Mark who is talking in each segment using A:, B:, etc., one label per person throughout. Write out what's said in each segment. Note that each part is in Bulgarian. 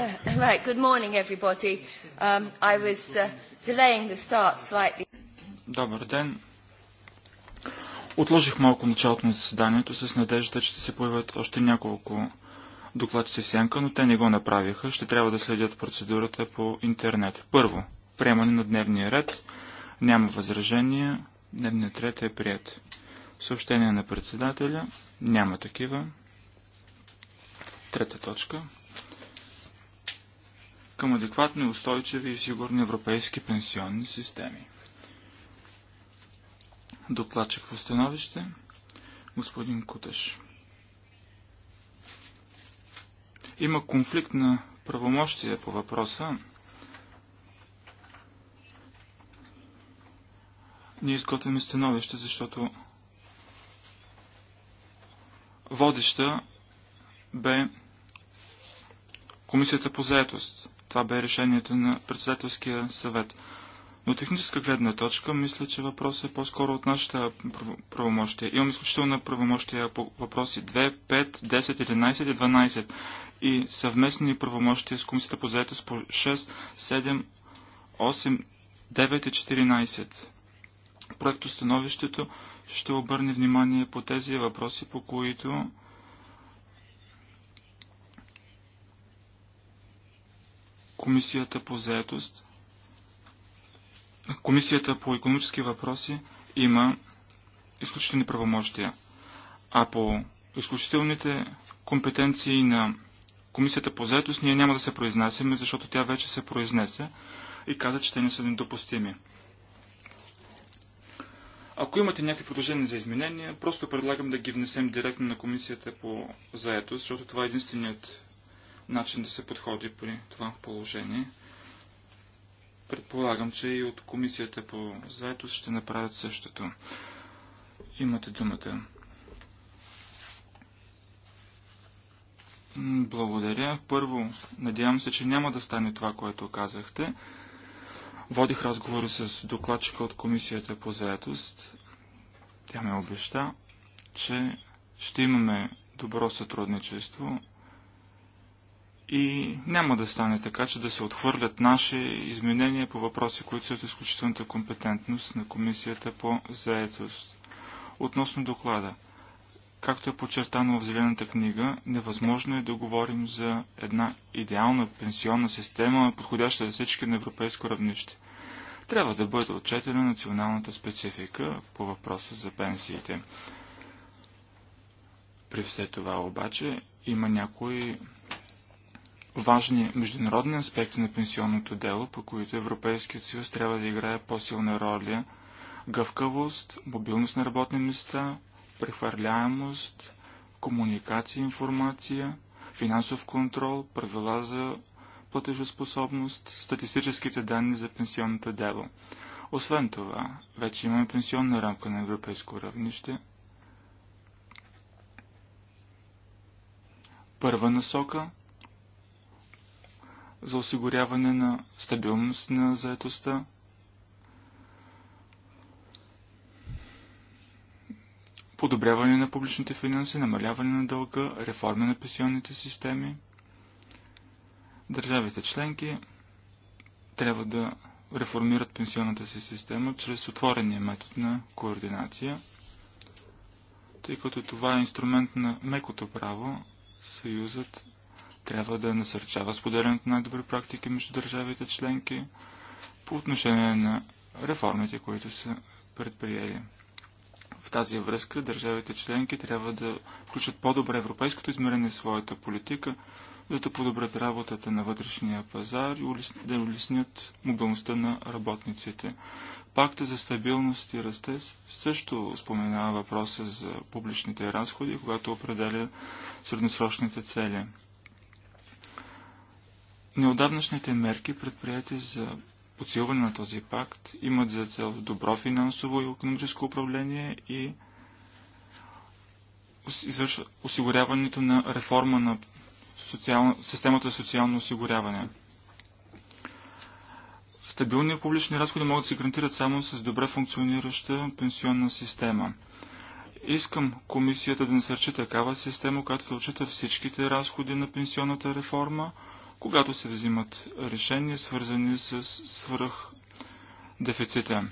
A: Uh, right, good morning everybody. Um, I was uh, delaying the start slightly.
B: Добър ден. Отложих малко началото на заседанието с надежда, че ще се появят още няколко докладчици в сянка, но те не го направиха. Ще трябва да следят процедурата по интернет. Първо, приемане на дневния ред. Няма възражения. Дневният ред е прият. Съобщение на председателя. Няма такива. Трета точка към адекватни, устойчиви и сигурни европейски пенсионни системи. Докладчик по становище господин Кутеш. Има конфликт на правомощия по въпроса. Ние изготвяме становище, защото водеща бе Комисията по заетост. Това бе решението на председателския съвет. Но техническа гледна точка, мисля, че въпросът е по-скоро от нашата правомощия. Имам изключително правомощия по въпроси 2, 5, 10, 11 и 12 и съвместни правомощия с Комисията по заетост по 6, 7, 8, 9 и 14. Проектостановището ще обърне внимание по тези въпроси, по които Комисията по заетост, Комисията по економически въпроси има изключителни правомощия, а по изключителните компетенции на Комисията по заетост ние няма да се произнасяме, защото тя вече се произнесе и каза, че те не са недопустими. Ако имате някакви предложения за изменения, просто предлагам да ги внесем директно на комисията по заетост, защото това е единственият начин да се подходи при това положение. Предполагам, че и от комисията по заетост ще направят същото. Имате думата. Благодаря. Първо, надявам се, че няма да стане това, което казахте. Водих разговори с докладчика от комисията по заетост. Тя ме обеща, че ще имаме добро сътрудничество и няма да стане така, че да се отхвърлят наши изменения по въпроси, които са от изключителната компетентност на Комисията по заедост. Относно доклада. Както е подчертано в Зелената книга, невъзможно е да говорим за една идеална пенсионна система, подходяща за всички на европейско равнище. Трябва да бъде отчетена националната специфика по въпроса за пенсиите. При все това обаче има някои важни международни аспекти на пенсионното дело, по които Европейският съюз трябва да играе по-силна роля гъвкавост, мобилност на работни места, прехвърляемост, комуникация и информация, финансов контрол, правила за платежоспособност, статистическите данни за пенсионната дело. Освен това, вече имаме пенсионна рамка на европейско равнище. Първа насока за осигуряване на стабилност на заетостта. подобряване на публичните финанси, намаляване на дълга, реформа на пенсионните системи. Държавите членки трябва да реформират пенсионната си система чрез отворения метод на координация, тъй като това е инструмент на мекото право, Съюзът трябва да насърчава споделянето на добри практики между държавите членки по отношение на реформите, които са предприели. В тази връзка държавите членки трябва да включат по-добре европейското измерение в своята политика, за да подобрят работата на вътрешния пазар и да улеснят мобилността на работниците. Пакта за стабилност и растеж също споменава въпроса за публичните разходи, когато определя средносрочните цели. Неодавнашните мерки, предприяти за подсилване на този пакт, имат за цел добро финансово и економическо управление и осигуряването на реформа на социал... системата за социално осигуряване. Стабилни публични разходи могат да се гарантират само с добре функционираща пенсионна система. Искам комисията да насърчи такава система, която да отчита всичките разходи на пенсионната реформа – когато се взимат решения, свързани с свръх дефицита.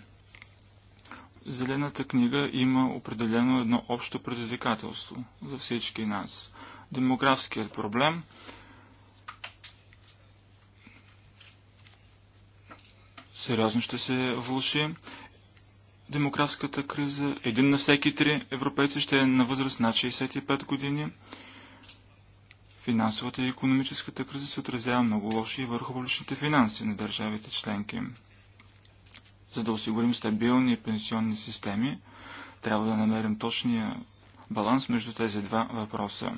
B: Зелената книга има определено едно общо предизвикателство за всички нас. Демографският проблем сериозно ще се влуши. Демографската криза, един на всеки три европейци ще е на възраст над 65 години. Финансовата и економическата криза се отразява много лошо и върху публичните финанси на държавите членки. За да осигурим стабилни пенсионни системи, трябва да намерим точния баланс между тези два въпроса.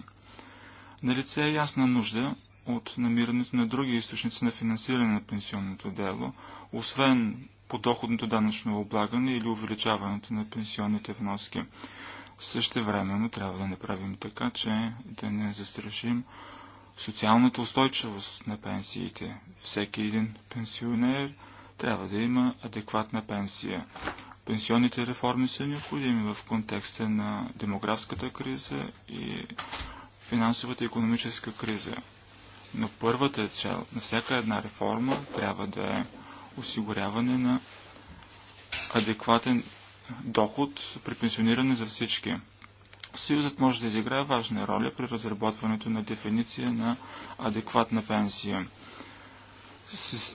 B: Налице е ясна нужда от намирането на други източници на финансиране на пенсионното дело, освен подоходното данъчно облагане или увеличаването на пенсионните вноски. Същевременно трябва да направим така, че да не застрашим социалната устойчивост на пенсиите. Всеки един пенсионер трябва да има адекватна пенсия. Пенсионните реформи са необходими в контекста на демографската криза и финансовата и економическа криза. Но първата цел на всяка една реформа трябва да е осигуряване на адекватен доход при пенсиониране за всички. Съюзът може да изиграе важна роля при разработването на дефиниция на адекватна пенсия.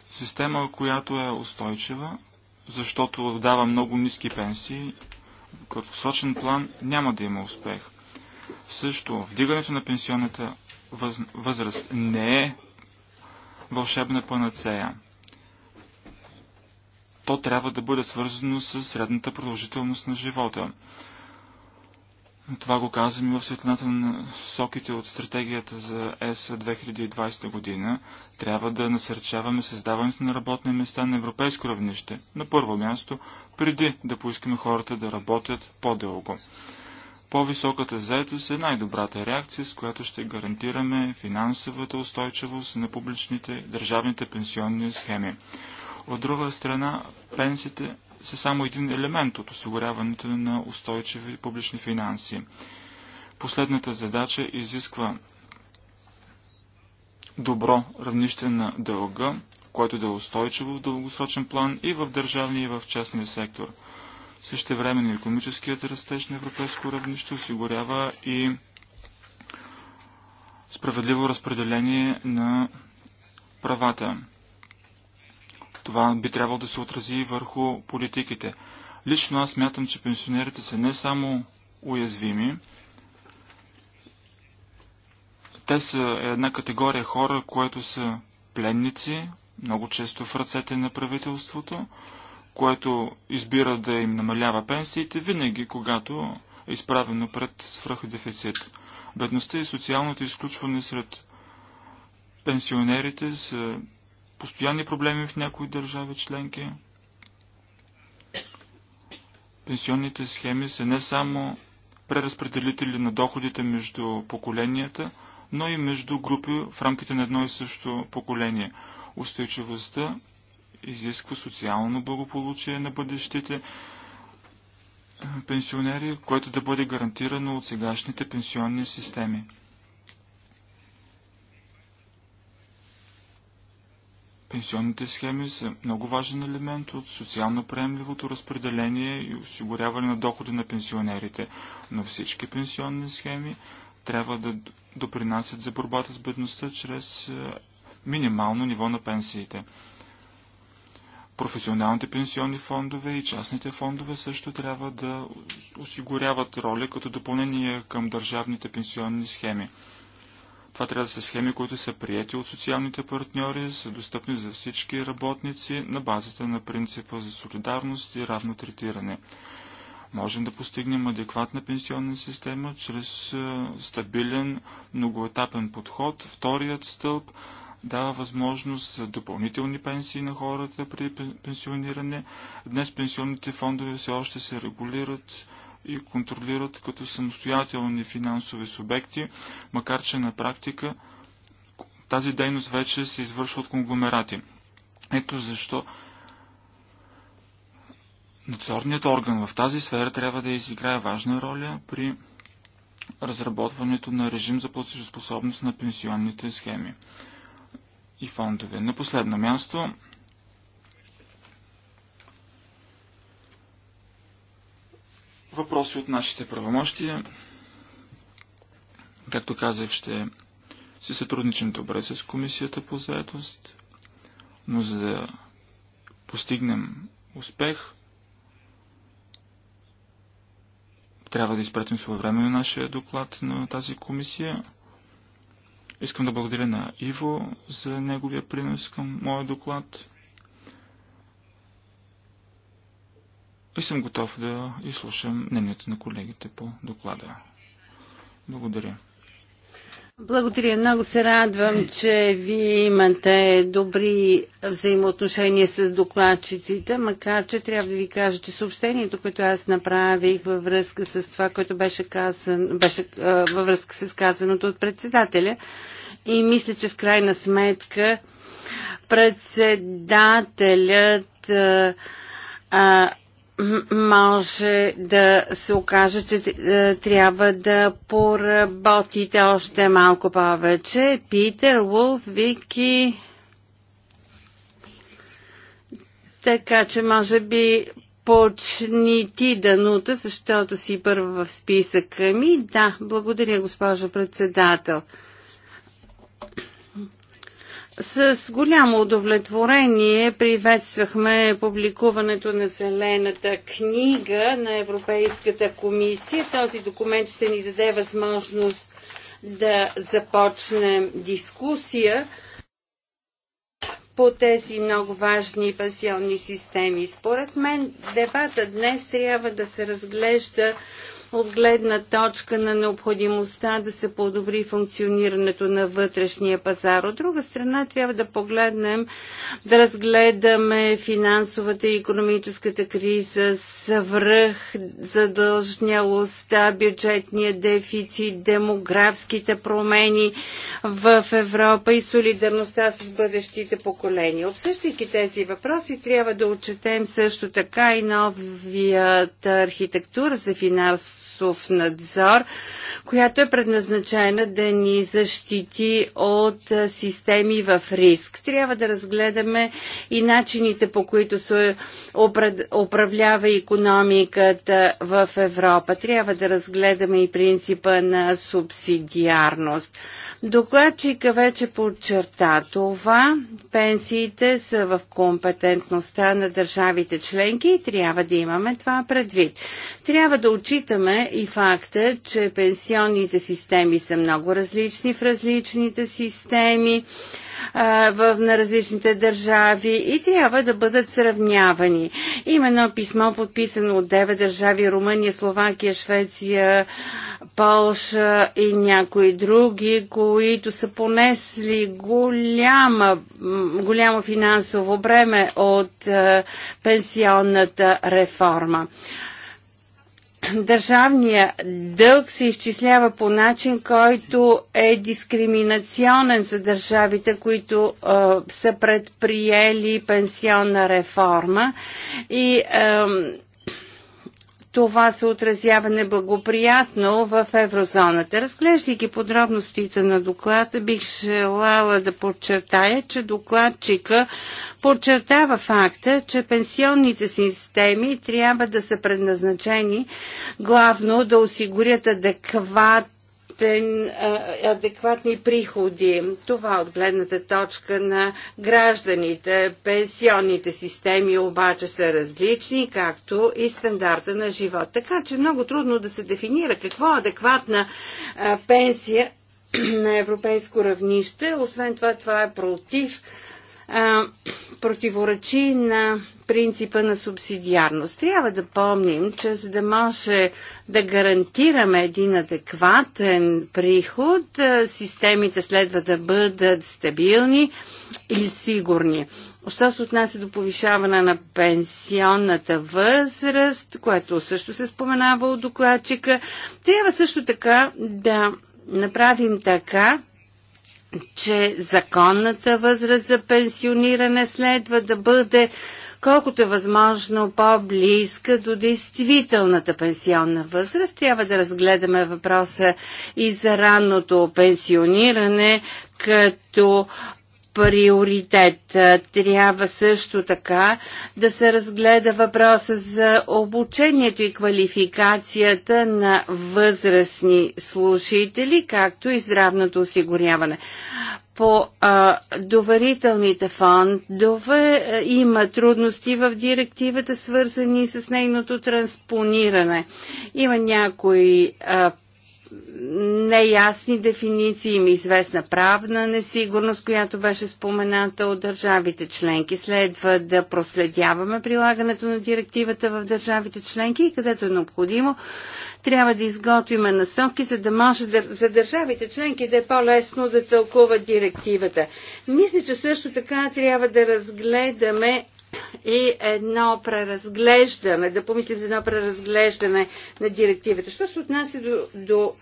B: Система, която е устойчива, защото дава много ниски пенсии, в краткосрочен план няма да има успех. Също, вдигането на пенсионната възраст не е вълшебна панацея то трябва да бъде свързано с средната продължителност на живота. Това го казваме в светлината на соките от стратегията за ЕС 2020 година. Трябва да насърчаваме създаването на работни места на европейско равнище. На първо място, преди да поискаме хората да работят по-дълго. По-високата заетост е най-добрата реакция, с която ще гарантираме финансовата устойчивост на публичните държавните пенсионни схеми. От друга страна, пенсиите са само един елемент от осигуряването на устойчиви публични финанси. Последната задача изисква добро равнище на дълга, което да е устойчиво в дългосрочен план и в държавния и в частния сектор. на економическият растеж на европейско равнище осигурява и справедливо разпределение на правата. Това би трябвало да се отрази и върху политиките. Лично аз мятам, че пенсионерите са не само уязвими, те са една категория хора, които са пленници, много често в ръцете на правителството, което избира да им намалява пенсиите винаги, когато е изправено пред свръхдефицит. Бедността и социалното изключване сред пенсионерите са постоянни проблеми в някои държави членки. Пенсионните схеми са не само преразпределители на доходите между поколенията, но и между групи в рамките на едно и също поколение. Устойчивостта изисква социално благополучие на бъдещите е, пенсионери, което да бъде гарантирано от сегашните пенсионни системи. Пенсионните схеми са много важен елемент от социално приемливото разпределение и осигуряване на доходи на пенсионерите, но всички пенсионни схеми трябва да допринасят за борбата с бедността чрез е, минимално ниво на пенсиите. Професионалните пенсионни фондове и частните фондове също трябва да осигуряват роли като допълнение към държавните пенсионни схеми. Това трябва да са схеми, които са прияти от социалните партньори, са достъпни за всички работници на базата на принципа за солидарност и равно третиране. Можем да постигнем адекватна пенсионна система чрез е, стабилен, многоетапен подход. Вторият стълб дава възможност за допълнителни пенсии на хората при пенсиониране. Днес пенсионните фондове все още се регулират и контролират като самостоятелни финансови субекти, макар че на практика тази дейност вече се извършва от конгломерати. Ето защо надзорният орган в тази сфера трябва да изиграе важна роля при разработването на режим за платежоспособност на пенсионните схеми и фондове. На последно място въпроси от нашите правомощия. Както казах, ще се сътрудничим добре с Комисията по заедост, но за да постигнем успех, трябва да изпратим своевременно нашия доклад на тази комисия. Искам да благодаря на Иво за неговия принос към моя доклад. и съм готов да изслушам мнението на колегите по доклада. Благодаря.
A: Благодаря. Много се радвам, че вие имате добри взаимоотношения с докладчиците, макар че трябва да ви кажа, че съобщението, което аз направих във връзка с това, което беше, казан, беше във връзка с казаното от председателя, и мисля, че в крайна сметка председателят а, а, може да се окаже, че е, трябва да поработите още малко повече. Питер, Вулф, Вики. Така че може би почни ти Данута, защото си първа в списъка ми. Да, благодаря, госпожо председател. С голямо удовлетворение приветствахме публикуването на Зелената книга на Европейската комисия. Този документ ще ни даде възможност да започнем дискусия по тези много важни пасионни системи. Според мен дебата днес трябва да се разглежда от гледна точка на необходимостта да се подобри функционирането на вътрешния пазар. От друга страна, трябва да погледнем, да разгледаме финансовата и економическата криза, свръх задължнялостта, бюджетния дефицит, демографските промени в Европа и солидарността с бъдещите поколения. Обсъждайки тези въпроси, трябва да отчетем също така и новият архитектура за финансово финансов надзор, която е предназначена да ни защити от системи в риск. Трябва да разгледаме и начините по които се управлява економиката в Европа. Трябва да разгледаме и принципа на субсидиарност. Докладчика вече подчерта това. Пенсиите са в компетентността на държавите членки и трябва да имаме това предвид. Трябва да отчитаме отчитаме и факта, че пенсионните системи са много различни в различните системи в, на различните държави и трябва да бъдат сравнявани. Има едно писмо, подписано от 9 държави Румъния, Словакия, Швеция, Полша и някои други, които са понесли голяма, голямо финансово бреме от е, пенсионната реформа държавния дълг се изчислява по начин, който е дискриминационен за държавите, които са предприели пенсионна реформа и това се отразява неблагоприятно в еврозоната. Разглеждайки подробностите на доклада, бих желала да подчертая, че докладчика подчертава факта, че пенсионните системи трябва да са предназначени главно да осигурят адекват адекватни приходи. Това от гледната точка на гражданите. Пенсионните системи обаче са различни, както и стандарта на живот. Така че много трудно да се дефинира какво е адекватна пенсия на европейско равнище. Освен това, това е против противоречи на принципа на субсидиарност. Трябва да помним, че за да може да гарантираме един адекватен приход, системите следва да бъдат стабилни и сигурни. Що се отнася до повишаване на пенсионната възраст, което също се споменава от докладчика, трябва също така да направим така, че законната възраст за пенсиониране следва да бъде колкото е възможно по-близка до действителната пенсионна възраст. Трябва да разгледаме въпроса и за ранното пенсиониране като приоритет. Трябва също така да се разгледа въпроса за обучението и квалификацията на възрастни служители, както и здравното осигуряване по а, доверителните фондове има трудности в директивата, свързани с нейното транспониране. Има някои а, неясни дефиниции, има известна правна несигурност, която беше спомената от държавите членки. Следва да проследяваме прилагането на директивата в държавите членки и където е необходимо, трябва да изготвиме насоки, за да може да, за държавите членки да е по-лесно да тълкуват директивата. Мисля, че също така трябва да разгледаме и едно преразглеждане, да помислим за едно преразглеждане на директивата. Що се отнася до, до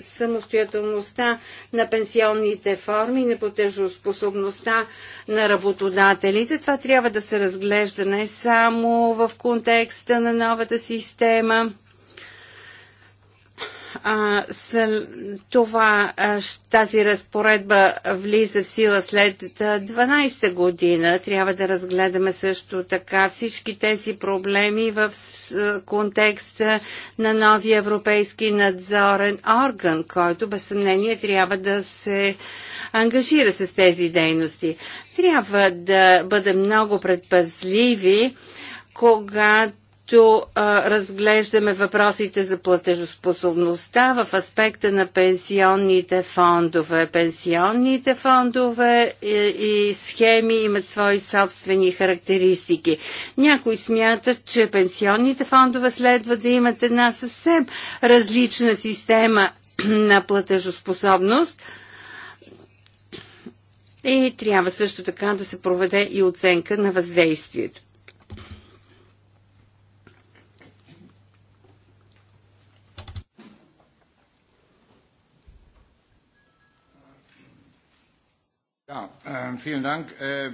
A: самостоятелността на пенсионните форми и на платежоспособността на работодателите, това трябва да се разглежда не само в контекста на новата система, а, това, тази разпоредба влиза в сила след 12 година. Трябва да разгледаме също така всички тези проблеми в контекста на новия европейски надзорен орган, който без съмнение трябва да се ангажира с тези дейности. Трябва да бъдем много предпазливи когато когато а, разглеждаме въпросите за платежоспособността в аспекта на пенсионните фондове. Пенсионните фондове и, е, и схеми имат свои собствени характеристики. Някои смятат, че пенсионните фондове следва да имат една съвсем различна система на платежоспособност. И трябва също така да се проведе и оценка на въздействието.
B: Е,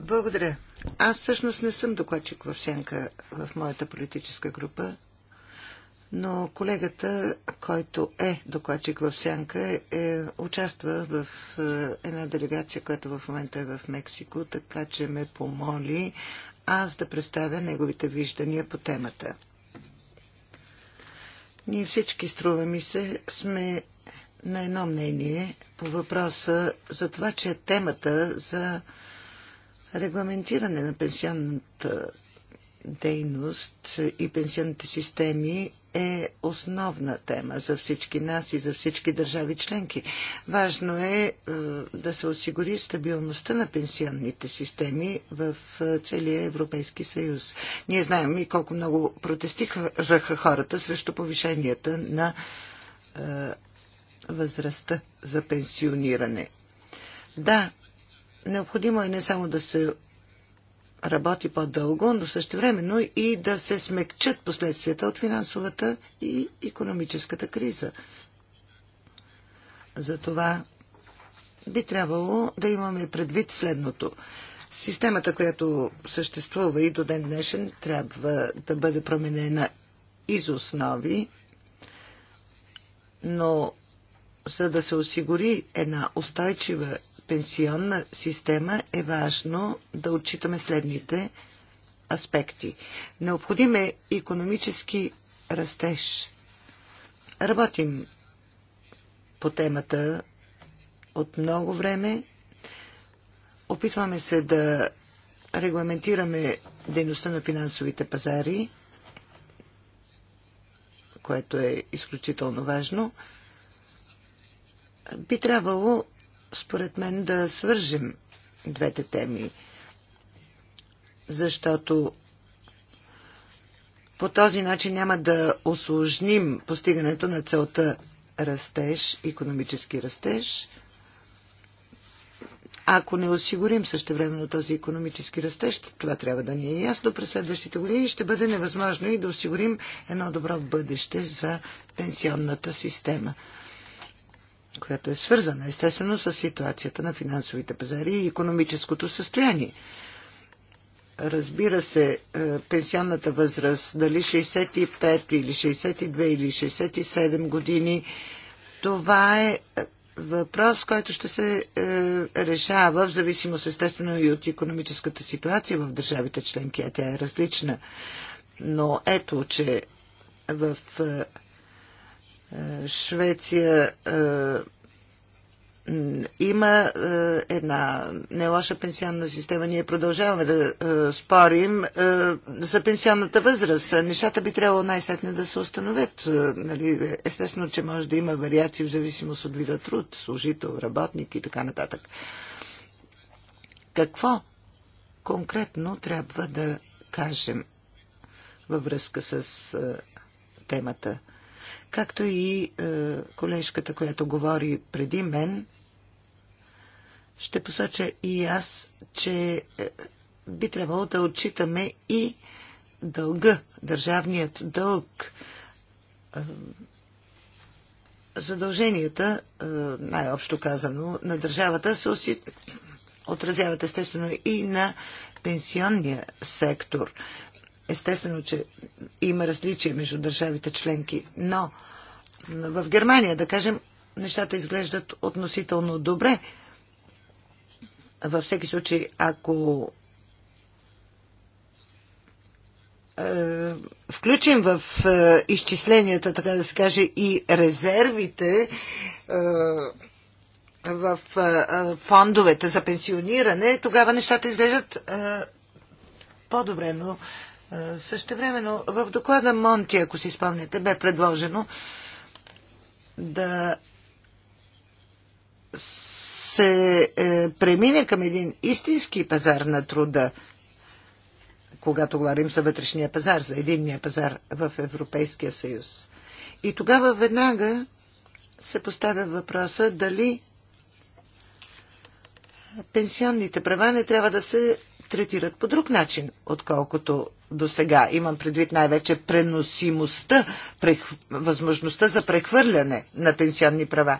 C: Благодаря. Аз всъщност не съм докладчик в Сянка в моята политическа група, но колегата, който е докладчик в Сянка, е, участва в е, една делегация, която в момента е в Мексико, така че ме помоли аз да представя неговите виждания по темата. Ние всички, струва ми се, сме на едно мнение по въпроса за това, че темата за регламентиране на пенсионната дейност и пенсионните системи е основна тема за всички нас и за всички държави членки. Важно е, е да се осигури стабилността на пенсионните системи в е, целия Европейски съюз. Ние знаем и колко много протестираха хората срещу повишенията на е, възрастта за пенсиониране. Да, необходимо е не само да се работи по-дълго, но същевременно и да се смекчат последствията от финансовата и економическата криза. Затова би трябвало да имаме предвид следното. Системата, която съществува и до ден днешен, трябва да бъде променена из основи, но за да се осигури една устойчива пенсионна система, е важно да отчитаме следните аспекти. Необходим е економически растеж. Работим по темата от много време. Опитваме се да регламентираме дейността на финансовите пазари, което е изключително важно. Би трябвало, според мен, да свържем двете теми, защото по този начин няма да осложним постигането на целта растеж, економически растеж. Ако не осигурим същевременно този економически растеж, това трябва да ни е ясно през следващите години, ще бъде невъзможно и да осигурим едно добро бъдеще за пенсионната система която е свързана естествено с ситуацията на финансовите пазари и економическото състояние. Разбира се, е, пенсионната възраст, дали 65 или 62 или 67 години, това е, е въпрос, който ще се е, решава в зависимост естествено и от економическата ситуация в държавите членки, а тя е различна. Но ето, че в е, Швеция е, има е, една не лоша пенсионна система. Ние продължаваме да е, спорим за пенсионната възраст. Нещата би трябвало най-сетне да се установят. Нали, естествено, че може да има вариации в зависимост от вида труд, служител, работник и така нататък. Какво конкретно трябва да кажем във връзка с темата? както и е, колежката, която говори преди мен, ще посоча и аз, че е, би трябвало да отчитаме и дълга, държавният дълг, е, задълженията, най-общо казано, на държавата се отразяват естествено и на пенсионния сектор. Естествено, че има различия между държавите членки, но в Германия, да кажем, нещата изглеждат относително добре. Във всеки случай, ако е, включим в е, изчисленията, така да се каже, и резервите е, в фондовете за пенсиониране, тогава нещата изглеждат по-добре. Но Същевременно в доклада Монти, ако си спомняте, бе предложено да се е, премине към един истински пазар на труда, когато говорим за вътрешния пазар, за единния пазар в Европейския съюз. И тогава веднага се поставя въпроса дали пенсионните права не трябва да се третират по друг начин, отколкото до сега. Имам предвид най-вече преносимостта, прех... възможността за прехвърляне на пенсионни права.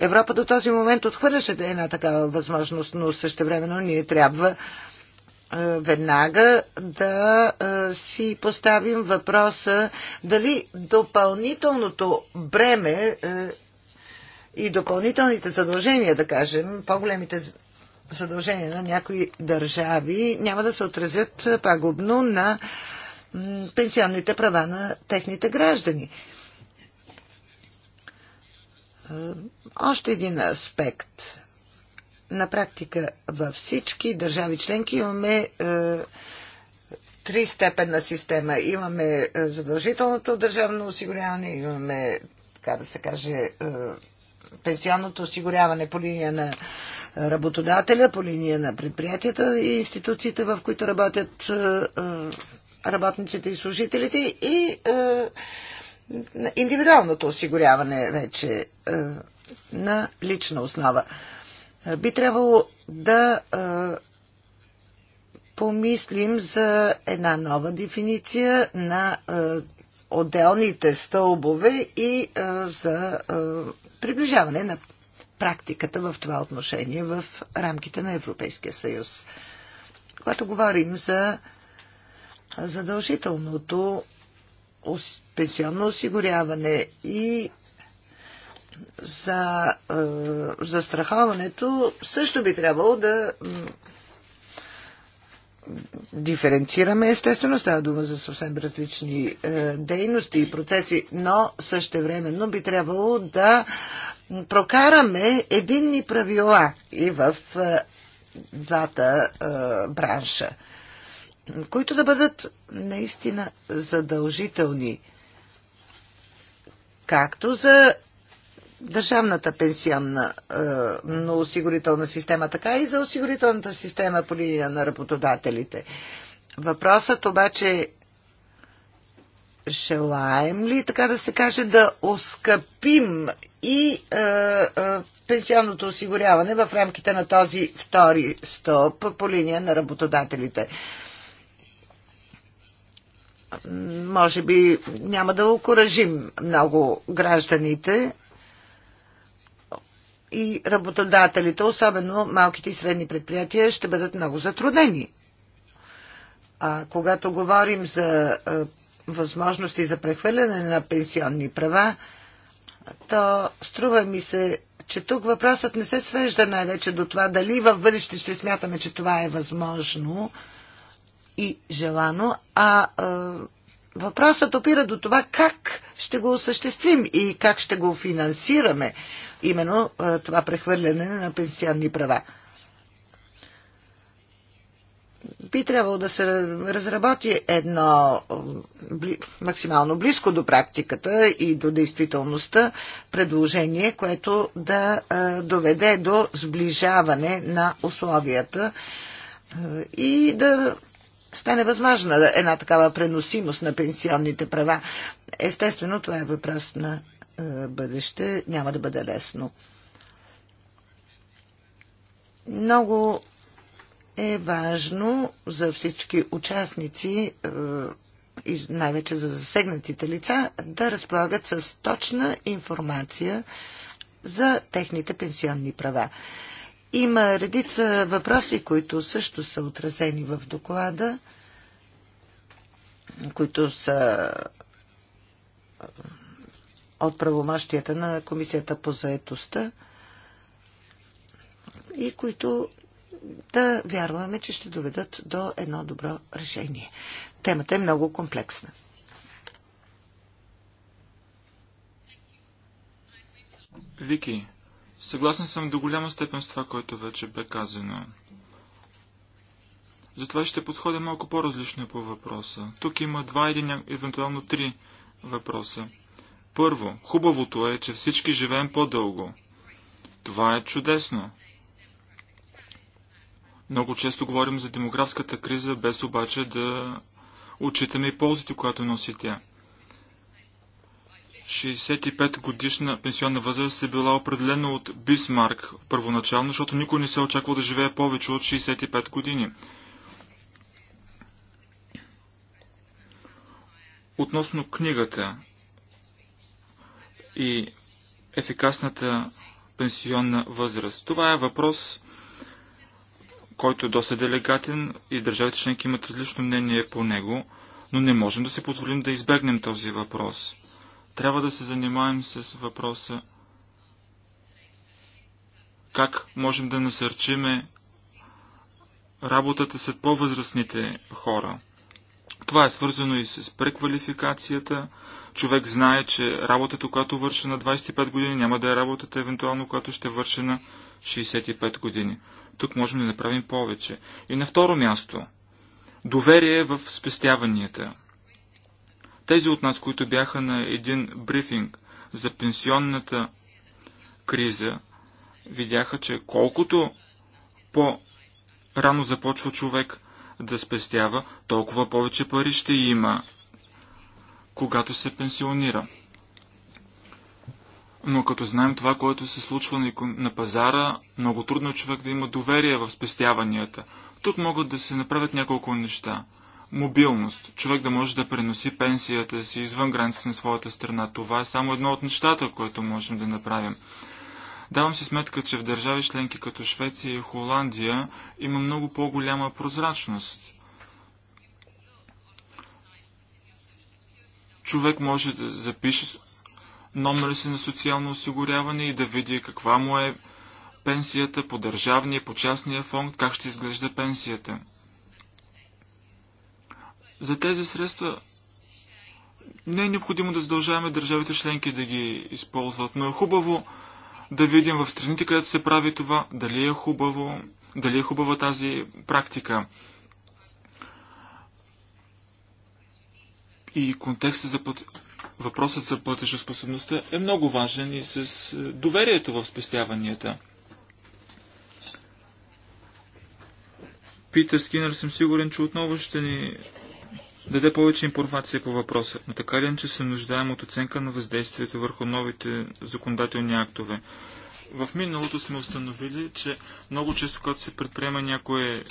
C: Европа до този момент отхвърляше една такава възможност, но същевременно ние трябва е, веднага да е, си поставим въпроса дали допълнителното бреме е, и допълнителните задължения, да кажем, по-големите задължения на някои държави няма да се отразят пагубно на пенсионните права на техните граждани. Е, още един аспект. На практика във всички държави членки имаме е, три степенна система. Имаме е, задължителното държавно осигуряване, имаме, така да се каже, пенсионното осигуряване по линия на работодателя, по линия на предприятията и институциите, в които работят е, е, работниците и служителите и е, индивидуалното осигуряване вече на лична основа. Би трябвало да помислим за една нова дефиниция на отделните стълбове и за приближаване на практиката в това отношение в рамките на Европейския съюз. Когато говорим за задължителното пенсионно осигуряване и за е, застраховането също би трябвало да диференцираме. Естествено става дума за съвсем различни е, дейности и процеси, но същевременно би трябвало да прокараме единни правила и в е, двата е, бранша, които да бъдат наистина задължителни, както за държавната пенсионна е, но осигурителна система, така и за осигурителната система по линия на работодателите. Въпросът обаче желаем ли, така да се каже, да оскъпим и а, е, а, е, пенсионното осигуряване в рамките на този втори стоп по линия на работодателите. Може би няма да окоръжим много гражданите и работодателите, особено малките и средни предприятия, ще бъдат много затруднени. А когато говорим за е, възможности за прехвърляне на пенсионни права, то струва ми се, че тук въпросът не се свежда най-вече до това дали в бъдеще ще смятаме, че това е възможно и желано, а Въпросът опира до това как ще го осъществим и как ще го финансираме именно това прехвърляне на пенсионни права би трябвало да се разработи едно максимално близко до практиката и до действителността предложение, което да доведе до сближаване на условията и да стане възможна една такава преносимост на пенсионните права. Естествено, това е въпрос на бъдеще, няма да бъде лесно. Много е важно за всички участници е, и най-вече за засегнатите лица да разполагат с точна информация за техните пенсионни права. Има редица въпроси, които също са отразени в доклада, които са е, от правомощията на Комисията по заетостта и които да вярваме, че ще доведат до едно добро решение. Темата е много комплексна.
B: Вики, съгласен съм до голяма степен с това, което вече бе казано. Затова ще подходя малко по-различно по въпроса. Тук има два или евентуално три въпроса. Първо, хубавото е, че всички живеем по-дълго. Това е чудесно. Много често говорим за демографската криза, без обаче да отчитаме и ползите, която носи тя. 65 годишна пенсионна възраст е била определена от Бисмарк първоначално, защото никой не се очаква да живее повече от 65 години. Относно книгата и ефикасната пенсионна възраст. Това е въпрос, който е доста делегатен и държавите членки имат различно мнение по него, но не можем да си позволим да избегнем този въпрос. Трябва да се занимаем с въпроса как можем да насърчиме работата след по-възрастните хора. Това е свързано и с преквалификацията. Човек знае, че работата, която върши на 25 години, няма да е работата, евентуално, която ще върши на 65 години. Тук можем да направим повече. И на второ място, доверие в спестяванията. Тези от нас, които бяха на един брифинг за пенсионната криза, видяха, че колкото по-рано започва човек да спестява, толкова повече пари ще има, когато се пенсионира. Но като знаем това, което се случва на пазара, много трудно е човек да има доверие в спестяванията. Тук могат да се направят няколко неща. Мобилност. Човек да може да преноси пенсията си извън границите на своята страна. Това е само едно от нещата, което можем да направим. Давам си сметка, че в държави членки като Швеция и Холандия има много по-голяма прозрачност. Човек може да запише номер си на социално осигуряване и да види каква му е пенсията по държавния, по частния фонд, как ще изглежда пенсията. За тези средства не е необходимо да задължаваме държавите членки да ги използват, но е хубаво да видим в страните, където се прави това, дали е хубаво, дали е хубава тази практика. И контекста за, Въпросът за платежоспособността е много важен и с е, доверието в спестяванията. Питър Скинър съм сигурен, че отново ще ни даде повече информация по въпроса, но така ли е, че се нуждаем от оценка на въздействието върху новите законодателни актове? В миналото сме установили, че много често, когато се предприема някое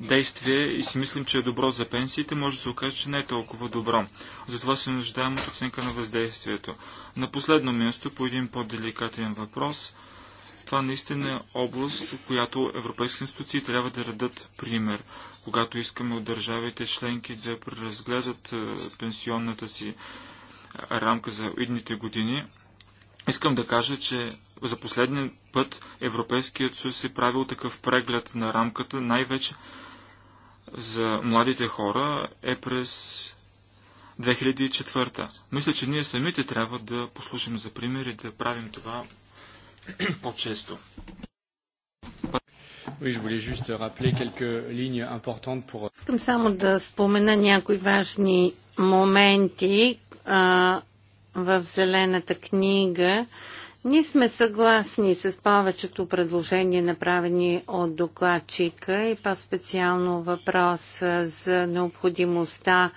B: действие и си мислим, че е добро за пенсиите, може да се окаже, че не е толкова добро. Затова се нуждаем от оценка на въздействието. На последно място, по един по-деликатен въпрос, това наистина е област, в която европейски институции трябва да редат пример. Когато искаме от държавите членки да преразгледат е, пенсионната си рамка за идните години, искам да кажа, че за последния път Европейският съюз е правил такъв преглед на рамката, най-вече за младите хора е през 2004. Мисля, че ние самите трябва да послушам за пример и да правим това по-често. Искам
A: само да спомена някои важни моменти а, в Зелената книга ние сме съгласни с повечето предложения, направени от докладчика и по-специално въпрос за необходимостта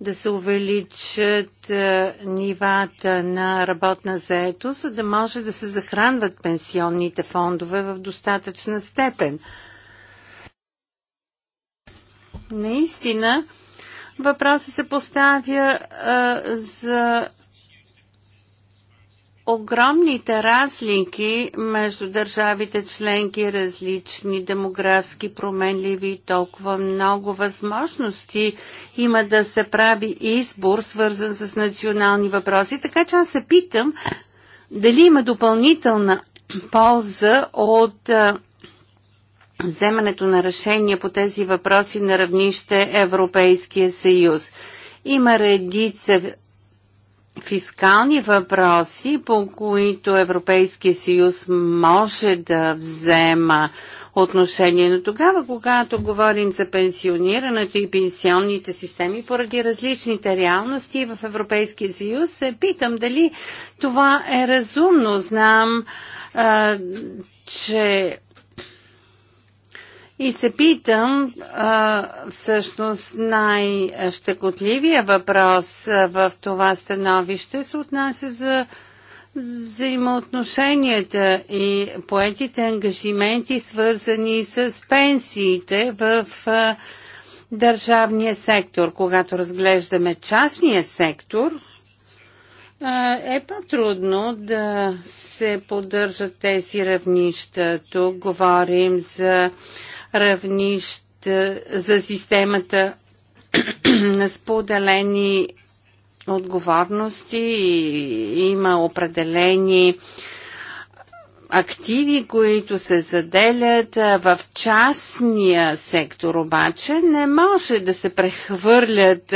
A: да се увеличат е, нивата на работна заето, за да може да се захранват пенсионните фондове в достатъчна степен. Наистина, въпросът се поставя а, е, за огромните разлики между държавите членки, различни демографски променливи, толкова много възможности има да се прави избор, свързан с национални въпроси. Така че аз се питам дали има допълнителна полза от вземането на решения по тези въпроси на равнище Европейския съюз. Има редица фискални въпроси, по които Европейския съюз може да взема отношение. Но тогава, когато говорим за пенсионирането и пенсионните системи, поради различните реалности в Европейския съюз, се питам дали това е разумно. Знам, а, че и се питам, а, всъщност най-щекотливия въпрос в това становище се отнася за взаимоотношенията и поетите ангажименти, свързани с пенсиите в а, държавния сектор. Когато разглеждаме частния сектор, е по-трудно да се поддържат тези равнища. Тук говорим за равнищ за системата на споделени отговорности и има определени активи, които се заделят в частния сектор, обаче не може да се прехвърлят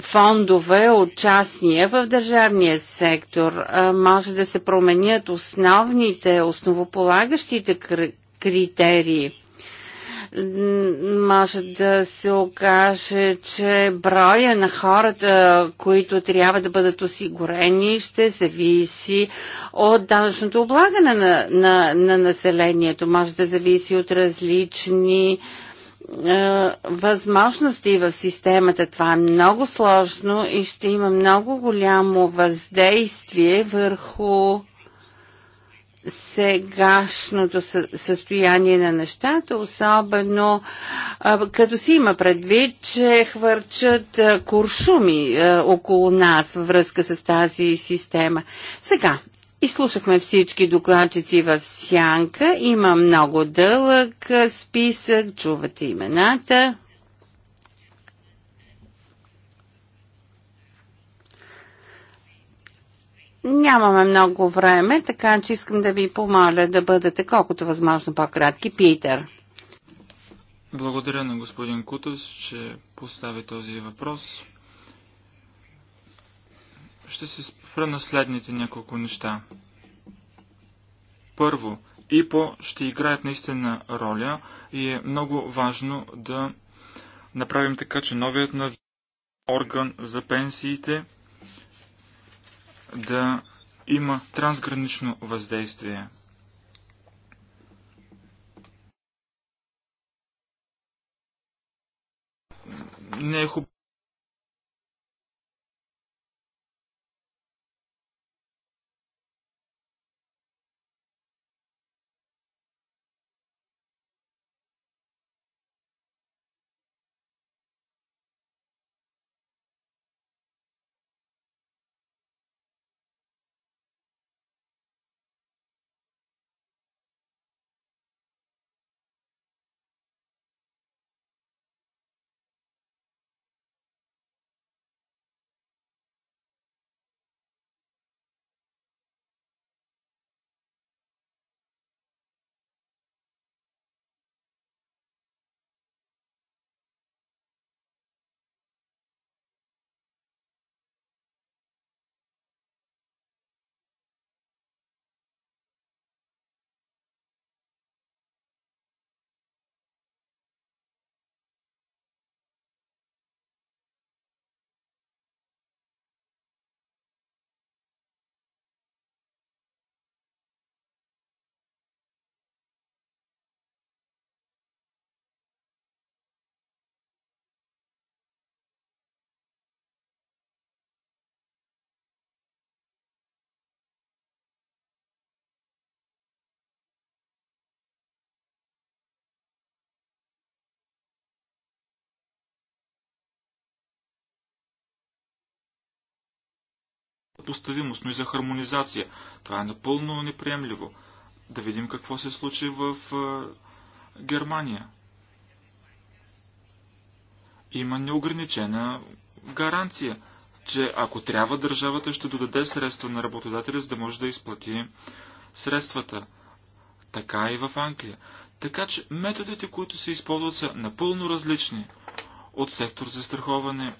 A: фондове от частния в държавния сектор. Може да се променят основните, основополагащите критерии може да се окаже, че броя на хората, които трябва да бъдат осигурени, ще зависи от данъчното облагане на, на, на населението. Може да зависи от различни е, възможности в системата. Това е много сложно и ще има много голямо въздействие върху сегашното състояние на нещата, особено като си има предвид, че хвърчат куршуми около нас във връзка с тази система. Сега, изслушахме всички докладчици в сянка, има много дълъг списък, чувате имената. Нямаме много време, така че искам да ви помоля да бъдете колкото възможно по-кратки. Питер.
B: Благодаря на господин Кутус, че постави този въпрос. Ще се спра на следните няколко неща. Първо, ИПО ще играят наистина роля и е много важно да направим така, че новият орган за пенсиите – да има трансгранично въздействие. Не е хубаво съпоставимост, но и за хармонизация. Това е напълно неприемливо. Да видим какво се случи в Германия. Има неограничена гаранция, че ако трябва, държавата ще додаде средства на работодателя, за да може да изплати средствата. Така е и в Англия. Така че методите, които се използват, са напълно различни от сектор за страховане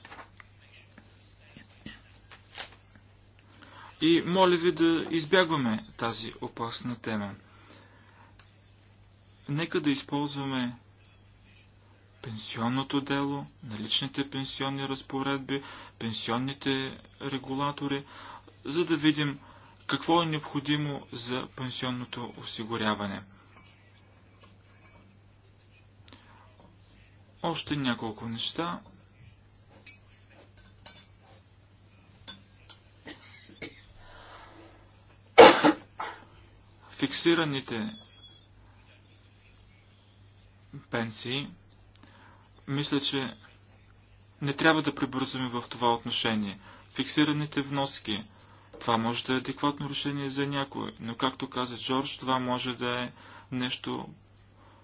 B: и моля ви да избягваме тази опасна тема. Нека да използваме пенсионното дело, наличните пенсионни разпоредби, пенсионните регулатори, за да видим какво е необходимо за пенсионното осигуряване. Още няколко неща фиксираните пенсии, мисля, че не трябва да прибързваме в това отношение. Фиксираните вноски. Това може да е адекватно решение за някой, но както каза Джордж, това може да е нещо,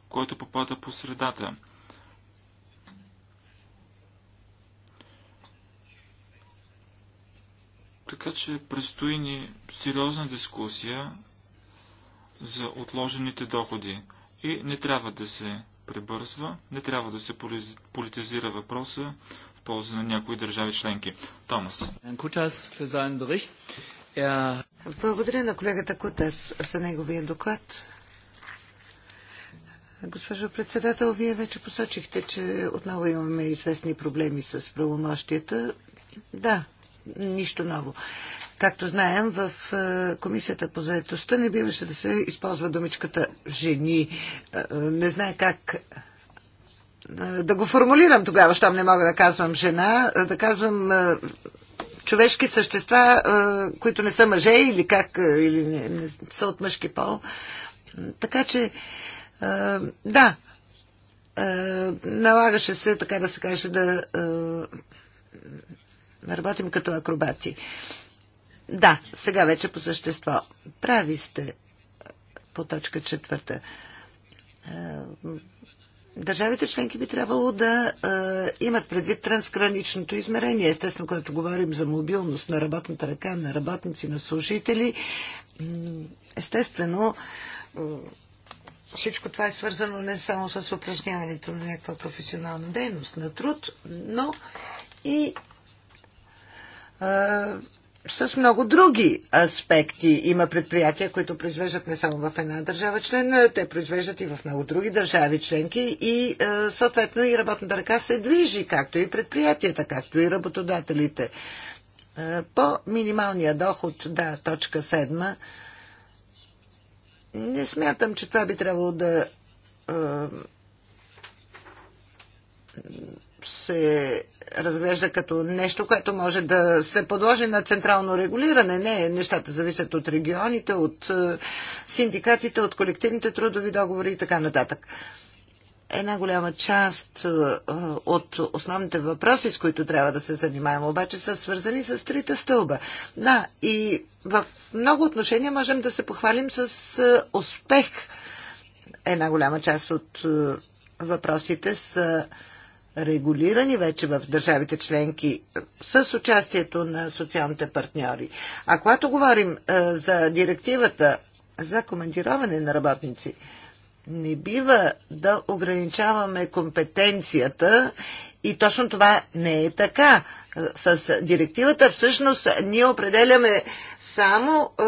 B: което попада по средата. Така че предстои ни сериозна дискусия за отложените доходи и не трябва да се пребързва, не трябва да се политизира въпроса в полза на някои държави членки. Томас.
C: Е, Благодаря на колегата Кутас за неговия доклад. Госпожо председател, вие вече посочихте, че отново имаме известни проблеми с правомощията. Да, нищо ново. Както знаем, в е, Комисията по заедостта не биваше да се използва думичката жени. Е, е, не знае как да го формулирам тогава, щом не мога да казвам жена, да казвам човешки същества, които не са мъже или как, или не, не са от мъжки пол. Така че, да, налагаше се, така да се каже, да работим като акробати. Да, сега вече по същество. Прави сте по точка четвърта. Е, държавите членки би трябвало да е, имат предвид трансграничното измерение. Естествено, когато говорим за мобилност на работната ръка, на работници, на служители, естествено, всичко това е свързано не само с упражняването на някаква професионална дейност, на труд, но и с много други аспекти. Има предприятия, които произвеждат не само в една държава член, те произвеждат и в много други държави членки и съответно и работната ръка се движи, както и предприятията, както и работодателите. По минималния доход, да, точка седма, не смятам, че това би трябвало да се разглежда като нещо, което може да се подложи на централно регулиране. Не, нещата зависят от регионите, от е, синдикатите, от колективните трудови договори и така нататък. Една голяма част е, е, от основните въпроси, с които трябва да се занимаем, обаче са свързани с трите стълба. Да, и в много отношения можем да се похвалим с успех. Една голяма част от въпросите са регулирани вече в държавите членки е, с участието на социалните партньори. А когато говорим е, за директивата за командироване на работници, не бива да ограничаваме компетенцията и точно това не е така. Е, с директивата всъщност ние определяме само е,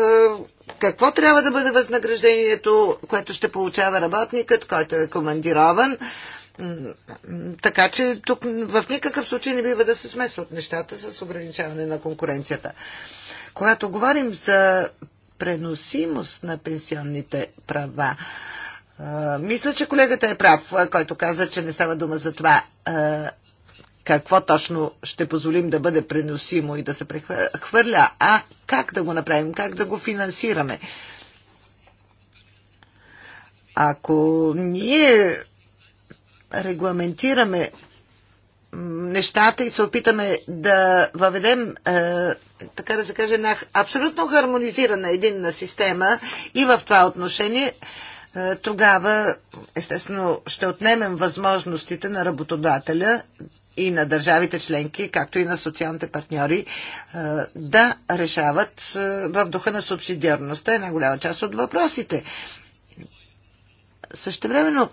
C: какво трябва да бъде възнаграждението, което ще получава работникът, който е командирован. Така че тук в никакъв случай не бива да се смесват нещата с ограничаване на конкуренцията. Когато говорим за преносимост на пенсионните права, мисля, че колегата е прав, който каза, че не става дума за това какво точно ще позволим да бъде преносимо и да се прехвърля, а как да го направим, как да го финансираме. Ако ние регламентираме нещата и се опитаме да въведем, е, така да се каже, една абсолютно хармонизирана единна система и в това отношение, е, тогава, естествено, ще отнемем възможностите на работодателя и на държавите членки, както и на социалните партньори, е, да решават в духа на субсидиарността една голяма част от въпросите. Същевременно, времено,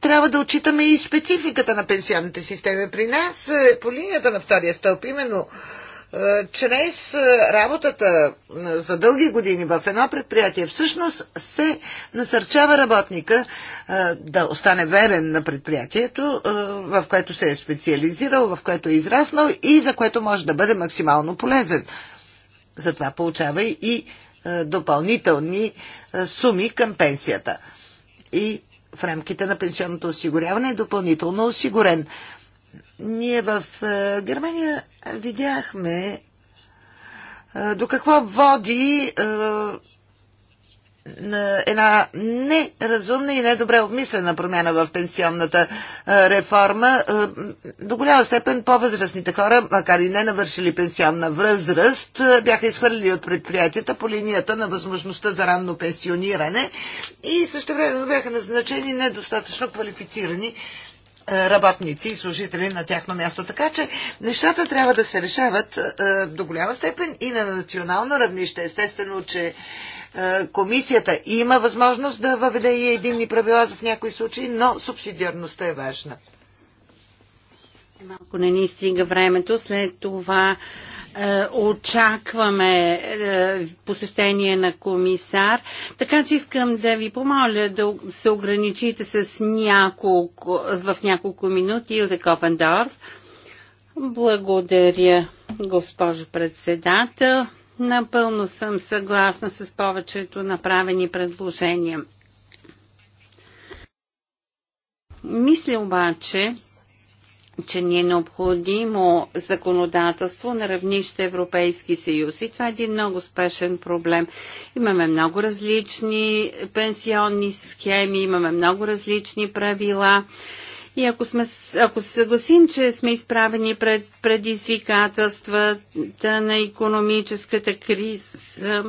C: трябва да отчитаме и спецификата на пенсионните системи. При нас е, по линията на втория стълб, именно е, чрез е, работата за дълги години в едно предприятие, всъщност се насърчава работника да остане верен на предприятието, в което се е специализирал, в което е израснал и за което може да бъде максимално полезен. Затова получава и допълнителни суми към пенсията и в рамките на пенсионното осигуряване е допълнително осигурен. Ние в е, Германия видяхме е, до какво води е, една неразумна и недобре обмислена промяна в пенсионната реформа. До голяма степен по-възрастните хора, макар и не навършили пенсионна възраст, бяха изхвърлили от предприятията по линията на възможността за ранно пенсиониране и също време бяха назначени недостатъчно квалифицирани е, работници и служители на тяхно място. Така че нещата трябва да се решават е, до голяма степен и на национално равнище. Естествено, че е, комисията има възможност да въведе и единни правила в някои
A: случаи, но субсидиарността е важна. Малко не ни стига времето. След това е, очакваме е, посещение на комисар. Така че искам да ви помоля да се ограничите с няколко, в няколко минути Илде Копендорф. Благодаря, госпожо председател. Напълно съм съгласна с повечето направени предложения. Мисля обаче, че ни е необходимо законодателство на равнище Европейски съюз. И това е един много спешен проблем. Имаме много различни пенсионни схеми, имаме много различни правила. И ако, сме, ако се съгласим, че сме изправени пред предизвикателствата на економическата криза,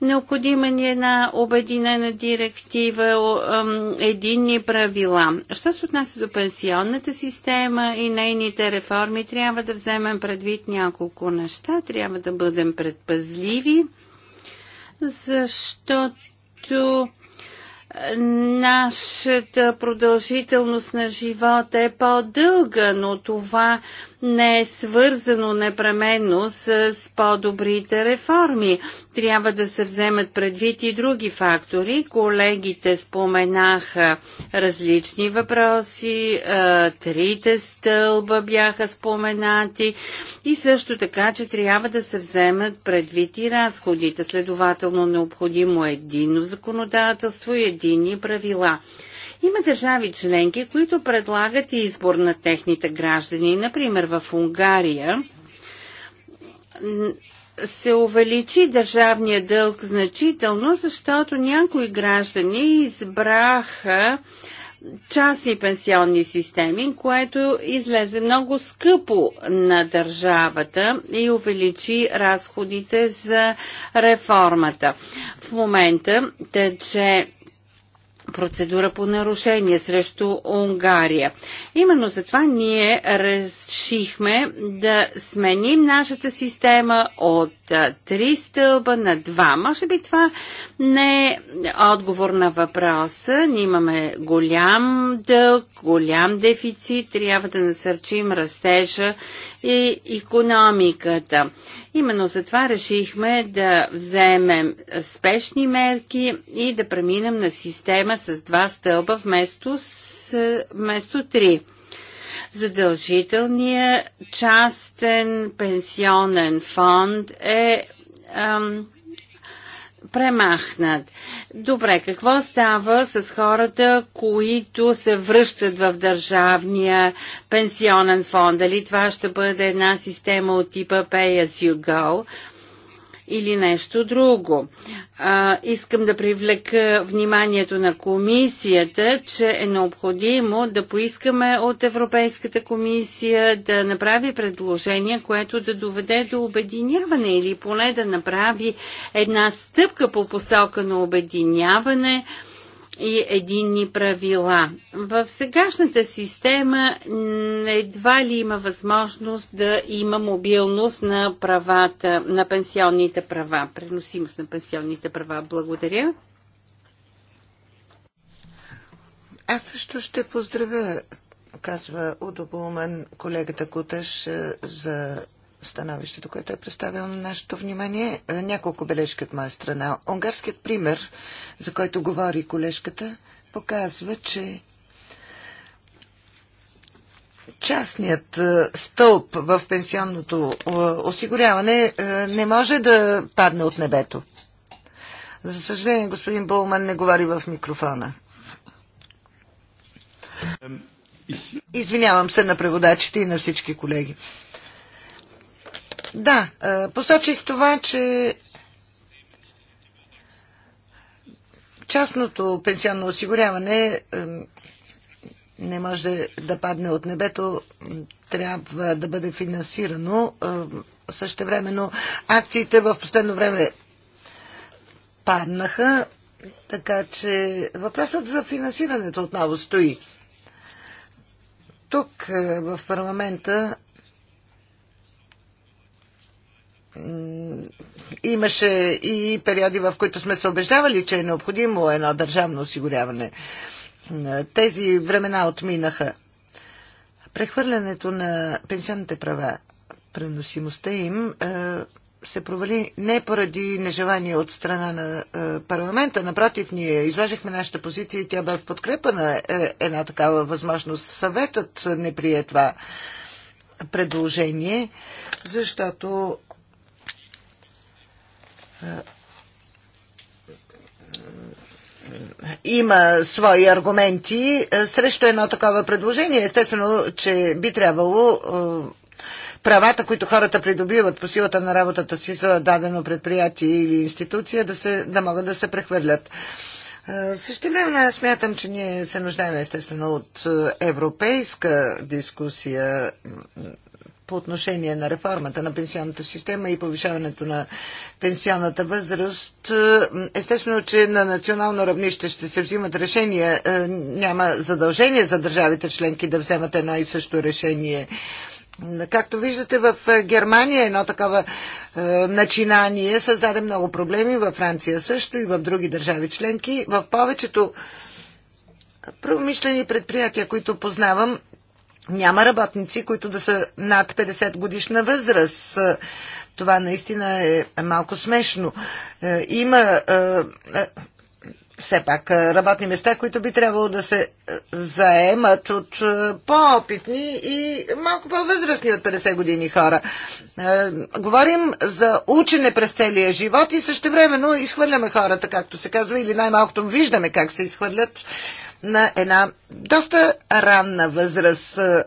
A: необходима ни една обединена директива, единни правила. Що се отнася до пенсионната система и нейните реформи, трябва да вземем предвид няколко неща. Трябва да бъдем предпазливи, защото нашата продължителност на живота е по-дълга, но това не е свързано непременно с по-добрите реформи. Трябва да се вземат предвид и други фактори. Колегите споменаха различни въпроси, трите стълба бяха споменати и също така, че трябва да се вземат предвид и разходите. Следователно необходимо е единно законодателство и единни правила. Има държави членки, които предлагат и избор на техните граждани. Например, в Унгария се увеличи държавния дълг значително, защото някои граждани избраха частни пенсионни системи, което излезе много скъпо на държавата и увеличи разходите за реформата. В момента тече процедура по нарушение срещу Унгария. Именно затова ние решихме да сменим нашата система от три стълба на два. Може би това не е отговор на въпроса. Ние имаме голям дълг, голям дефицит, трябва да насърчим растежа и економиката. Именно затова решихме да вземем спешни мерки и да преминем на система с два стълба вместо, с, вместо три. Задължителният частен пенсионен фонд е ам, премахнат. Добре, какво става с хората, които се връщат в държавния пенсионен фонд? Дали това ще бъде една система от типа Pay as you go? или нещо друго. А, искам да привлека вниманието на комисията, че е необходимо да поискаме от Европейската комисия да направи предложение, което да доведе до обединяване или поне да направи една стъпка по посока на обединяване и единни правила. В сегашната система едва ли има възможност да има мобилност на правата, на пенсионните права, преносимост на пенсионните права. Благодаря. Аз
C: също ще поздравя, казва Удобулман, колегата Куташ, е, за становището, което е представило на нашето внимание. Е, няколко бележки от моя страна. Унгарският пример, за който говори колежката, показва, че частният е, стълб в пенсионното е, осигуряване не може да падне от небето. За съжаление, господин Болман не говори в микрофона. Извинявам се на преводачите и на всички колеги. Да, посочих това, че частното пенсионно осигуряване не може да падне от небето, трябва да бъде финансирано. Същевременно акциите в последно време паднаха, така че въпросът за финансирането отново стои. Тук в парламента имаше и периоди, в които сме се убеждавали, че е необходимо едно държавно осигуряване. Тези времена отминаха. Прехвърлянето на пенсионните права, преносимостта им, е, се провали не поради нежелание от страна на е, парламента. Напротив, ние изложихме нашата позиция и тя бе в подкрепа на е, една такава възможност. Съветът не прие това предложение, защото има свои аргументи е, срещу едно такова предложение. Естествено, че би трябвало е, правата, които хората придобиват по силата на работата си за дадено предприятие или институция, да, се, да могат да се прехвърлят. Е, Също време аз смятам, че ние се нуждаем естествено от европейска дискусия по отношение на реформата на пенсионната система и повишаването на пенсионната възраст. Е, естествено, че на национално равнище ще се взимат решения. Е, няма задължение за държавите членки да вземат едно и също решение. Както виждате, в Германия едно такова е, начинание създаде много проблеми, във Франция също и в други държави членки. В повечето промишлени предприятия, които познавам, няма работници, които да са над 50 годишна възраст. Е, това наистина е малко смешно. Е, има е, все пак работни места, които би трябвало да се заемат от по-опитни и малко по-възрастни от 50 години хора. Говорим за учене през целия живот и също времено изхвърляме хората, както се казва, или най-малкото виждаме как се изхвърлят на една доста ранна възраст. Е,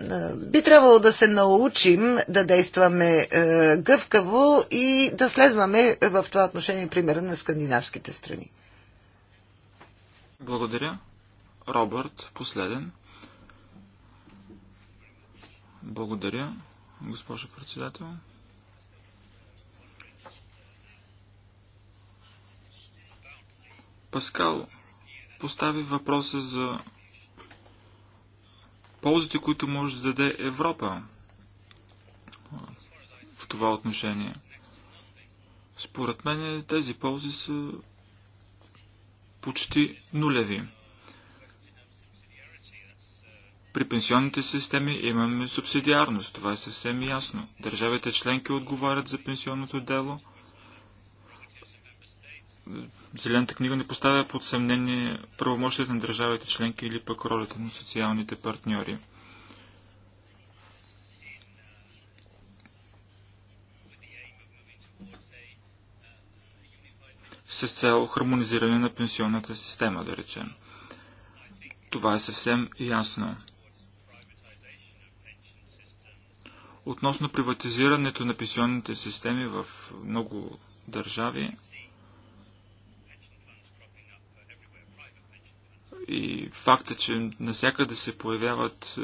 C: е, би трябвало да се научим да действаме е, гъвкаво и да следваме в това отношение примера на скандинавските страни.
B: Благодаря. Робърт, последен. Благодаря, госпожо председател. Паскало постави въпроса за ползите, които може да даде Европа в това отношение. Според мен тези ползи са почти нулеви. При пенсионните системи имаме субсидиарност, това е съвсем ясно. Държавите членки отговарят за пенсионното дело. Зелената книга не поставя под съмнение правомощите на държавите членки или пък ролята на социалните партньори. с цел хармонизиране на пенсионната система, да речем. Това е съвсем ясно. Относно приватизирането на пенсионните системи в много държави, и факта, че насякъде се появяват е,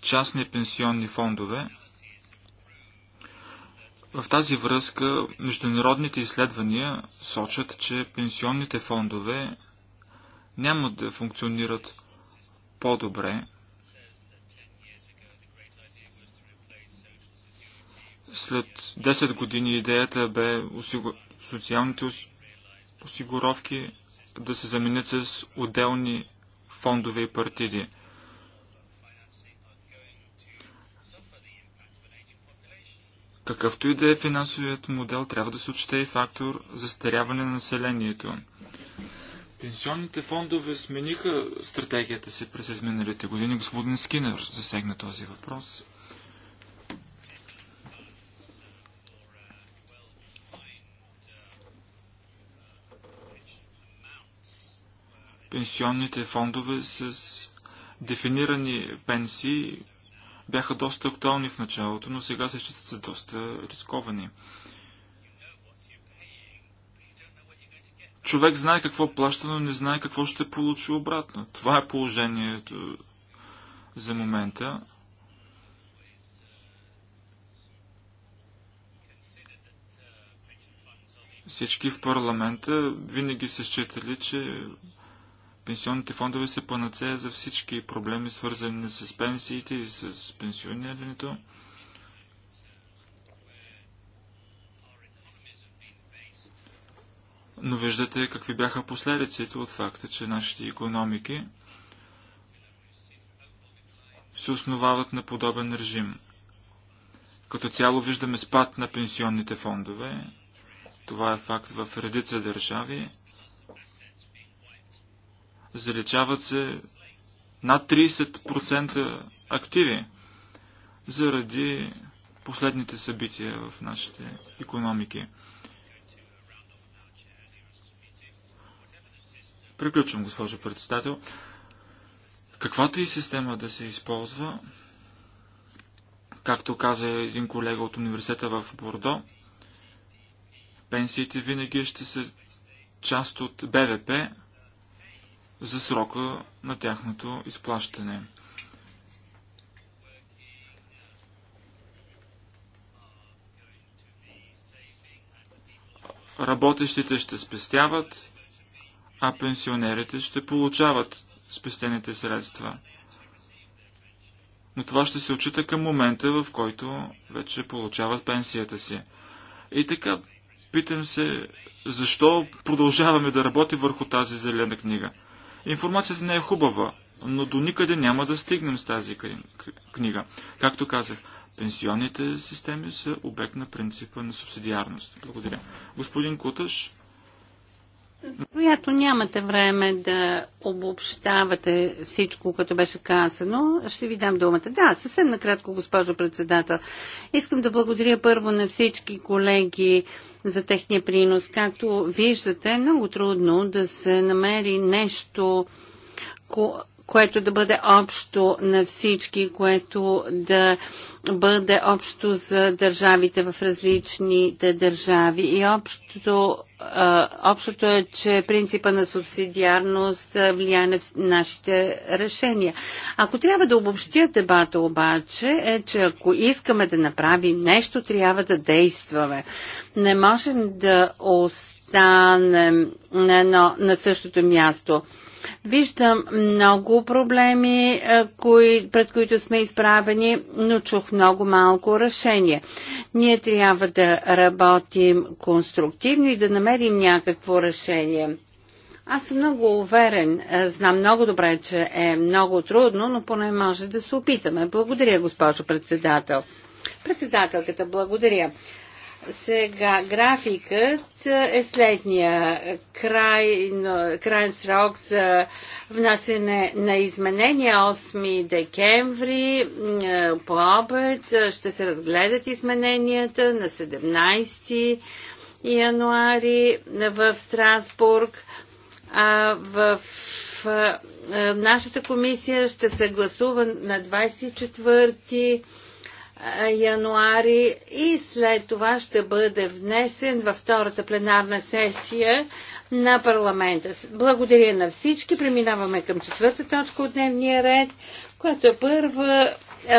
B: частни пенсионни фондове. В тази връзка международните изследвания сочат, че пенсионните фондове няма да функционират по-добре. След 10 години идеята бе осигу... социалните осигуровки да се заменят с отделни фондове и партиди. Какъвто и да е финансовият модел, трябва да се отчете и фактор за старяване на населението. Пенсионните фондове смениха стратегията си през изминалите години. Господин Скинер засегна този въпрос. пенсионните фондове с дефинирани пенсии бяха доста актуални в началото, но сега се считат за доста рисковани. Човек знае какво плаща, но не знае какво ще получи обратно. Това е положението за момента. Всички в парламента винаги са считали, че пенсионните фондове са панацея за всички проблеми, свързани с пенсиите и с пенсионирането. Но виждате какви бяха последиците от факта, че нашите економики се основават на подобен режим. Като цяло виждаме спад на пенсионните фондове. Това е факт в редица държави. Заличават се над 30% активи заради последните събития в нашите економики. Приключвам, госпожо председател. Каквато и система да се използва, както каза един колега от университета в Бордо, пенсиите винаги ще са част от БВП за срока на тяхното изплащане. Работещите ще спестяват, а пенсионерите ще получават спестените средства. Но това ще се отчита към момента, в който вече получават пенсията си. И така, питам се, защо продължаваме да работим върху тази зелена книга – Информацията не е хубава, но до никъде няма да стигнем с тази книга. Както казах, пенсионните системи са обект на принципа на субсидиарност. Благодаря. Господин Куташ.
A: Вероятно нямате време да обобщавате всичко, което беше казано. Ще ви дам думата. Да, съвсем накратко, госпожо председател. Искам да благодаря първо на всички колеги, за техния принос. Както виждате, е много трудно да се намери нещо, което да бъде общо на всички, което да бъде общо за държавите в различните държави. И общото, общото е, че принципа на субсидиарност влияе на нашите решения. Ако трябва да обобщя дебата обаче, е, че ако искаме да направим нещо, трябва да действаме. Не можем да останем на, едно, на същото място. Виждам много проблеми, кои, пред които сме изправени, но чух много малко решение. Ние трябва да работим конструктивно и да намерим някакво решение. Аз съм много уверен, знам много добре, че е много трудно, но поне може да се опитаме. Благодаря, госпожо председател. Председателката, благодаря. Сега графикът е следния. Край, но, крайен срок за внасене на изменения 8 декември е, по обед е, ще се разгледат измененията на 17 януари в Страсбург. А в е, нашата комисия ще се гласува на 24 януари и след това ще бъде внесен във втората пленарна сесия на парламента. Благодаря на всички. Преминаваме към четвърта точка от дневния ред, която е първа е,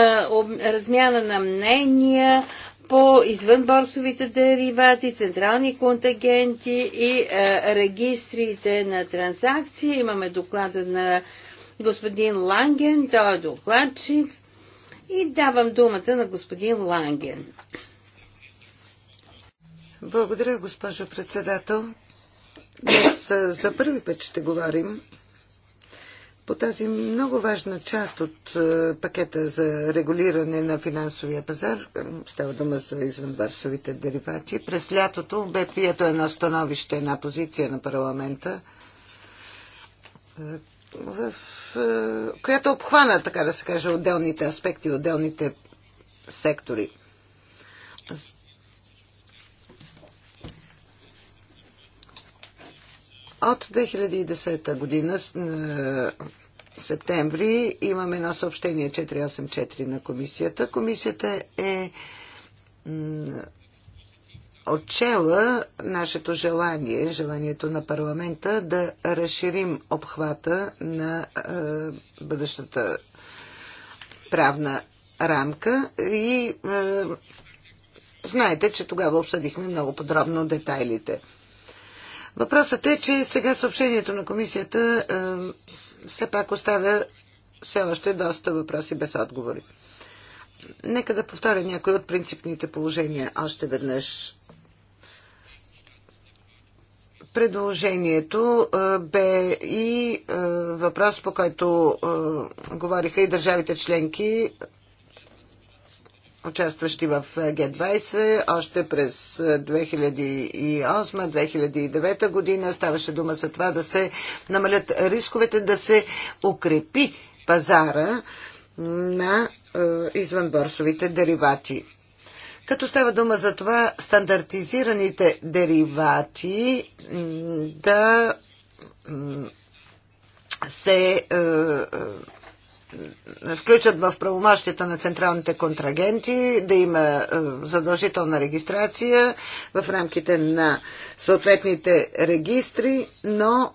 A: размяна на мнения по извънборсовите деривати, централни контагенти и а, регистрите на транзакции. Имаме доклада на господин Ланген, той е докладчик и давам думата на господин Ланген. Благодаря, госпожо
C: председател. Днес за първи път ще говорим по тази много важна част от пакета за регулиране на финансовия пазар. Става дума за извънбарсовите деривати. През лятото бе прието едно становище, една позиция на парламента, в е, която обхвана, така да се каже, отделните аспекти, отделните сектори. От 2010 година е, септември имаме едно съобщение 484 на комисията. Комисията е отчела нашето желание, желанието на парламента да разширим обхвата на е, бъдещата правна рамка и е, знаете, че тогава обсъдихме много подробно детайлите. Въпросът е, че сега съобщението на комисията е, все пак оставя все още доста въпроси без отговори. Нека да повторя някои от принципните положения още веднъж предложението бе и въпрос, по който говориха и държавите членки, участващи в Г-20, още през 2008-2009 година ставаше дума за това да се намалят рисковете, да се укрепи пазара на извънборсовите деривати като става дума за това стандартизираните деривати да се е, е, включат в правомащията на централните контрагенти, да има е, задължителна регистрация в рамките на съответните регистри, но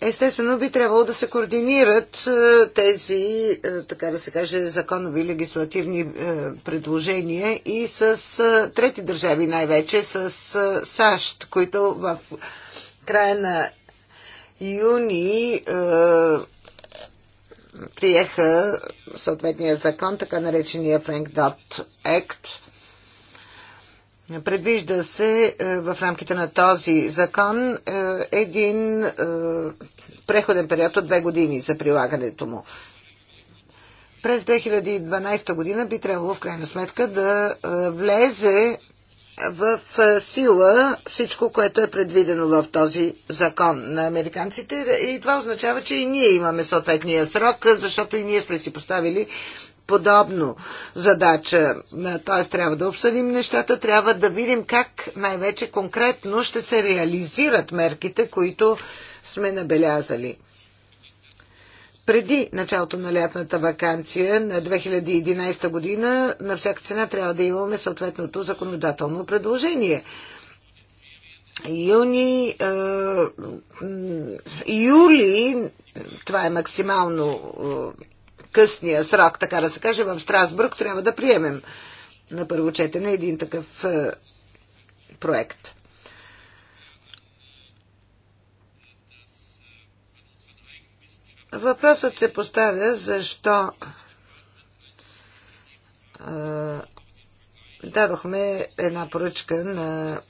C: Естествено би трябвало да се координират е, тези, е, така да се каже, законови легислативни е, предложения и с трети държави, най-вече с САЩ, които в края на юни приеха съответния закон, така наречения Frank Dot Act – Предвижда се е, в рамките на този закон е, един е, преходен период от две години за прилагането му. През 2012 година би трябвало в крайна сметка да влезе в сила всичко, което е предвидено в този закон на американците. И това означава, че и ние имаме съответния срок, защото и ние сме си поставили подобно задача. Т.е. трябва да обсъдим нещата, трябва да видим как най-вече конкретно ще се реализират мерките, които сме набелязали. Преди началото на лятната вакансия на 2011 година на всяка цена трябва да имаме съответното законодателно предложение юни, е, юли, това е максимално е, късния срок, така да се каже, в Страсбург трябва да приемем на първо четене един такъв е, проект. Въпросът се поставя защо е, дадохме една поръчка на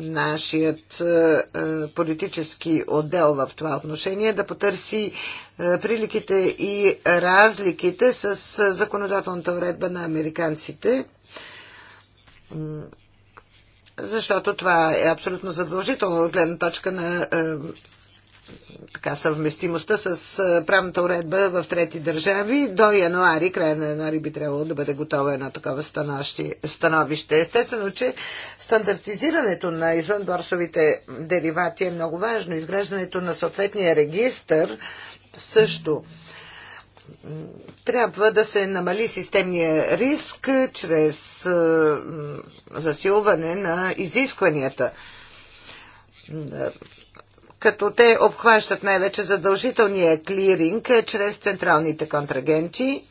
C: нашият е, е, политически отдел в това отношение да потърси е, приликите и разликите с законодателната уредба на американците защото това е абсолютно задължително от гледна точка на така, съвместимостта с правната уредба в трети държави. До януари, края на януари би трябвало да бъде готова едно такова становище. Естествено, че стандартизирането на извънборсовите деривати е много важно. Изграждането на съответния регистр също трябва да се намали системния риск чрез засилване на изискванията като те обхващат най-вече задължителния клиринг е, чрез централните контрагенти.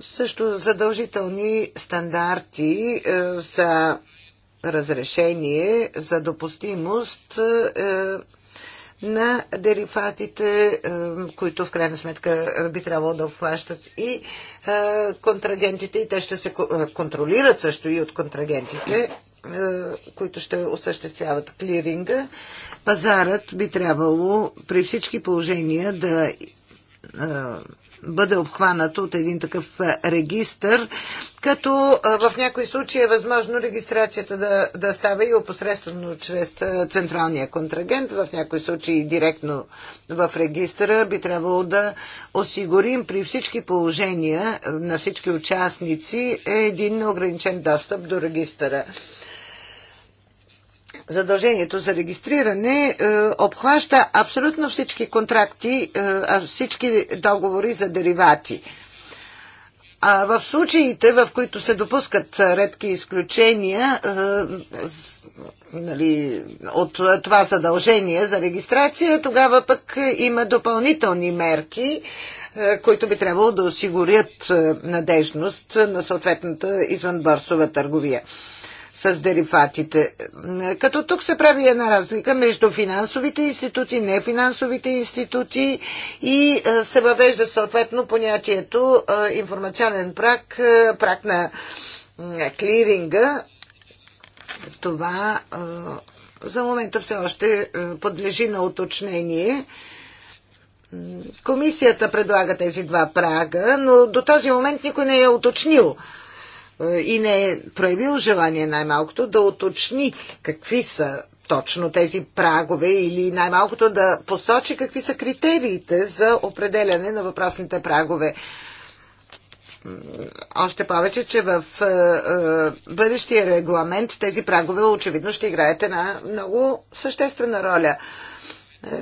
C: Също задължителни стандарти е, за разрешение, за допустимост е, на дериватите, които в крайна сметка би трябвало да обхващат и контрагентите, и те ще се контролират също и от контрагентите е, които ще осъществяват клиринга, пазарът би трябвало при всички положения да е, бъде обхванат от един такъв регистър, като е, в някои случаи е възможно регистрацията да, да става и опосредствено чрез централния контрагент, в някои случаи директно в регистъра би трябвало да осигурим при всички положения на всички участници един ограничен достъп до регистъра задължението за регистриране е, обхваща абсолютно всички контракти, е, всички договори за деривати. А в случаите, в които се допускат редки изключения е, нали, от това задължение за регистрация, тогава пък има допълнителни мерки, е, които би трябвало да осигурят е, надежност на съответната извънбърсова търговия с дериватите. Като тук се прави една разлика между финансовите институти, нефинансовите институти и е, се въвежда съответно понятието е, информационен прак, е, прак на клиринга. Това за момента все още подлежи на уточнение. Комисията предлага тези два прага, но до този момент никой не е уточнил е, и не е проявил желание най-малкото да уточни какви са точно тези прагове или най-малкото да посочи какви са критериите за определяне на въпросните прагове. Още повече, че в е, е, бъдещия регламент тези прагове очевидно ще играят една много съществена роля.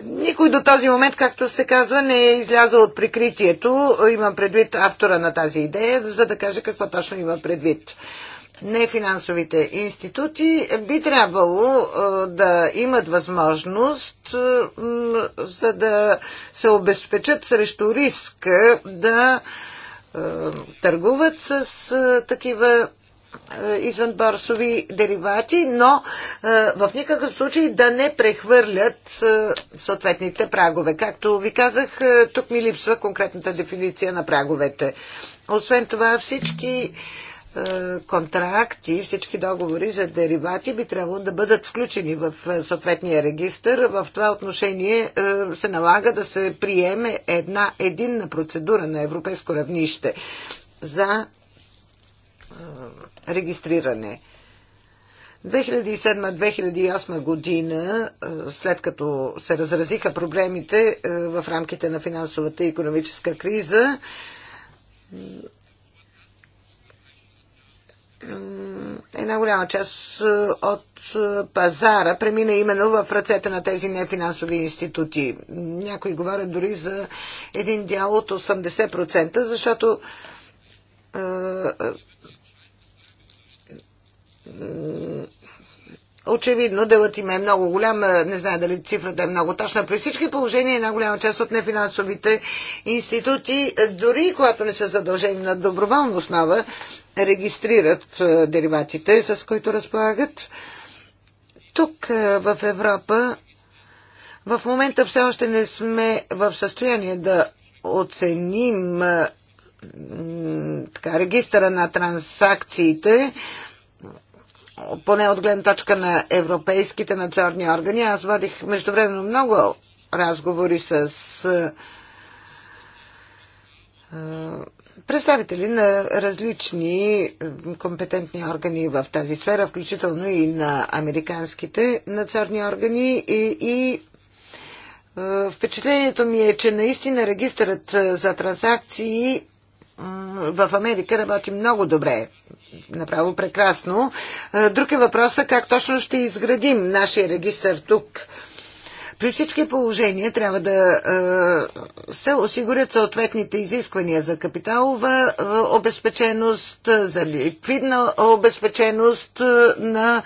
C: Никой до този момент, както се казва, не е излязъл от прикритието. Имам предвид автора на тази идея, за да каже какво точно има предвид. Не финансовите институти би трябвало е, да имат възможност, е, за да се обезпечат срещу риск да е, търгуват с такива е, извънборсови деривати, но е, в никакъв случай да не прехвърлят е, съответните прагове. Както ви казах, тук ми липсва конкретната дефиниция на праговете. Освен това, всички контракти, всички договори за деривати би трябвало да бъдат включени в съответния регистр. В това отношение се налага да се приеме една единна процедура на европейско равнище за регистриране. 2007-2008 година, е, след като се разразиха проблемите е, в рамките на финансовата и економическа криза, е, една голяма част от пазара премина именно в ръцете на тези нефинансови институти. Някои говорят дори за един дял от 80%, защото Очевидно, делът им е много голям, не знае дали цифрата е много точна. При всички положения една голяма част от нефинансовите институти, дори когато не са задължени на доброволна основа, регистрират е, дериватите, с които разполагат. Тук е, в Европа в момента все още не сме в състояние да оценим е, така, регистъра на трансакциите, поне от гледна точка на европейските надзорни органи. Аз водих междувременно много разговори с представители на различни компетентни органи в тази сфера, включително и на американските надзорни органи и, и Впечатлението ми е, че наистина регистърът за транзакции в Америка работи много добре направо прекрасно. Друг е въпросът как точно ще изградим нашия регистр тук. При всички положения трябва да се осигурят съответните изисквания за капиталова обезпеченост, за ликвидна обезпеченост на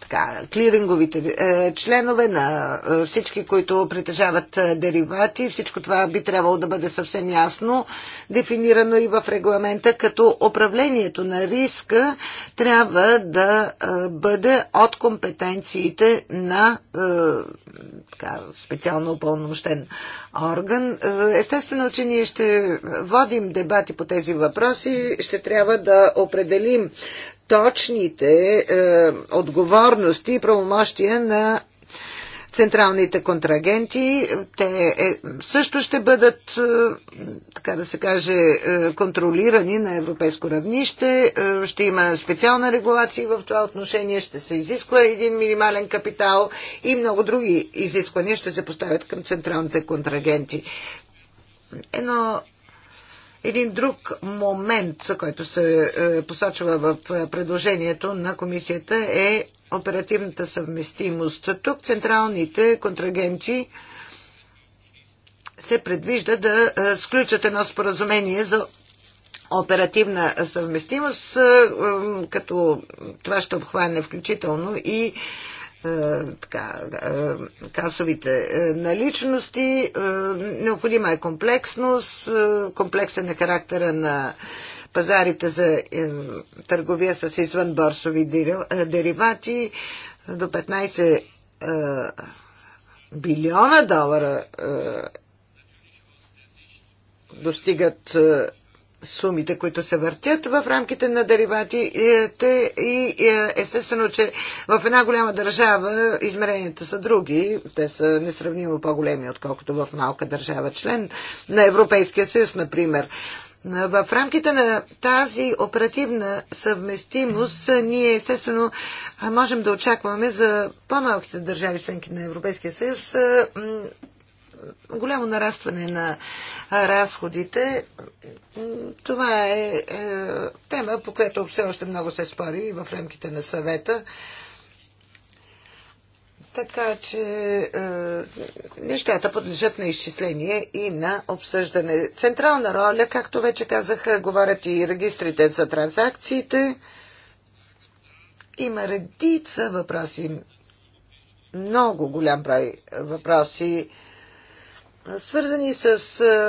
C: така, клиринговите е, членове на е, всички, които притежават е, деривати. Всичко това би трябвало да бъде съвсем ясно дефинирано и в регламента, като управлението на риска трябва да бъде от компетенциите на така, специално упълномощен орган. Естествено, че ние ще водим дебати по тези въпроси, ще трябва да определим точните е, отговорности и правомощия на централните контрагенти. Те е, също ще бъдат, е, така да се каже, е, контролирани на европейско равнище. Е, ще има специална регулация в това отношение. Ще се изисква един минимален капитал и много други изисквания ще се поставят към централните контрагенти. Едно един друг момент, който се е, посочва в е, предложението на комисията е оперативната съвместимост. Тук централните контрагенти се предвижда да е, сключат едно споразумение за оперативна съвместимост, като това ще обхване включително и е, така, е, касовите е, наличности. Необходима е комплексност, комплексен е характера на пазарите за търговия с извънборсови деривати до 15 билиона долара достигат сумите, които се въртят в рамките на дериватите и е, естествено, че в една голяма държава измеренията са други. Те са несравнимо по-големи, отколкото в малка държава, член на Европейския съюз, например. В рамките на тази оперативна съвместимост ние естествено можем да очакваме за по-малките държави членки на Европейския съюз голямо нарастване на разходите. Това е, е тема, по която все още много се спори и в рамките на съвета. Така че е, нещата подлежат на изчисление и на обсъждане. Централна роля, както вече казах, говорят и регистрите за транзакциите. Има редица въпроси, много голям брой въпроси, свързани с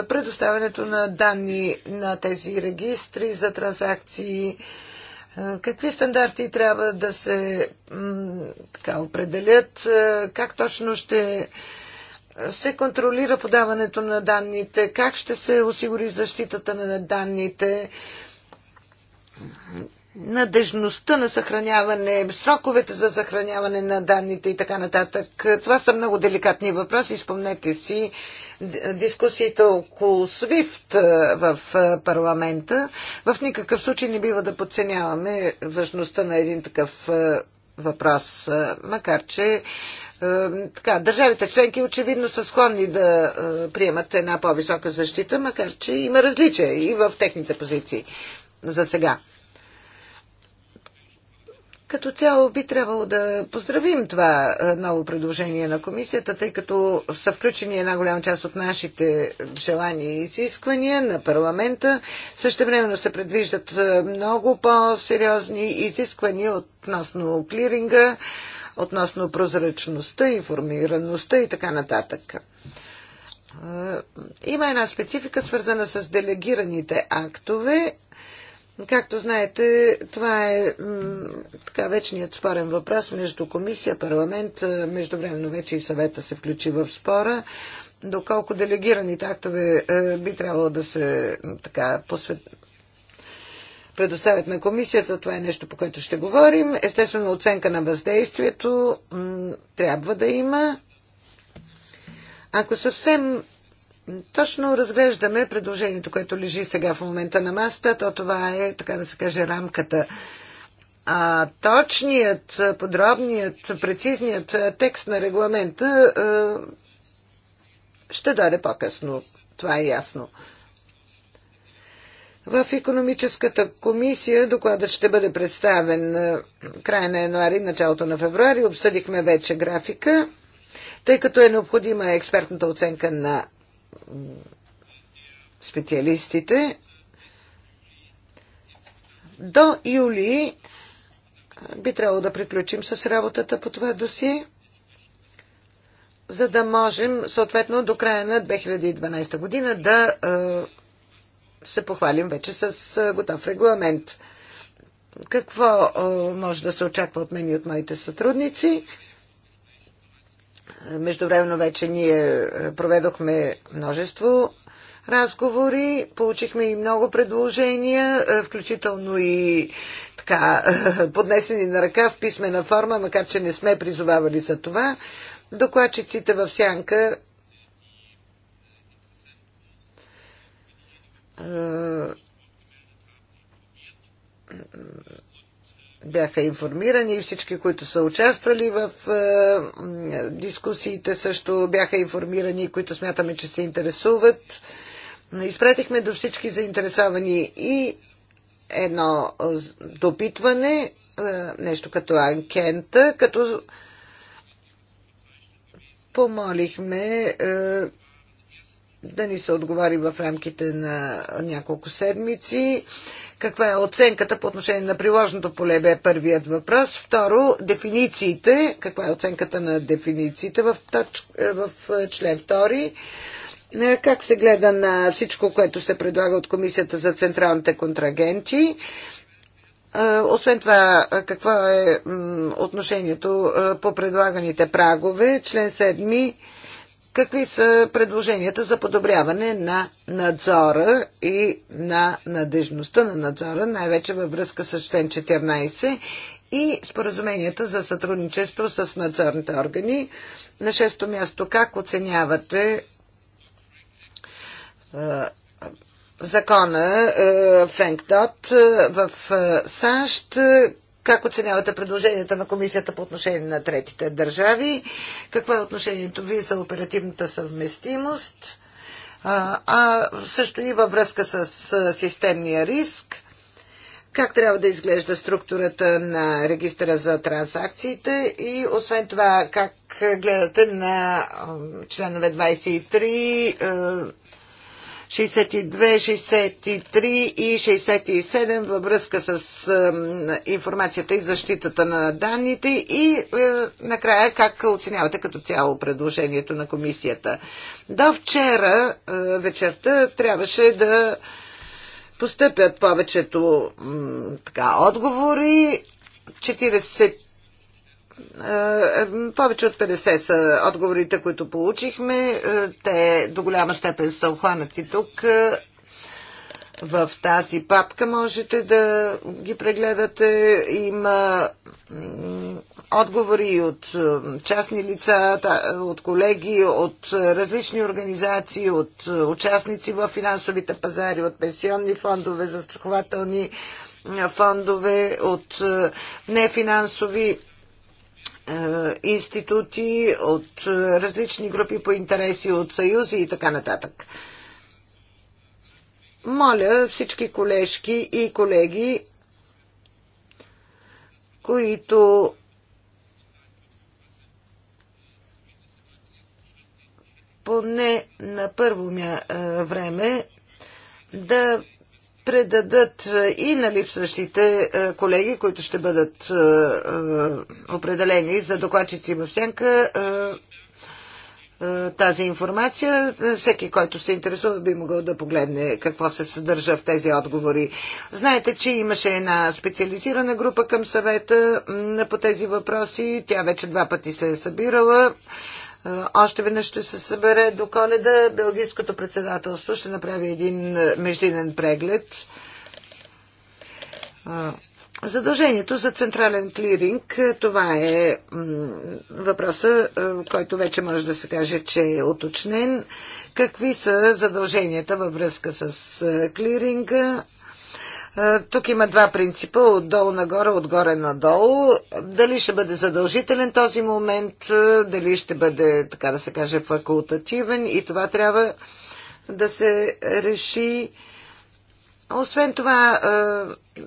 C: предоставянето на данни на тези регистри за транзакции, какви стандарти трябва да се така, определят, как точно ще се контролира подаването на данните, как ще се осигури защитата на данните надежността на съхраняване, сроковете за съхраняване на данните и така нататък. Това са много деликатни въпроси. Спомнете си дискусиите около SWIFT в парламента. В никакъв случай не бива да подценяваме важността на един такъв въпрос, макар че така, държавите членки очевидно са склонни да приемат една по-висока защита, макар че има различия и в техните позиции за сега. Като цяло би трябвало да поздравим това е, ново предложение на комисията, тъй като са включени една голяма част от нашите желания и изисквания на парламента. времено се предвиждат е, много по-сериозни изисквания относно клиринга, относно прозрачността, информираността и така нататък. Е, има една специфика, свързана с делегираните актове Както знаете, това е така вечният спорен въпрос между комисия, парламент, междувременно вече и съвета се включи в спора. Доколко делегираните актове е, би трябвало да се така посвет... предоставят на комисията, това е нещо, по което ще говорим. Естествено, оценка на въздействието трябва да има. Ако съвсем точно разглеждаме предложението, което лежи сега в момента на масата. То това е, така да се каже, рамката. А точният, подробният, прецизният текст на регламента ще дойде по-късно. Това е ясно. В економическата комисия докладът ще бъде представен края на януари, началото на февруари. Обсъдихме вече графика. Тъй като е необходима експертната оценка на специалистите. До юли би трябвало да приключим с работата по това досие, за да можем съответно до края на 2012 година да се похвалим вече с готов регламент. Какво може да се очаква от мен и от моите сътрудници? Междувременно вече ние е, проведохме множество разговори, получихме и много предложения, е, включително и така, поднесени на ръка в писмена форма, макар че не сме призовавали за това. Докладчиците в Сянка е, бяха информирани и всички, които са участвали в е, дискусиите също бяха информирани, които смятаме, че се интересуват. Изпратихме до всички заинтересовани и едно допитване, е, нещо като анкента, като помолихме е, да ни се отговари в рамките на няколко седмици. Каква е оценката по отношение на приложното поле бе първият въпрос. Второ, дефинициите. Каква е оценката на дефинициите в, точ... Е, в е, член 2? Е, как се гледа на всичко, което се предлага от Комисията за централните контрагенти? Освен това, какво е отношението по предлаганите прагове? Член 7 какви са предложенията за подобряване на надзора и на надежността на надзора, най-вече във връзка с член 14 и споразуменията за сътрудничество с надзорните органи. На шесто място, как оценявате закона Френк Дот в САЩ, как оценявате предложенията на комисията по отношение на третите държави? Какво е отношението ви за оперативната съвместимост? А също и във връзка с системния риск. Как трябва да изглежда структурата на регистъра за транзакциите и освен това как гледате на членове 23 62, 63 и 67 във връзка с информацията и защитата на данните и е, накрая как оценявате като цяло предложението на комисията. До вчера е, вечерта трябваше да постъпят повечето така, отговори. 40 е, е, повече от 50 са отговорите, които получихме. Е, те до голяма степен са обхванати тук. В тази папка можете да ги прегледате. Има отговори от частни лица, от колеги, от различни организации, от участници в финансовите пазари, от пенсионни фондове, застрахователни фондове, от нефинансови е, институти, от е, различни групи по интереси, от съюзи и така нататък. Моля всички колежки и колеги, които поне на първо е, време да предадат е, и на липсващите е, колеги, които ще бъдат е, определени за докладчици в Сенка, тази информация. Всеки, който се интересува, би могъл да погледне какво се съдържа в тези отговори. Знаете, че имаше една специализирана група към съвета по тези въпроси. Тя вече два пъти се е събирала. Е, още веднъж ще се събере до коледа. Белгийското председателство ще направи един е, междинен преглед. Е, задължението за централен клиринг, това е въпроса, който вече може да се каже, че е уточнен. Какви са задълженията във връзка с клиринга? Е, тук има два принципа, отдолу нагоре, отгоре надолу. Дали ще бъде задължителен този момент, е, дали ще бъде, така да се каже, факултативен и това трябва да се реши. Освен това, е,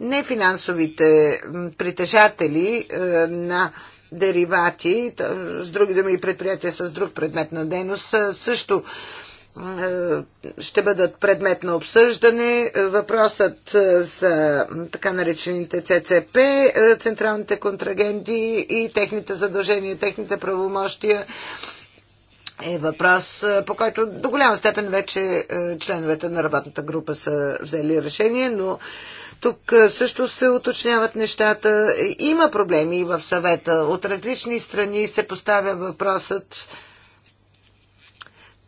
C: нефинансовите притежатели на деривати, с други думи и предприятия с друг предмет на дейност, също е, ще бъдат предмет на обсъждане. Е, въпросът е, за така наречените ЦЦП, централните контрагенти и техните задължения, техните правомощия е въпрос, по който до голяма степен вече членовете на работната група са взели решение, но тук също се уточняват нещата. Има проблеми и в съвета. От различни страни се поставя въпросът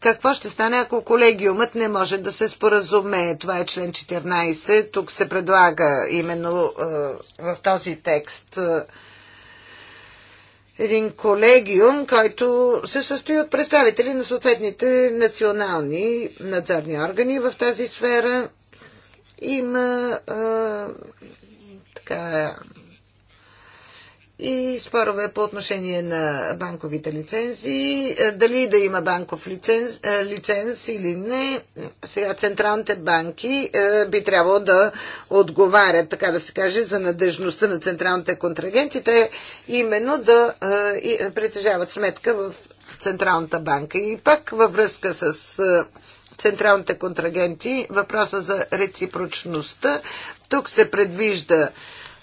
C: какво ще стане, ако колегиумът не може да се споразумее? Това е член 14. Тук се предлага именно е, в този текст е, един колегиум, който се състои от представители на съответните национални надзорни органи в тази сфера. Има е, така, и спорове по отношение на банковите лицензии. Е, дали да има банков лиценз, е, лиценз или не, сега централните банки е, би трябвало да отговарят, така да се каже, за надежността на централните контрагенти. Те именно да притежават сметка в Централната банка. И пак във връзка с централните контрагенти, въпроса за реципрочността. Тук се предвижда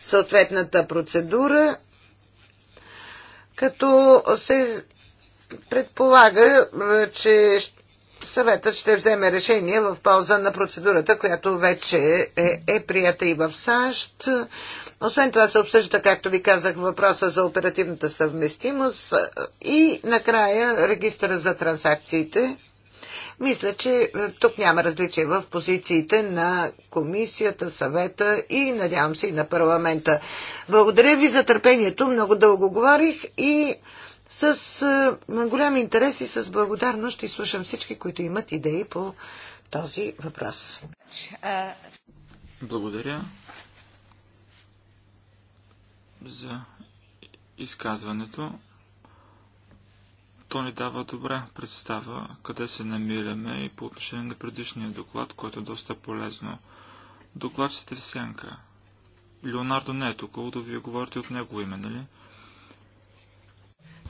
C: съответната процедура като се предполага, е, че съветът ще вземе решение в полза на процедурата, която вече е, е прията и в САЩ. Освен това се обсъжда, както ви казах, въпроса за оперативната съвместимост е, и накрая регистъра за транзакциите. Мисля, че е, тук няма различие в позициите на комисията, съвета и надявам се и на парламента. Благодаря ви за търпението. Много дълго говорих и с е, голям интерес и с благодарност ще слушам всички, които имат идеи по този
B: въпрос. Благодаря за изказването. То ни дава добра представа къде се намираме и по отношение на предишния доклад, който е доста полезно. Докладчите в сянка. Леонардо не е тук, да вие говорите от него име, нали?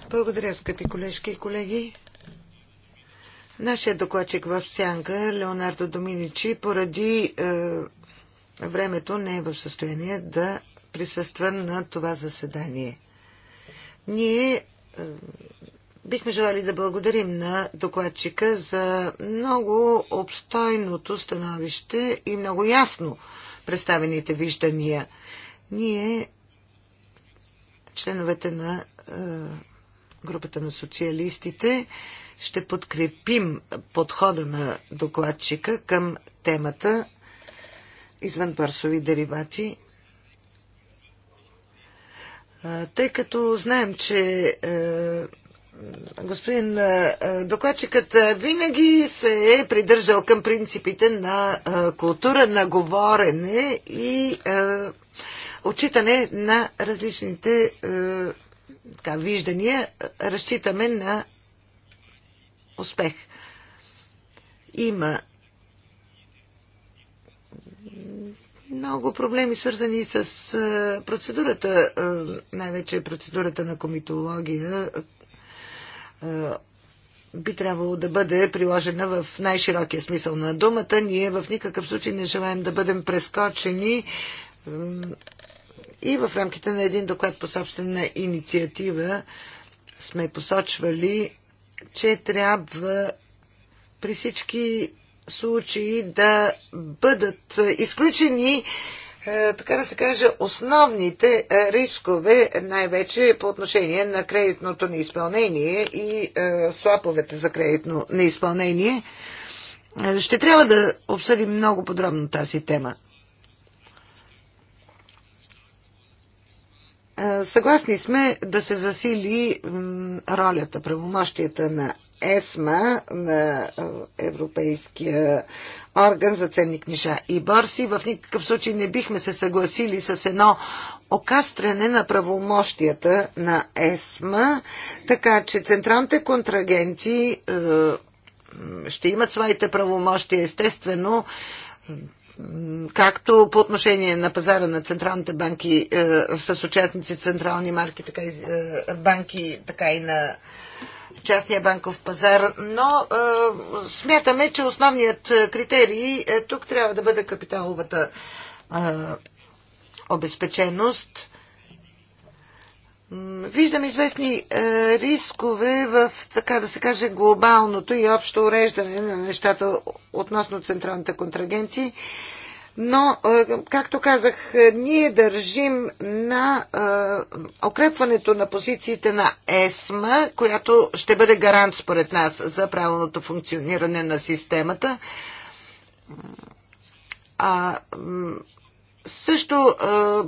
C: Благодаря, скъпи колежки и колеги. Нашия докладчик в сянка, Леонардо Доминичи, поради е, времето не е в състояние да присъства на това заседание. Ние е, Бихме желали да благодарим на докладчика за много обстойното становище и много ясно представените виждания. Ние, членовете на е, групата на социалистите, ще подкрепим подхода на докладчика към темата извънбърсови деривати е, тъй като знаем, че е, Господин докладчикът винаги се е придържал към принципите на култура на говорене и отчитане на различните така, виждания. Разчитаме на успех. Има много проблеми, свързани с процедурата, най-вече процедурата на комитология, би трябвало да бъде приложена в най-широкия смисъл на думата. Ние в никакъв случай не желаем да бъдем прескочени и в рамките на един доклад по собствена инициатива сме посочвали, че трябва при всички случаи да бъдат изключени е, така да се каже, основните е, рискове, най-вече по отношение на кредитното неизпълнение и е, слаповете за кредитно неизпълнение. Ще трябва да обсъдим много подробно тази тема. Съгласни сме да се засили ролята, правомощията на ЕСМА, на Европейския орган за ценни книжа и борси. В никакъв случай не бихме се съгласили с едно окастряне на правомощията на ЕСМА, така че централните контрагенти е, ще имат своите правомощия, естествено, както по отношение на пазара на централните банки е, с участници централни марки, така и, е, банки, така и на частния банков пазар, но е, смятаме, че основният е, критерий е, тук трябва да бъде капиталовата е, обезпеченост. Виждам известни е, рискове в, така да се каже, глобалното и общо уреждане на нещата относно централните контрагенции. Е, но, е, както казах, е, ние държим на е, укрепването на позициите на ЕСМА, която ще бъде гарант според нас за правилното функциониране на системата. А, също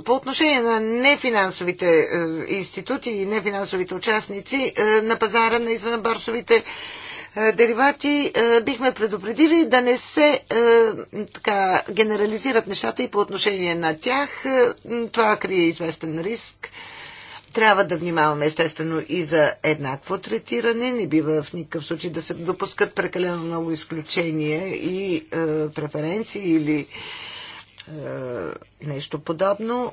C: по отношение на нефинансовите институти и нефинансовите участници на пазара на извънбарсовите е, деривати, е, бихме предупредили да не се е, така, генерализират нещата и по отношение на тях. Това крие известен риск. Трябва да внимаваме естествено и за еднакво третиране. Не бива в никакъв случай да се допускат прекалено много изключения и е, преференции или е, нещо подобно.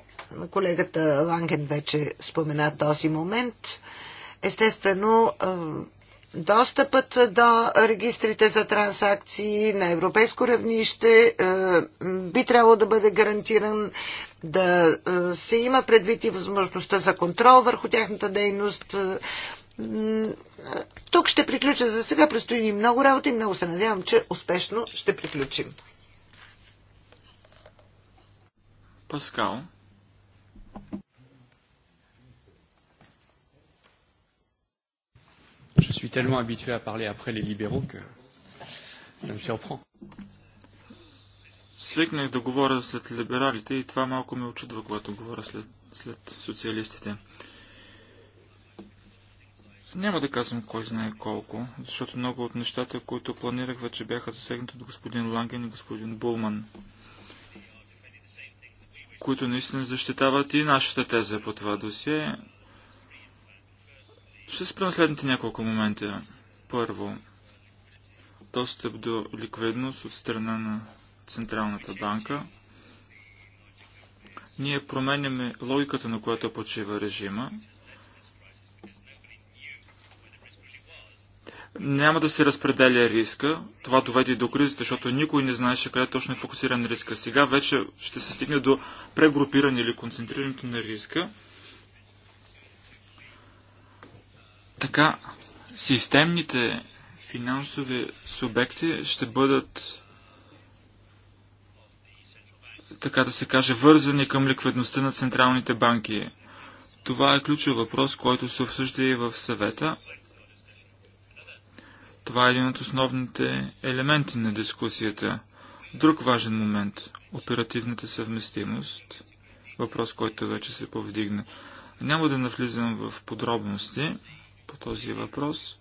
C: Колегата Ланген вече спомена този момент. Естествено, е, достъпът до регистрите за транзакции на европейско равнище е, би трябвало да бъде гарантиран да е, се има предвид и възможността за контрол върху тяхната дейност. Е, тук ще приключа за сега. Предстои ни много работа и много се надявам, че успешно ще приключим.
B: Паскал. Je suis tellement habitué à parler après les libéraux que ça me surprend. Свикнах да говоря след либералите и това малко ме очудва, когато говоря след, след социалистите. Няма да казвам кой знае колко, защото много от нещата, които планирах, вече бяха засегнати от господин Ланген и господин Булман, които наистина защитават и нашата теза по това досие. Ще спра на следните няколко момента. Първо, достъп до ликвидност от страна на Централната банка. Ние променяме логиката, на която почива режима. Няма да се разпределя риска. Това доведе до кризата, защото никой не знаеше къде точно е фокусиран риска. Сега вече ще се стигне до прегрупиране или концентрирането на риска. Така, системните финансови субекти ще бъдат така да се каже, вързани към ликвидността на централните банки. Това е ключов въпрос, който се обсъжда и в съвета. Това е един от основните елементи на дискусията. Друг важен момент – оперативната съвместимост. Въпрос, който вече се повдигна. Няма да навлизам в подробности, по този въпрос.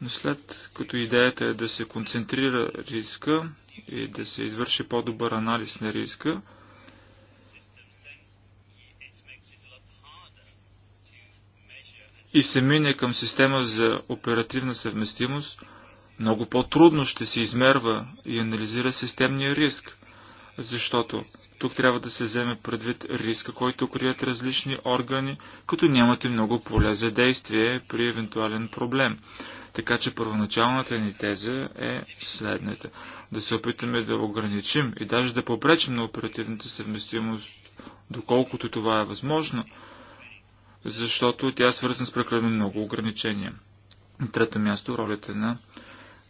B: Но след като идеята е да се концентрира риска и да се извърши по-добър анализ на риска, и се мине към система за оперативна съвместимост, много по-трудно ще се измерва и анализира системния риск, защото тук трябва да се вземе предвид риска, който крият различни органи, като нямат и много поле за действие при евентуален проблем. Така че първоначалната ни теза е следната. Да се опитаме да ограничим и даже да попречим на оперативната съвместимост, доколкото това е възможно, защото тя е свързана с прекалено много ограничения. На трето място ролята на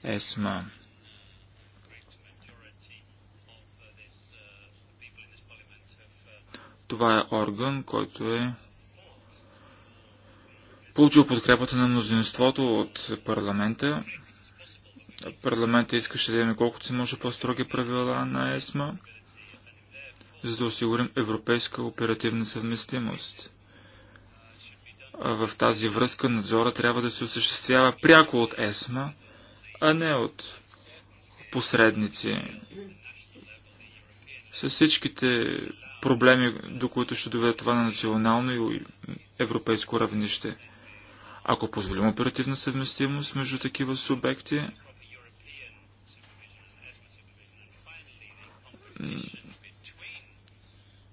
B: ЕСМА. Това е орган, който е получил подкрепата на мнозинството от парламента. Парламента искаше да имаме колкото се може по-строги правила на ЕСМА, за да осигурим европейска оперативна съвместимост. А в тази връзка надзора трябва да се осъществява пряко от ЕСМА, а не от посредници. С всичките проблеми, до които ще доведе това на национално и европейско равнище. Ако позволим оперативна съвместимост между такива субекти,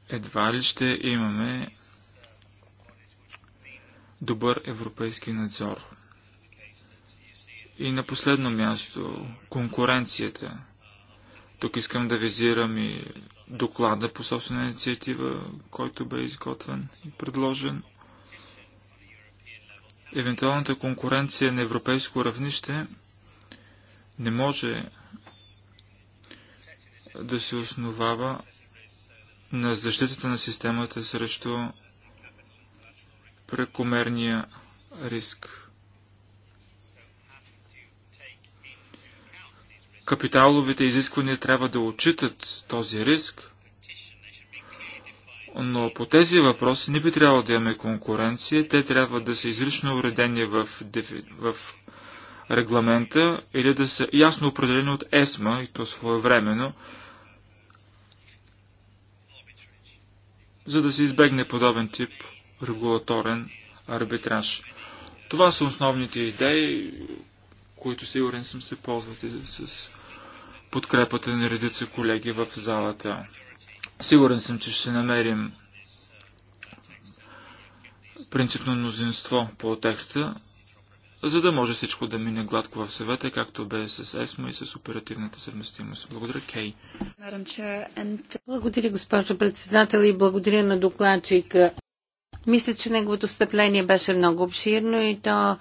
B: едва ли ще имаме добър европейски надзор. И на последно място конкуренцията. Тук искам да визирам и доклада по собствена инициатива, който бе изготвен и предложен. Евентуалната конкуренция на европейско равнище не може да се основава на защитата на системата срещу прекомерния риск. Капиталовите изисквания трябва да отчитат този риск, но по тези въпроси не би трябвало да имаме конкуренция. Те трябва да са изрично уредени в, в регламента или да са ясно определени от ЕСМА и то своевременно, за да се избегне подобен тип регулаторен арбитраж. Това са основните идеи, които сигурен съм се ползвате с подкрепата на редица колеги в залата. Сигурен съм, че ще намерим принципно мнозинство по текста, за да може всичко да мине гладко в съвета, както бе с ЕСМА и с оперативната съвместимост. Благодаря, Кей.
A: Благодаря, госпожо председател, и благодаря на докладчика. Мисля, че неговото встъпление беше много обширно и то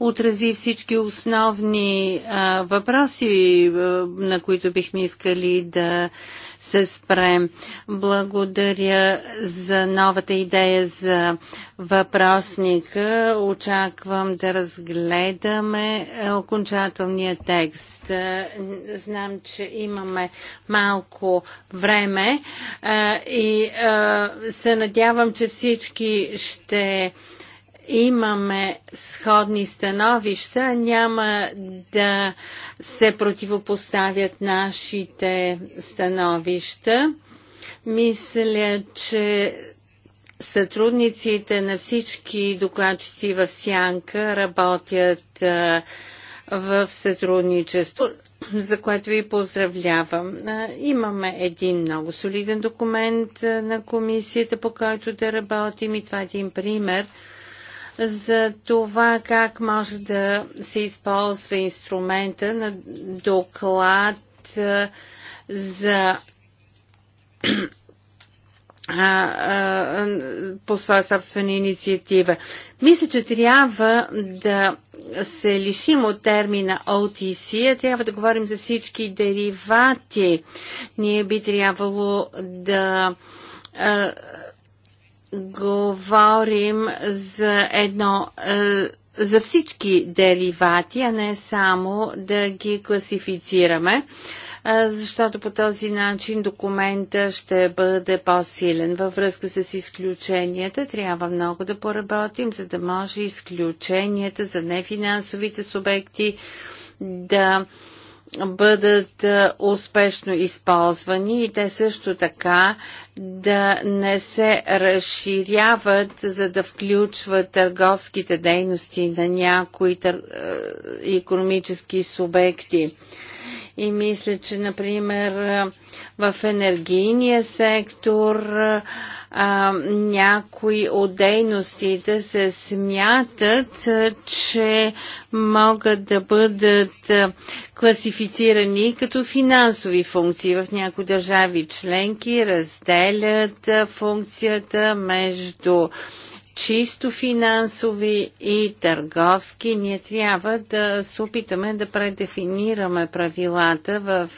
A: отрази всички основни а, въпроси, а, на които бихме искали да се спрем. Благодаря за новата идея за въпросника. Очаквам да разгледаме окончателния текст. Знам, че имаме малко време и се надявам, че всички ще имаме сходни становища, няма да се противопоставят нашите становища. Мисля, че сътрудниците на всички докладчици в Сянка работят в сътрудничество, за което ви поздравлявам. Имаме един много солиден документ на комисията, по който да работим и това е един пример – за това как може да се използва инструмента на доклад за по своя собствена инициатива. Мисля, че трябва да се лишим от термина OTC, а трябва да говорим за всички деривати. Ние би трябвало да говорим за едно е, за всички деривати, а не само да ги класифицираме, е, защото по този начин документа ще бъде по-силен. Във връзка с изключенията трябва много да поработим, за да може изключенията за нефинансовите субекти да бъдат успешно използвани и те също така да не се разширяват, за да включват търговските дейности на някои тър... економически субекти. И мисля, че, например, в енергийния сектор а, някои от дейностите се смятат, че могат да бъдат класифицирани като финансови функции. В някои държави членки разделят функцията между чисто финансови и търговски, ние трябва да се опитаме да предефинираме правилата в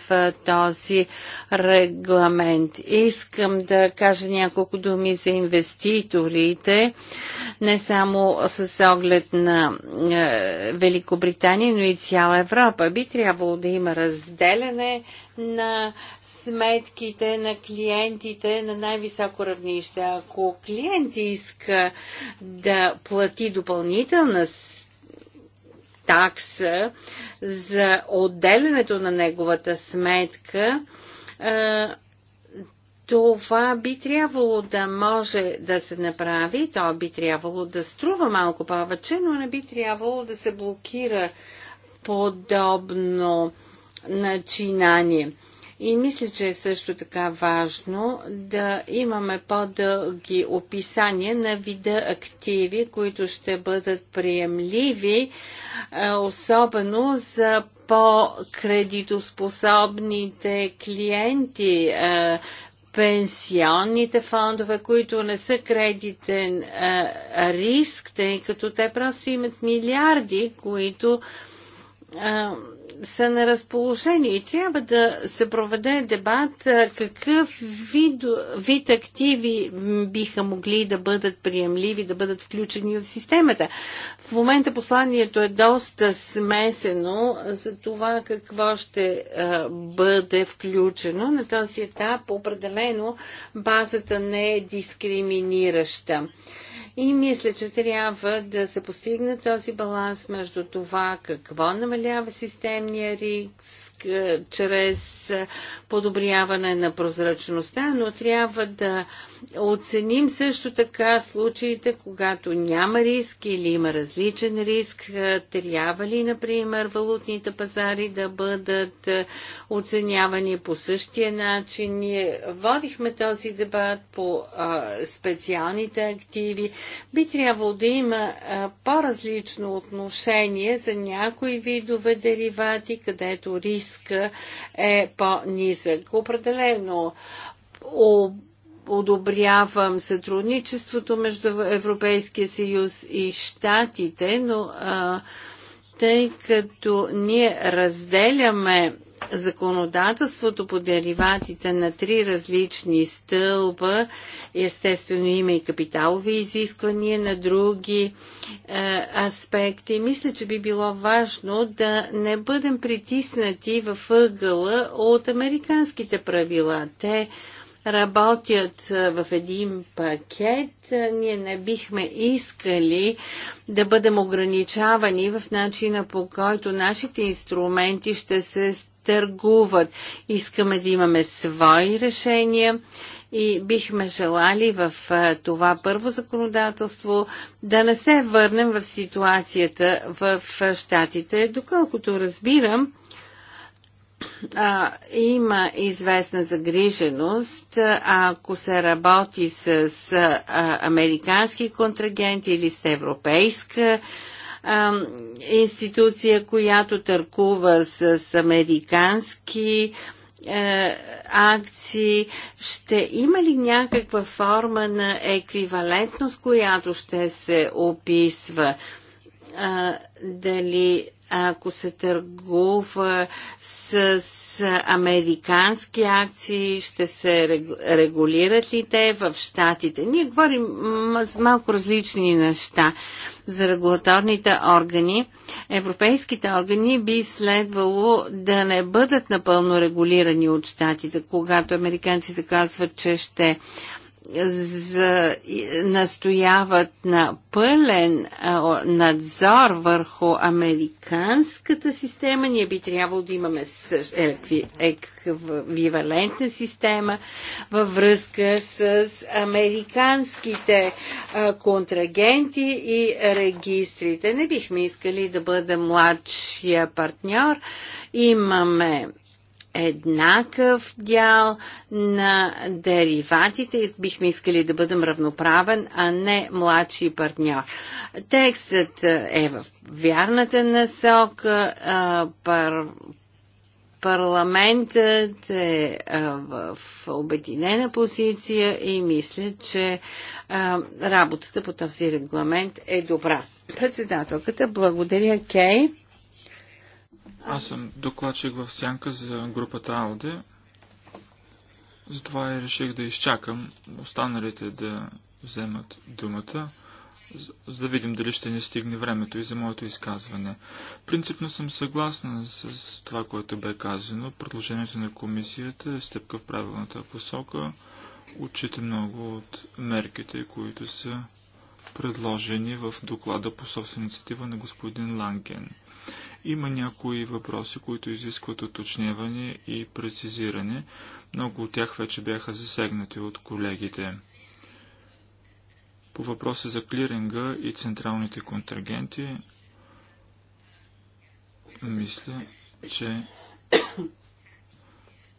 A: този регламент. Искам да кажа няколко думи за инвеститорите, не само с оглед на Великобритания, но и цяла Европа. Би трябвало да има разделяне на сметките на клиентите на най-високо равнище. Ако клиент иска да плати допълнителна такса за отделянето на неговата сметка, това би трябвало да може да се направи, то би трябвало да струва малко повече, но не би трябвало да се блокира подобно начинание. И мисля, че е също така важно да имаме по-дълги описания на вида активи, които ще бъдат приемливи, е, особено за по-кредитоспособните клиенти, е, пенсионните фондове, които не са кредитен е, риск, тъй като те просто имат милиарди, които са на разположение и трябва да се проведе дебат какъв вид, вид активи биха могли да бъдат приемливи, да бъдат включени в системата. В момента посланието е доста смесено за това какво ще бъде включено. На този етап определено базата не е дискриминираща. И мисля, че трябва да се постигне този баланс между това какво намалява системния риск чрез подобряване на прозрачността, но трябва да оценим също така случаите, когато няма риск или има различен риск. Е, трябва ли, например, валутните пазари да бъдат е, оценявани по същия начин? Ние водихме този дебат по а, е, специалните активи. Би трябвало да има по-различно отношение за някои видове деривати, където риска е по-низък. Определено одобрявам сътрудничеството между Европейския съюз и Штатите, но а, тъй като ние разделяме законодателството по дериватите на три различни стълба, естествено има и капиталови изисквания на други е, аспекти. Мисля, че би било важно да не бъдем притиснати във ъгъла от американските правила. Те работят в един пакет, ние не бихме искали да бъдем ограничавани в начина по който нашите инструменти ще се търгуват. Искаме да имаме свои решения и бихме желали в това първо законодателство да не се върнем в ситуацията в щатите. Доколкото разбирам, а, има известна загриженост, ако се работи с а, американски контрагенти или с европейска а, институция, която търкува с, американски а, е, акции, ще има ли някаква форма на еквивалентност, която ще се описва? А, дали ако се търгува с американски акции, ще се регулират ли те в щатите? Ние говорим с малко различни неща за регулаторните органи. Европейските органи би следвало да не бъдат напълно регулирани от щатите, когато американците казват, че ще за, настояват на пълен надзор върху американската система, ние би трябвало да имаме еквивалентна система във връзка с американските контрагенти и регистрите. Не бихме искали да бъдем младшия партньор. Имаме еднакъв дял на дериватите и бихме искали да бъдем равноправен, а не младши партньор. Текстът е, е в вярната насока. Пар... Парламентът е в обединена позиция и мисля, че работата по този регламент е добра. Председателката, благодаря, Кей.
B: Аз съм докладчик в сянка за групата АОД, Затова и реших да изчакам останалите да вземат думата, за да видим дали ще не стигне времето и за моето изказване. Принципно съм съгласна с това, което бе казано. Предложението на комисията е стъпка в правилната посока. Отчита много от мерките, които са предложени в доклада по собствена инициатива на господин Ланген. Има някои въпроси, които изискват уточняване и прецизиране. Много от тях вече бяха засегнати от колегите. По въпроса за клиринга и централните контрагенти, мисля, че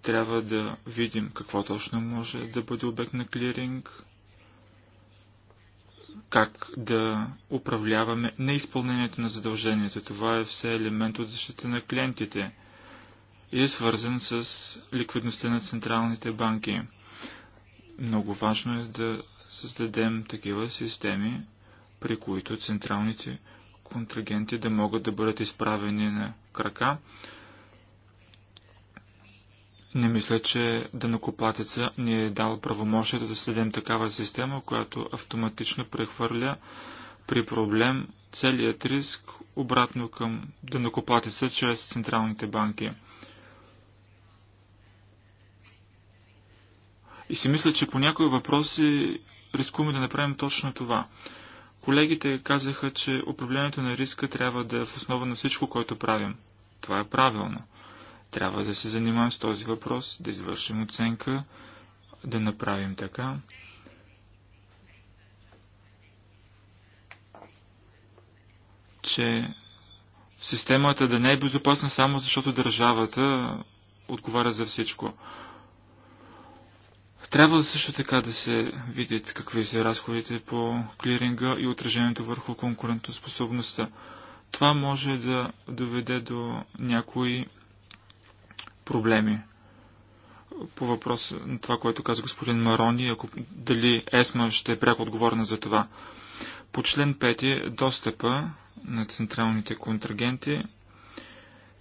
B: трябва да видим какво точно може да бъде обект на клиринг, как да управляваме неизпълнението на задълженията. Това е все елемент от защита на клиентите и е свързан с ликвидността на централните банки. Много важно е да създадем такива системи, при които централните контрагенти да могат да бъдат изправени на крака, не мисля, че данокоплатеца ни е дал правомощието да създадем такава система, която автоматично прехвърля при проблем целият риск обратно към данокоплатеца чрез централните банки. И си мисля, че по някои въпроси рискуваме да направим точно това. Колегите казаха, че управлението на риска трябва да е в основа на всичко, което правим. Това е правилно. Трябва да се занимаем с този въпрос, да извършим оценка, да направим така, че системата да не е безопасна само защото държавата отговаря за всичко. Трябва също така да се видят какви са разходите по клиринга и отражението върху конкурентоспособността. Това може да доведе до някои проблеми. По въпрос на това, което каза господин Марони, ако, дали ЕСМА ще е пряко отговорна за това. По член 5 достъпа на централните контрагенти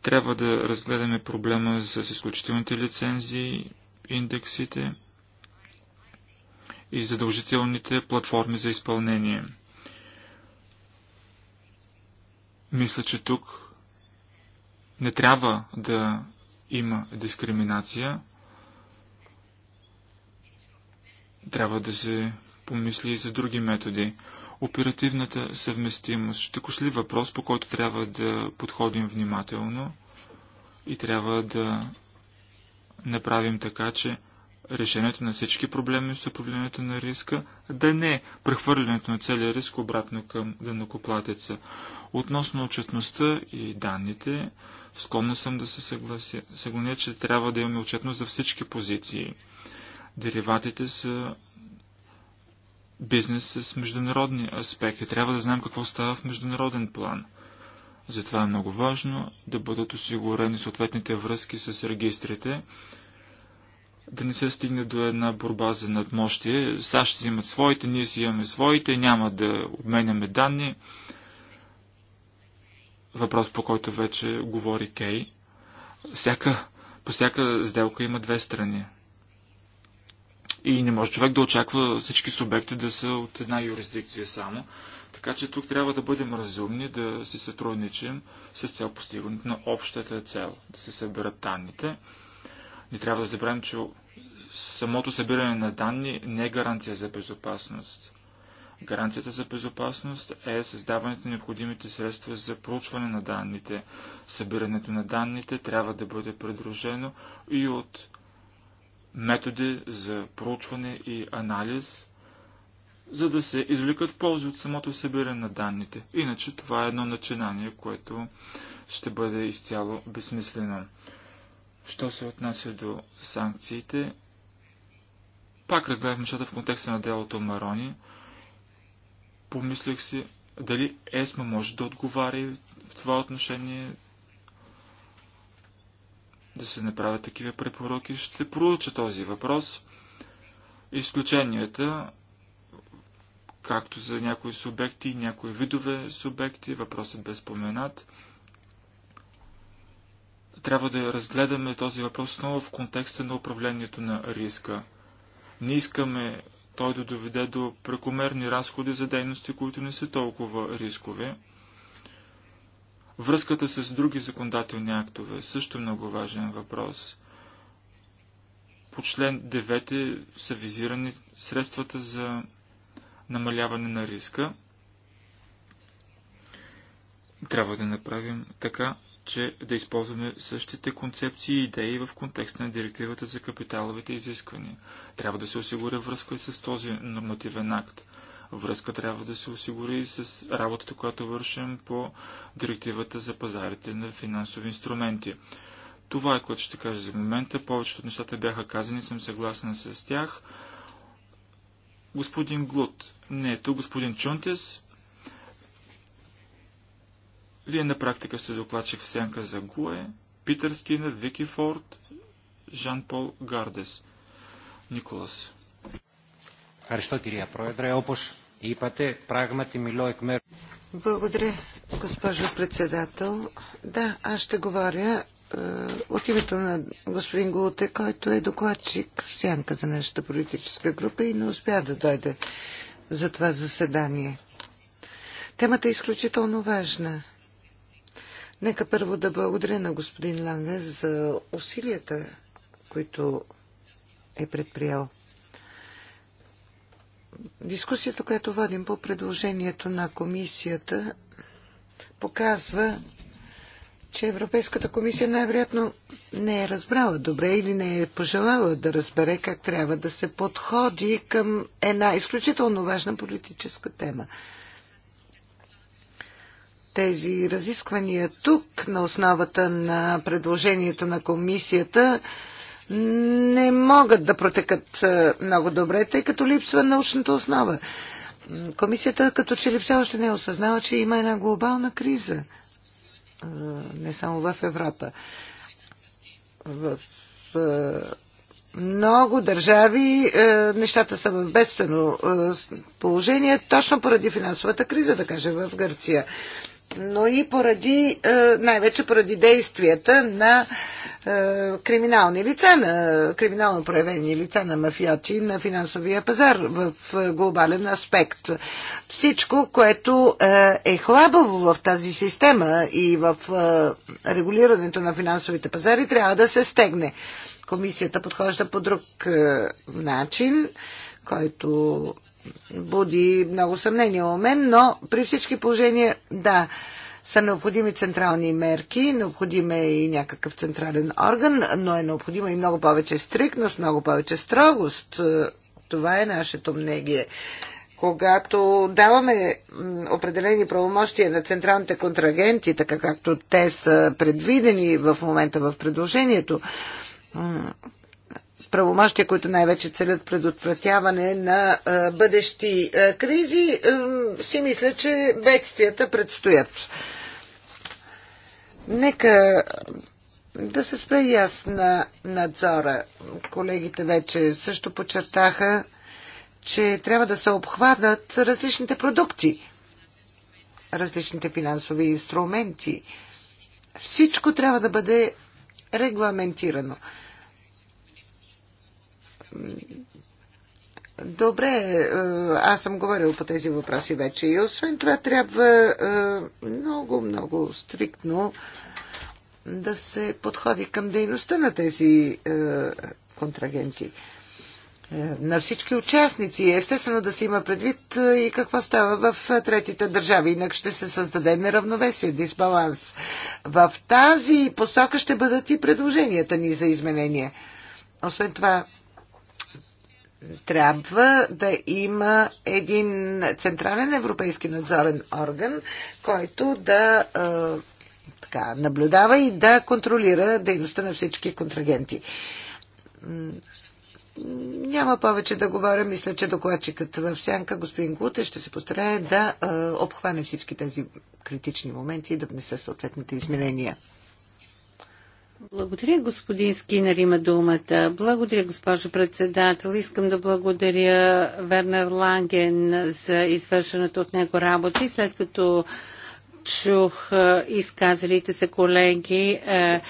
B: трябва да разгледаме проблема с изключителните лицензии, индексите и задължителните платформи за изпълнение. Мисля, че тук не трябва да има дискриминация, трябва да се помисли и за други методи. Оперативната съвместимост. Щекосли въпрос, по който трябва да подходим внимателно и трябва да направим така, че решението на всички проблеми с управлението на риска да не е прехвърлянето на целия риск обратно към дънакоплатеца. Относно отчетността и данните, Склонно съм да се съглася, съгланя, че трябва да имаме отчетност за всички позиции. Дериватите са бизнес с международни аспекти. Трябва да знаем какво става в международен план. Затова е много важно да бъдат осигурени съответните връзки с регистрите, да не се стигне до една борба за надмощие. САЩ си имат своите, ние си имаме своите, няма да обменяме данни въпрос, по който вече говори Кей. Всяка, по всяка сделка има две страни. И не може човек да очаква всички субекти да са от една юрисдикция само. Така че тук трябва да бъдем разумни, да си сътрудничим с цел постигането на общата цел, да се съберат данните. Не трябва да забравим, че самото събиране на данни не е гаранция за безопасност. Гаранцията за безопасност е създаването на необходимите средства за проучване на данните. Събирането на данните трябва да бъде придружено и от методи за проучване и анализ, за да се извлекат ползи от самото събиране на данните. Иначе това е едно начинание, което ще бъде изцяло безсмислено. Що се отнася до санкциите, пак разгледах нещата в контекста на делото Марони. Помислих си дали ЕСМА може да отговаря в това отношение да се направят такива препоръки. Ще проуча този въпрос. Изключенията, както за някои субекти и някои видове субекти, въпросът бе споменат. Трябва да разгледаме този въпрос отново в контекста на управлението на риска. Не искаме той да доведе до прекомерни разходи за дейности, които не са толкова рискови. Връзката с други законодателни актове е също много важен въпрос. По член 9 са визирани средствата за намаляване на риска. Трябва да направим така, че да използваме същите концепции и идеи в контекста на директивата за капиталовите изисквания. Трябва да се осигуря връзка и с този нормативен акт. Връзка трябва да се осигури и с работата, която вършим по директивата за пазарите на финансови инструменти. Това е което ще кажа за момента. Повечето от нещата бяха казани, съм съгласен с тях. Господин Глут не е тук, господин Чунтес, вие на практика сте докладчик в сянка за Гуе, Питър Скинер, Вики Форд, Жан-Пол Гардес. Николас. Ευχαριστώ κυρία е опош είπατε, πράγματι μιλώ εκ Благодаря, госпожо председател.
C: Да, аз ще говоря е, от името на господин Гулте, който е докладчик в сянка за нашата политическа група и не успя да дойде за това заседание. Темата е изключително важна. Нека първо да благодаря на господин Ланге за усилията, които е предприял. Дискусията, която водим по предложението на комисията, показва, че Европейската комисия най-вероятно не е разбрала добре или не е пожелала да разбере как трябва да се подходи към една изключително важна политическа тема тези разисквания тук на основата на предложението на комисията не могат да протекат е, много добре, тъй като липсва научната основа. Комисията като че ли все още не осъзнава, че има една глобална криза, е, не само в Европа. В е, много държави нещата са в бедствено положение, точно поради финансовата криза, да кажем, в Гърция но и поради, е, най-вече поради действията на е, криминални лица, на криминално проявени лица на мафиоти на финансовия пазар в е, глобален аспект. Всичко, което е хлабаво в тази система и в регулирането на финансовите пазари, трябва да се стегне. Комисията подхожда по друг начин, който буди много съмнение у мен, но при всички положения, да, са необходими централни мерки, необходим е и някакъв централен орган, но е необходима и много повече стрикност, много повече строгост. Е, това е нашето мнение. Когато даваме определени правомощия на централните контрагенти, така както те са предвидени в момента в предложението, правомощия, които най-вече целят предотвратяване на бъдещи кризи, си мисля, че бедствията предстоят. Нека да се спре и аз на надзора. Колегите вече също подчертаха, че трябва да се обхванат различните продукти, различните финансови инструменти. Всичко трябва да бъде регламентирано. Добре, е, аз съм говорил по тези въпроси вече и освен това трябва е, много, много стриктно да се подходи към дейността на тези е, контрагенти на всички участници. Естествено да се има предвид и какво става в третите държави. Инак ще се създаде неравновесие, дисбаланс. В тази посока ще бъдат и предложенията ни за изменения. Освен това, трябва да има един централен европейски надзорен орган, който да така, наблюдава и да контролира дейността на всички контрагенти. Няма повече да говоря. Мисля, че докладчикът в сянка, господин Гуте, ще се постарае да обхване всички тези критични моменти и да внесе съответните изменения.
A: Благодаря, господин Скинер има думата. Благодаря, госпожо председател. Искам да благодаря Вернер Ланген за извършената от него работа и след като чух изказалите се колеги, е, е,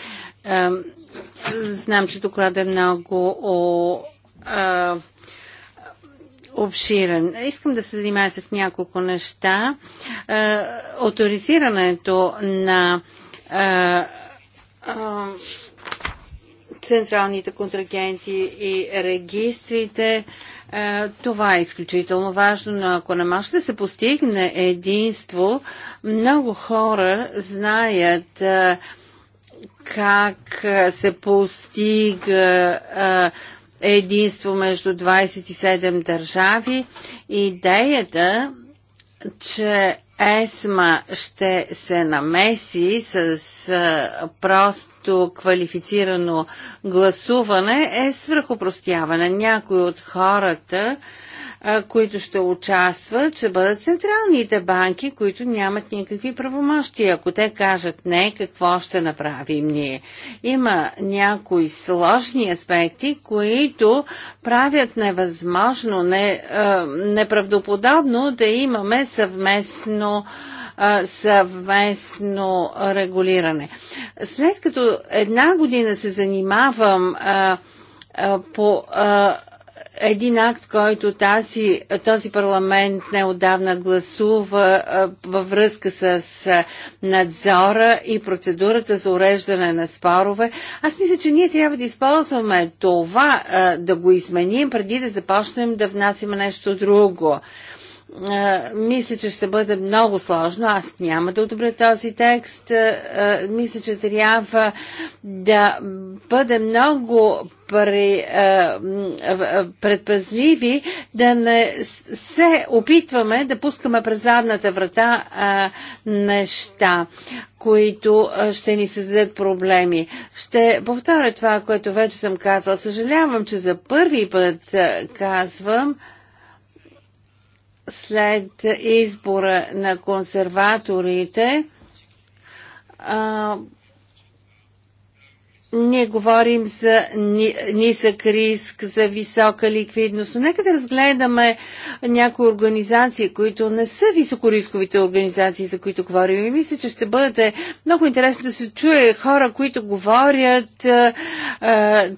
A: знам, че доклада е много о, е, обширен. Искам да се занимая с няколко неща. Авторизирането на централните контрагенти и регистрите. Е, това е изключително важно, но ако не може да се постигне единство, много хора знаят е, как се постига е, единство между 27 държави. Идеята, че ЕСМА ще се намеси с просто квалифицирано гласуване е свръхопростяване. Някои от хората, които ще участват, ще бъдат централните банки, които нямат никакви правомощи. Ако те кажат не, какво ще направим ние? Има някои сложни аспекти, които правят невъзможно, не, неправдоподобно да имаме съвместно съвместно регулиране. След като една година се занимавам а, а, по а, един акт, който тази, този парламент неодавна гласува във връзка с надзора и процедурата за уреждане на спорове. Аз мисля, че ние трябва да използваме това, да го изменим преди да започнем да внасяме нещо друго мисля, че ще бъде много сложно. Аз няма да одобря този текст. Мисля, че трябва да бъде много при, предпазливи, да не се опитваме да пускаме през задната врата неща, които ще ни създадат проблеми. Ще повторя това, което вече съм казала. Съжалявам, че за първи път казвам, след избора на консерваторите, а, ние говорим за нисък риск, за висока ликвидност, но нека да разгледаме някои организации, които не са високорисковите организации, за които говорим. И мисля, че ще бъде много интересно да се чуе хора, които говорят,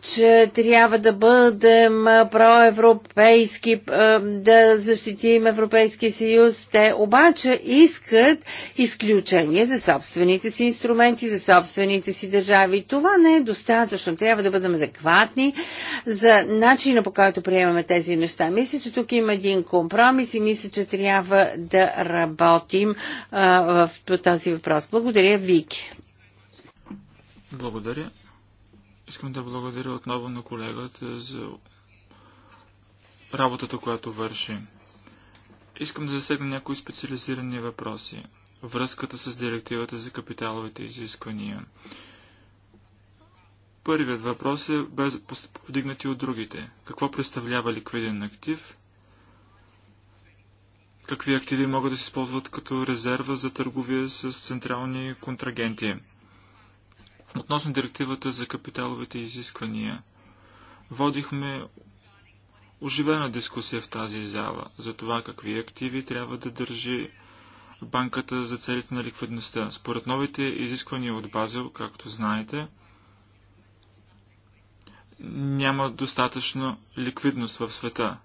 A: че трябва да бъдем проевропейски, да защитим Европейския съюз. Те обаче искат изключение за собствените си инструменти, за собствените си държави. Това не е достатъчно. Трябва да бъдем адекватни за начина по който приемаме тези неща. Мисля, че тук има един компромис и мисля, че трябва да работим а, в, по този въпрос. Благодаря, Вики.
B: Благодаря. Искам да благодаря отново на колегата за работата, която върши. Искам да засегна някои специализирани въпроси. Връзката с директивата за капиталовите изисквания. Първият въпрос е без подигнати от другите. Какво представлява ликвиден актив? Какви активи могат да се използват като резерва за търговия с централни контрагенти? Относно директивата за капиталовите изисквания, водихме оживена дискусия в тази зала за това какви активи трябва да държи банката за целите на ликвидността. Според новите изисквания от Базел, както знаете, няма достатъчно ликвидност в света,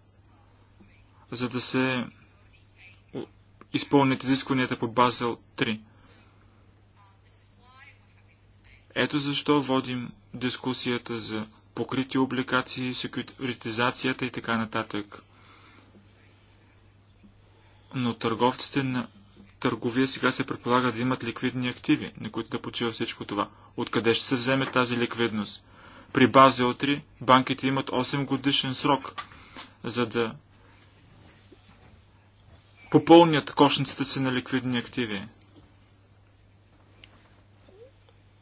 B: за да се изпълнят изискванията по Базел 3. Ето защо водим дискусията за покрити обликации, секюритизацията и така нататък. Но търговците на търговия сега се предполага да имат ликвидни активи, на които да почива всичко това. Откъде ще се вземе тази ликвидност? При Базел 3 банките имат 8 годишен срок, за да попълнят кошницата си на ликвидни активи.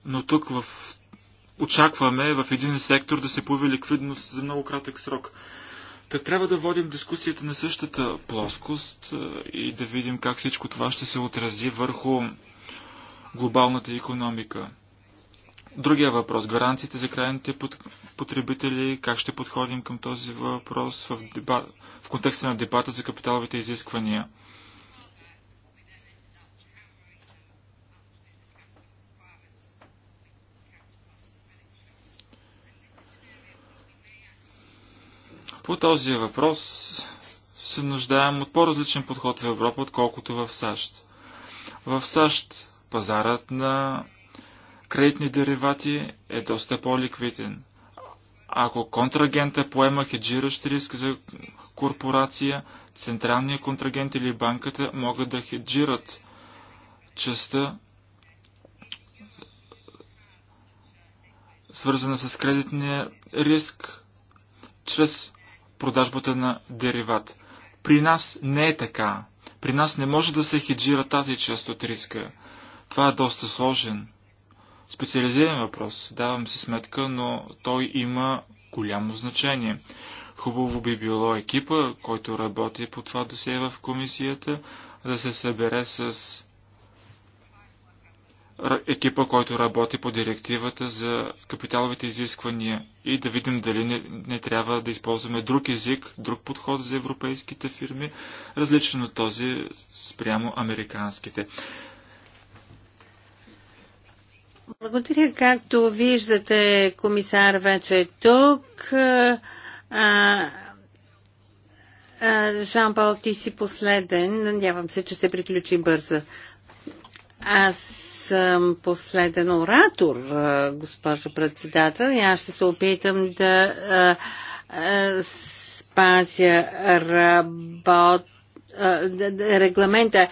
B: Но тук в... очакваме в един сектор да се появи ликвидност за много кратък срок. Та трябва да водим дискусията на същата плоскост е, и да видим как всичко това ще се отрази върху глобалната економика. Другия въпрос – гаранциите за крайните потребители. Как ще подходим към този въпрос в, дебат, в контекста на дебата за капиталовите изисквания? По този въпрос се нуждаем от по-различен подход в Европа, отколкото в САЩ. В САЩ пазарът на кредитни деривати е доста по-ликвиден. Ако контрагента поема хеджиращ риск за корпорация, централният контрагент или банката могат да хеджират частта, свързана с кредитния риск, чрез продажбата на дериват. При нас не е така. При нас не може да се хеджира тази част от риска. Това е доста сложен специализиран въпрос, давам си сметка, но той има голямо значение. Хубаво би било екипа, който работи по това досие в комисията, да се събере с екипа, който работи по директивата за капиталовите изисквания и да видим дали не, не трябва да използваме друг език, друг подход за европейските фирми, различен от този спрямо американските.
A: Благодаря. Както виждате, комисар вече е тук. Жан пал ти си последен. Надявам се, че ще приключи бързо. Аз съм последен оратор, госпожо председател, и аз ще се опитам да а, а, спазя работа регламента.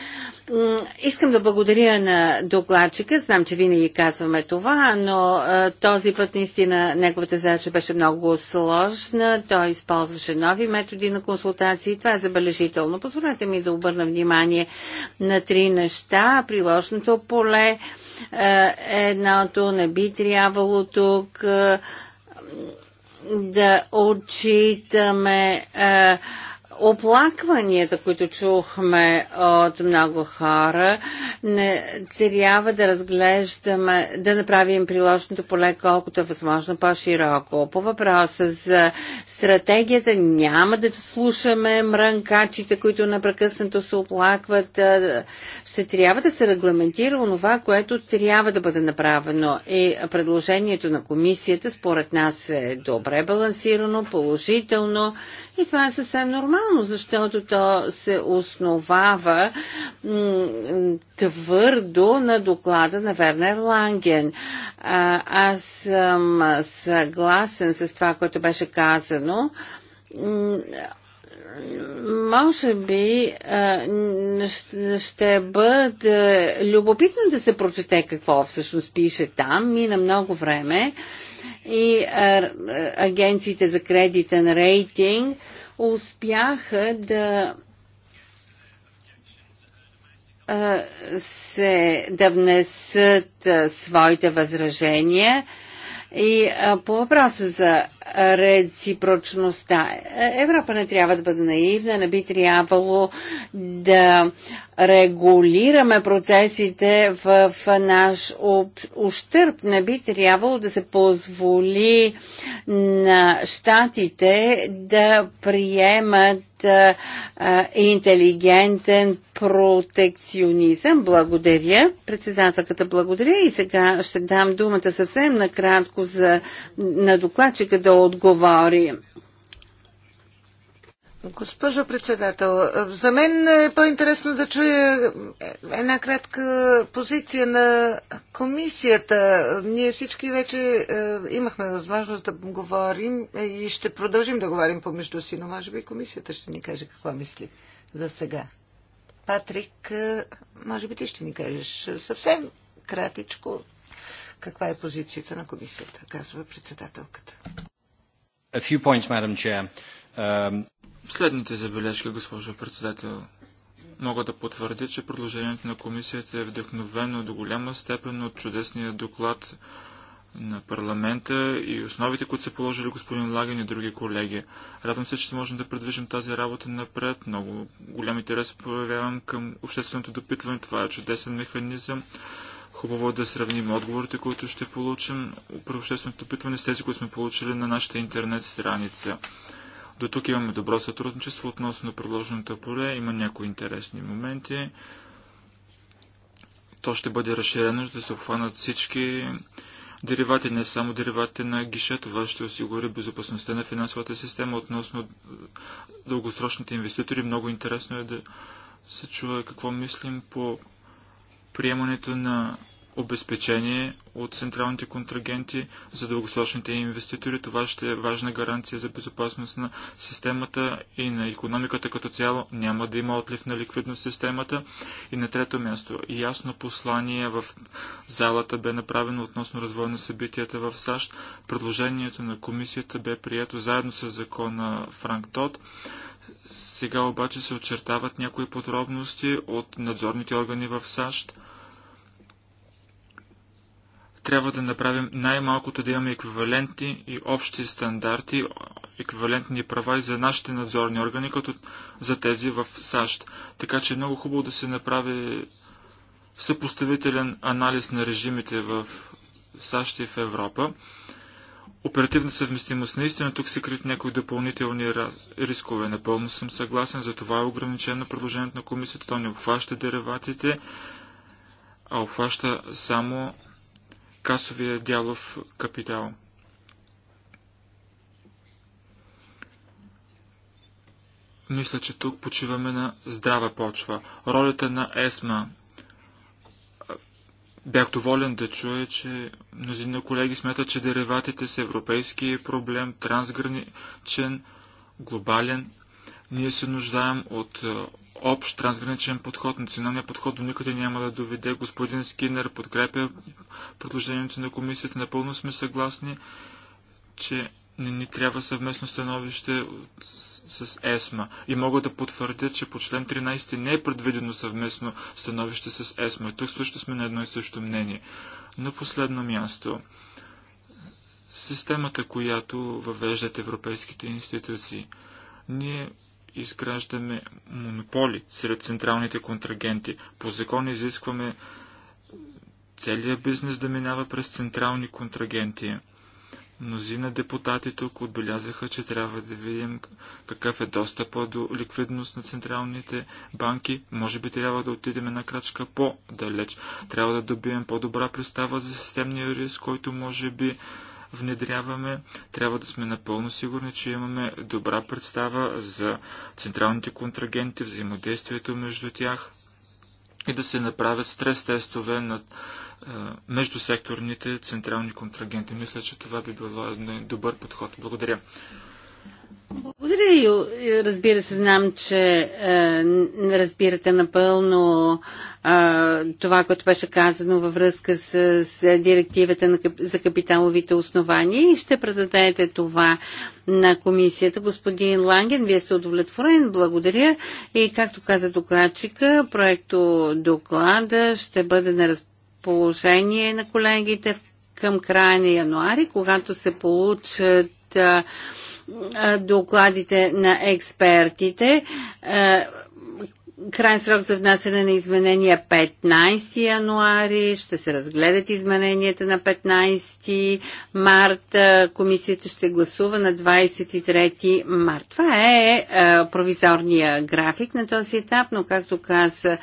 A: Искам да благодаря на докладчика. Знам, че винаги казваме това, но този път наистина неговата задача беше много сложна. Той използваше нови методи на консултации. Това е забележително. Позволете ми да обърна внимание на три неща. Приложното поле, е едното не би трябвало тук да отчитаме а, оплакванията, които чухме от много хора, не трябва да разглеждаме, да направим приложното поле колкото е възможно по-широко. По въпроса за стратегията няма да слушаме мрънкачите, които напрекъснато се оплакват. Ще трябва да се регламентира онова, което трябва да бъде направено. И предложението на комисията според нас е добре балансирано, положително и това е съвсем нормално, защото то се основава твърдо на доклада на Вернер Ланген. А, аз съм съгласен с това, което беше казано може би ще бъде любопитно да се прочете какво всъщност пише там. Мина много време и е, агенциите за кредитен рейтинг успяха да е, се, да внесат е, своите възражения. И по въпроса за реципрочността. Европа не трябва да бъде наивна, не би трябвало да регулираме процесите в, в наш ущърп. Не би трябвало да се позволи на щатите да приемат а, интелигентен протекционизъм. Благодаря. Председателката благодаря и сега ще дам думата съвсем накратко за, на докладчика да отговори. Госпожо председател, за мен е
C: по-интересно да чуя една кратка позиция на комисията. Ние всички вече е, имахме възможност да говорим и ще продължим да говорим помежду си, но може би комисията ще ни каже какво мисли за сега. Патрик, е, може би ти ще ни кажеш съвсем кратичко каква е позицията на комисията, казва председателката.
B: A few points, Madam Chair. Um... Следните забележки, госпожо председател. Мога да потвърдя, че предложението на комисията е вдъхновено до голяма степен от чудесния доклад на парламента и основите, които са положили господин Лаген и други колеги. Радвам се, че можем да предвижим тази работа напред. Много голям интерес проявявам към общественото допитване. Това е чудесен механизъм Хубаво е да сравним отговорите, които ще получим при общественото питване с тези, които сме получили на нашата интернет страница. До тук имаме добро сътрудничество относно предложеното поле. Има някои интересни моменти. То ще бъде разширено, ще се обхванат всички деривати, не само деривати на гише. Това ще осигури безопасността на финансовата система относно дългосрочните инвеститори. Много интересно е да се чува какво мислим по приемането на обезпечение от централните контрагенти за дългосрочните инвеститори. Това ще е важна гаранция за безопасност на системата и на економиката като цяло. Няма да има отлив на ликвидност системата. И на трето място, ясно послание в залата бе направено относно развой на събитията в САЩ. Предложението на комисията бе прието заедно с закона Франк Тод. Сега обаче се очертават някои подробности от надзорните органи в САЩ трябва да направим най-малкото да имаме еквивалентни и общи стандарти, еквивалентни права и за нашите надзорни органи, като за тези в САЩ. Така че е много хубаво да се направи съпоставителен анализ на режимите в САЩ и в Европа. Оперативна съвместимост. Наистина тук се крит някои допълнителни рискове. Напълно съм съгласен, за това е ограничено предложението на комисията. То не обхваща дериватите, а обхваща само касовия дялов капитал. Мисля, че тук почиваме на здрава почва. Ролята на ЕСМА. Бях доволен да чуя, че мнозина колеги смятат, че дериватите са европейски проблем, трансграничен, глобален. Ние се нуждаем от общ трансграничен подход. Националният подход до никъде няма да доведе. Господин Скинер подкрепя предложението на комисията. Напълно сме съгласни, че не ни трябва съвместно становище с, с ЕСМА. И мога да потвърдя, че по член 13 не е предвидено съвместно становище с ЕСМА. И тук също сме на едно и също мнение. На последно място, системата, която въвеждат европейските институции. Ние изграждаме монополи сред централните контрагенти. По закон изискваме целият бизнес да минава през централни контрагенти. Мнозина депутати тук отбелязаха, че трябва да видим какъв е достъпа до ликвидност на централните банки. Може би трябва да отидем една крачка по-далеч. Трябва да добием по-добра представа за системния риск, който може би внедряваме, трябва да сме напълно сигурни, че имаме добра представа за централните контрагенти, взаимодействието между тях и да се направят стрес-тестове на е, междусекторните централни контрагенти. Мисля, че това би било добър подход. Благодаря.
A: Благодаря и разбира се, знам, че е, не разбирате напълно е, това, което беше казано във връзка с, с директивата на, за капиталовите основания и ще предадете това на комисията. Господин Ланген, вие сте удовлетворен, благодаря и както каза докладчика, проекто доклада ще бъде на разположение на колегите към края на януари, когато се получат е, докладите на експертите. Крайен срок за внасяне на изменения 15 януари, ще се разгледат измененията на 15 март комисията ще гласува на 23 март. Това е провизорния график на този етап, но както каза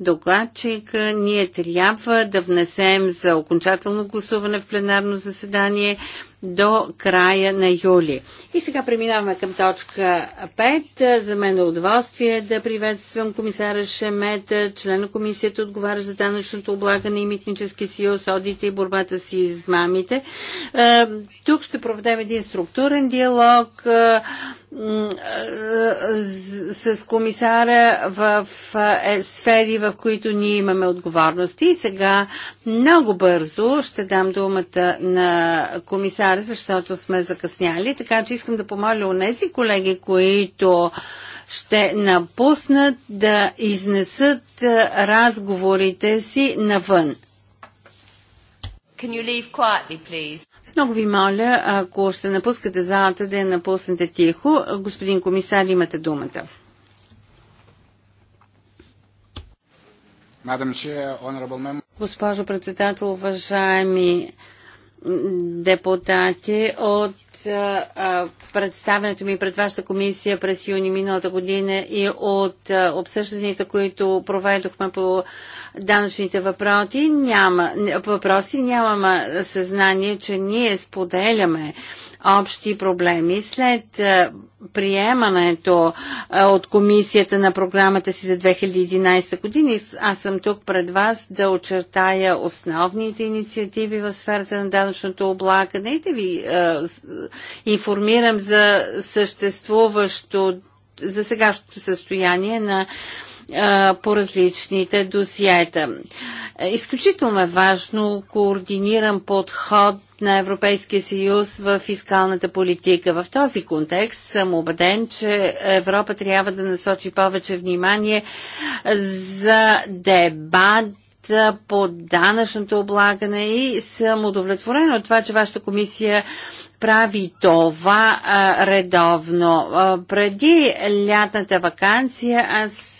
A: докладчик, ние трябва да внесем за окончателно гласуване в пленарно заседание до края на юли. И сега преминаваме към точка 5. За мен е удоволствие да приветствам комисара Шемета, член на комисията отговаря за данъчното облагане и митнически съюз, одите и борбата си с мамите. Е, тук ще проведем един структурен диалог е, е, с комисара в сфери, в които ние имаме отговорности. И сега много бързо ще дам думата на комисара коментар, защото сме закъсняли. Така че искам да помоля у нези колеги, които ще напуснат да изнесат е, разговорите си навън. Can you leave quietly, please? Много ви моля, ако ще напускате залата, да я напуснете тихо. Господин комисар, имате думата. Госпожо председател, уважаеми депутати от представенето ми пред вашата комисия през юни миналата година и от обсъжданията, които проведохме по данъчните въпроси, няма, въпроси, нямаме съзнание, че ние споделяме общи проблеми. След приемането от комисията на програмата си за 2011 години. Аз съм тук пред вас да очертая основните инициативи в сферата на данъчното облакане и да ви е, информирам за съществуващо за сегашното състояние на по различните досиета. Е, изключително е важно координиран подход на Европейския съюз в фискалната политика. В този контекст съм убеден, че Европа трябва да насочи повече внимание за дебат по данъчното облагане и съм удовлетворена от това, че вашата комисия прави това а, редовно. А, преди лятната вакансия аз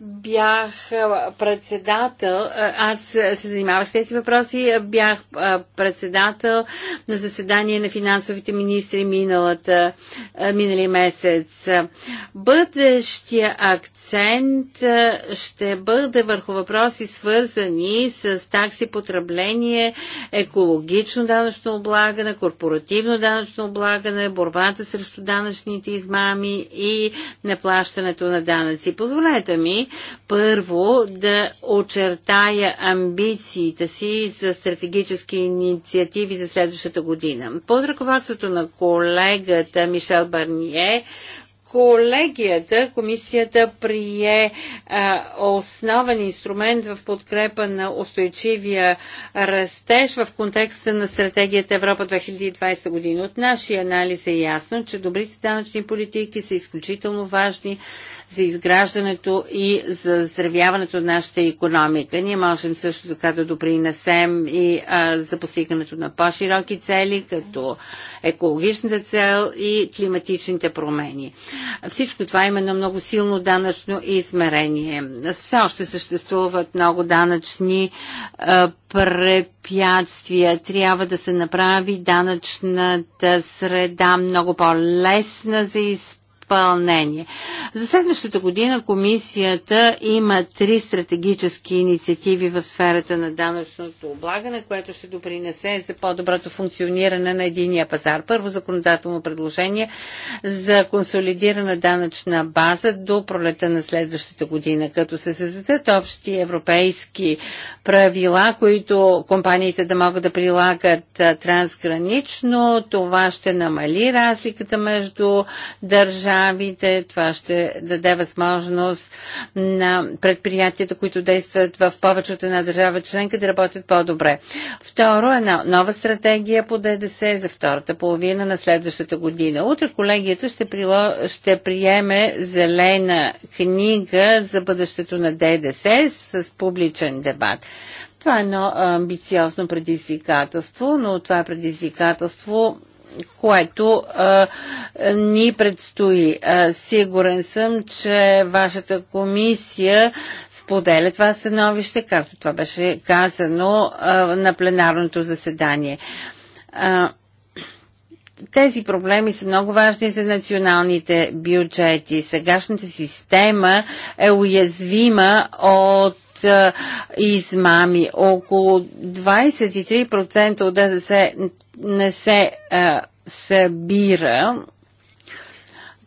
A: бях председател, аз се занимавах с тези въпроси, бях председател на заседание на финансовите министри миналата, минали месец. Бъдещия акцент ще бъде върху въпроси свързани с такси потребление, екологично данъчно облагане, корпоративно данъчно облагане, борбата срещу данъчните измами и неплащането на данъци. Позволете ми първо да очертая амбициите си за стратегически инициативи за следващата година. Под ръководството на колегата Мишел Барние колегията, комисията прие а, основен инструмент в подкрепа на устойчивия растеж в контекста на стратегията Европа 2020 година. От нашия анализ е ясно, че добрите данъчни политики са изключително важни за изграждането и за здравяването на нашата економика. Ние можем също така да допринесем и а, за постигането на по-широки цели, като екологичната цел и климатичните промени. Всичко това има на много силно данъчно измерение. Все още съществуват много данъчни а, препятствия. Трябва да се направи данъчната среда много по-лесна за изпълнение изпълнение. За следващата година комисията има три стратегически инициативи в сферата на данъчното облагане, което ще допринесе за по-доброто функциониране на единия пазар. Първо законодателно предложение за консолидирана данъчна база до пролета на следващата година, като се създадат общи европейски правила, които компаниите да могат да прилагат трансгранично. Това ще намали разликата между държави държавите. Това ще даде възможност на предприятията, които действат в повече от една държава членка, да работят по-добре. Второ, една нова стратегия по ДДС за втората половина на следващата година. Утре колегията ще, прило... ще приеме зелена книга за бъдещето на ДДС с публичен дебат. Това е едно амбициозно предизвикателство, но това е предизвикателство което а, ни предстои. А, сигурен съм, че вашата комисия споделя това становище, както това беше казано а, на пленарното заседание. А, тези проблеми са много важни за националните бюджети. Сегашната система е уязвима от измами. Около 23% от ДДС не се а, събира.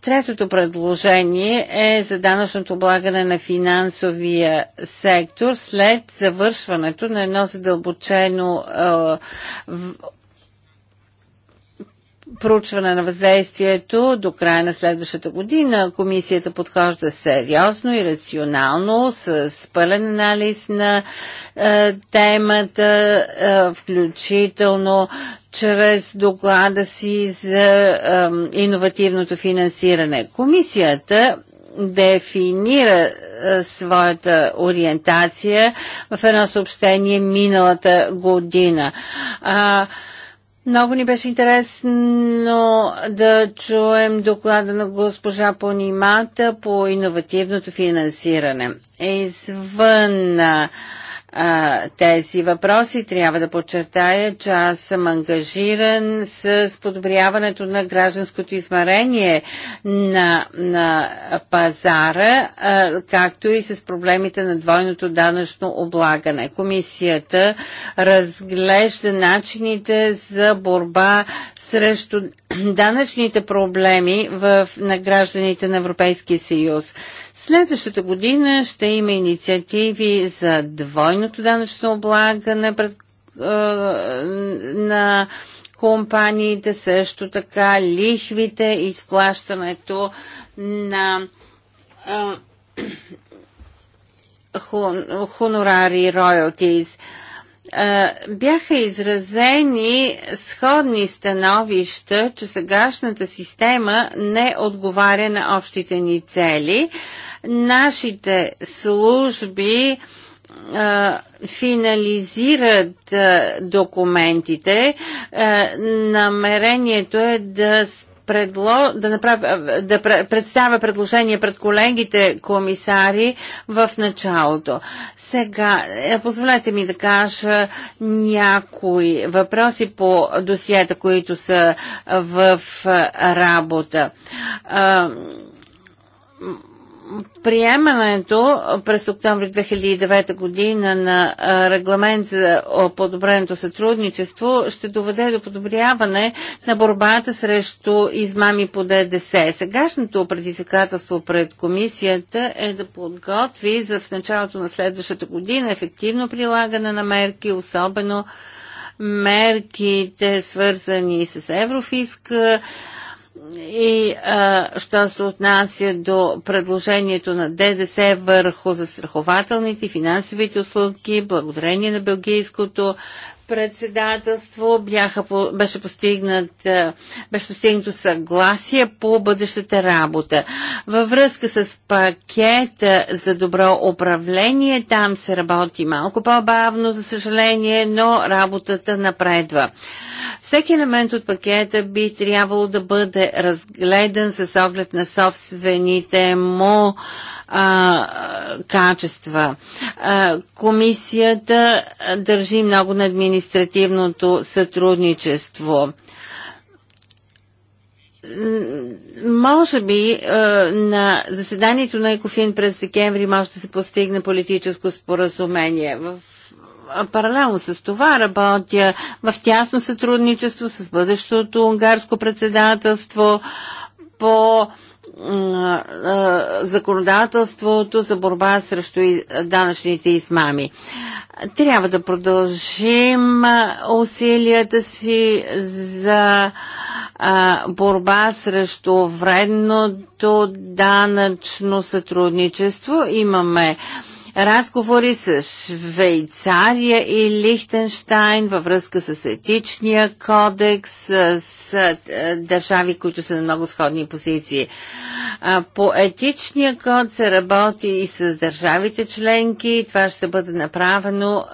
A: Третото предложение е за данъчното облагане на финансовия сектор след завършването на едно задълбочено а, проучване на въздействието до края на следващата година. Комисията подхожда сериозно и рационално с пълен анализ на е, темата, е, включително чрез доклада си за е, иновативното финансиране. Комисията дефинира е, своята ориентация в едно съобщение миналата година. Е, много ни беше интересно да чуем доклада на госпожа Понимата по иновативното финансиране. Извън а, тези въпроси. Трябва да подчертая, че аз съм ангажиран с подобряването на гражданското измерение на, на пазара, а, както и с проблемите на двойното данъчно облагане. Комисията разглежда начините за борба срещу данъчните проблеми в, на гражданите на Европейския съюз. Следващата година ще има инициативи за двойното данъчно облагане пред, е, на компаниите, също така лихвите, изплащането на е, хонорари, роялтиз е, бяха изразени сходни становища, че сегашната система не отговаря на общите ни цели. Нашите служби финализират документите. Намерението е да предло, да, направя, да представя предложение пред колегите комисари в началото. Сега, е, позволете ми да кажа някои въпроси по досиета, които са в работа приемането през октомври 2009 година на регламент за подобреното сътрудничество ще доведе до подобряване на борбата срещу измами по ДДС. Сегашното предизвикателство пред комисията е да подготви за в началото на следващата година ефективно прилагане на мерки, особено мерките свързани с Еврофиск, и а, що се отнася до предложението на ДДС върху застрахователните финансовите услуги, благодарение на белгийското председателство бяха, беше, постигнат, е, беше постигнато съгласие по бъдещата работа. Във връзка с пакета за добро управление, там се работи малко по-бавно, за съжаление, но работата напредва. Всеки елемент от пакета би трябвало да бъде разгледан с оглед на собствените му а, качества. А, комисията държи много на административното сътрудничество може би на заседанието на Екофин през декември може да се постигне политическо споразумение. В паралелно с това работя в тясно сътрудничество с бъдещото унгарско председателство по законодателството за борба срещу данъчните измами. Трябва да продължим усилията си за борба срещу вредното данъчно сътрудничество. Имаме разговори с Швейцария и Лихтенштайн във връзка с етичния кодекс, с, с е, държави, които са на много сходни позиции. А, по етичния код се работи и с държавите членки. Това ще бъде направено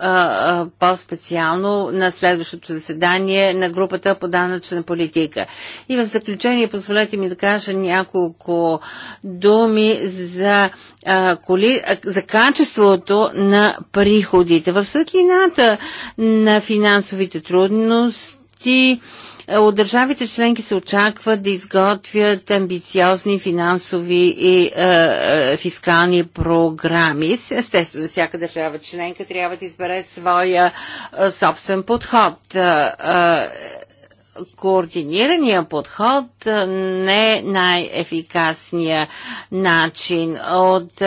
A: по-специално на следващото заседание на групата по данъчна политика. И в заключение позволете ми да кажа няколко думи за коли, за качеството на приходите. В светлината на финансовите трудности от държавите членки се очаква да изготвят амбициозни финансови и е, е, фискални програми. Естествено, всяка държава членка трябва да избере своя е, собствен подход. Е, е, координирания подход не е най-ефикасния начин. От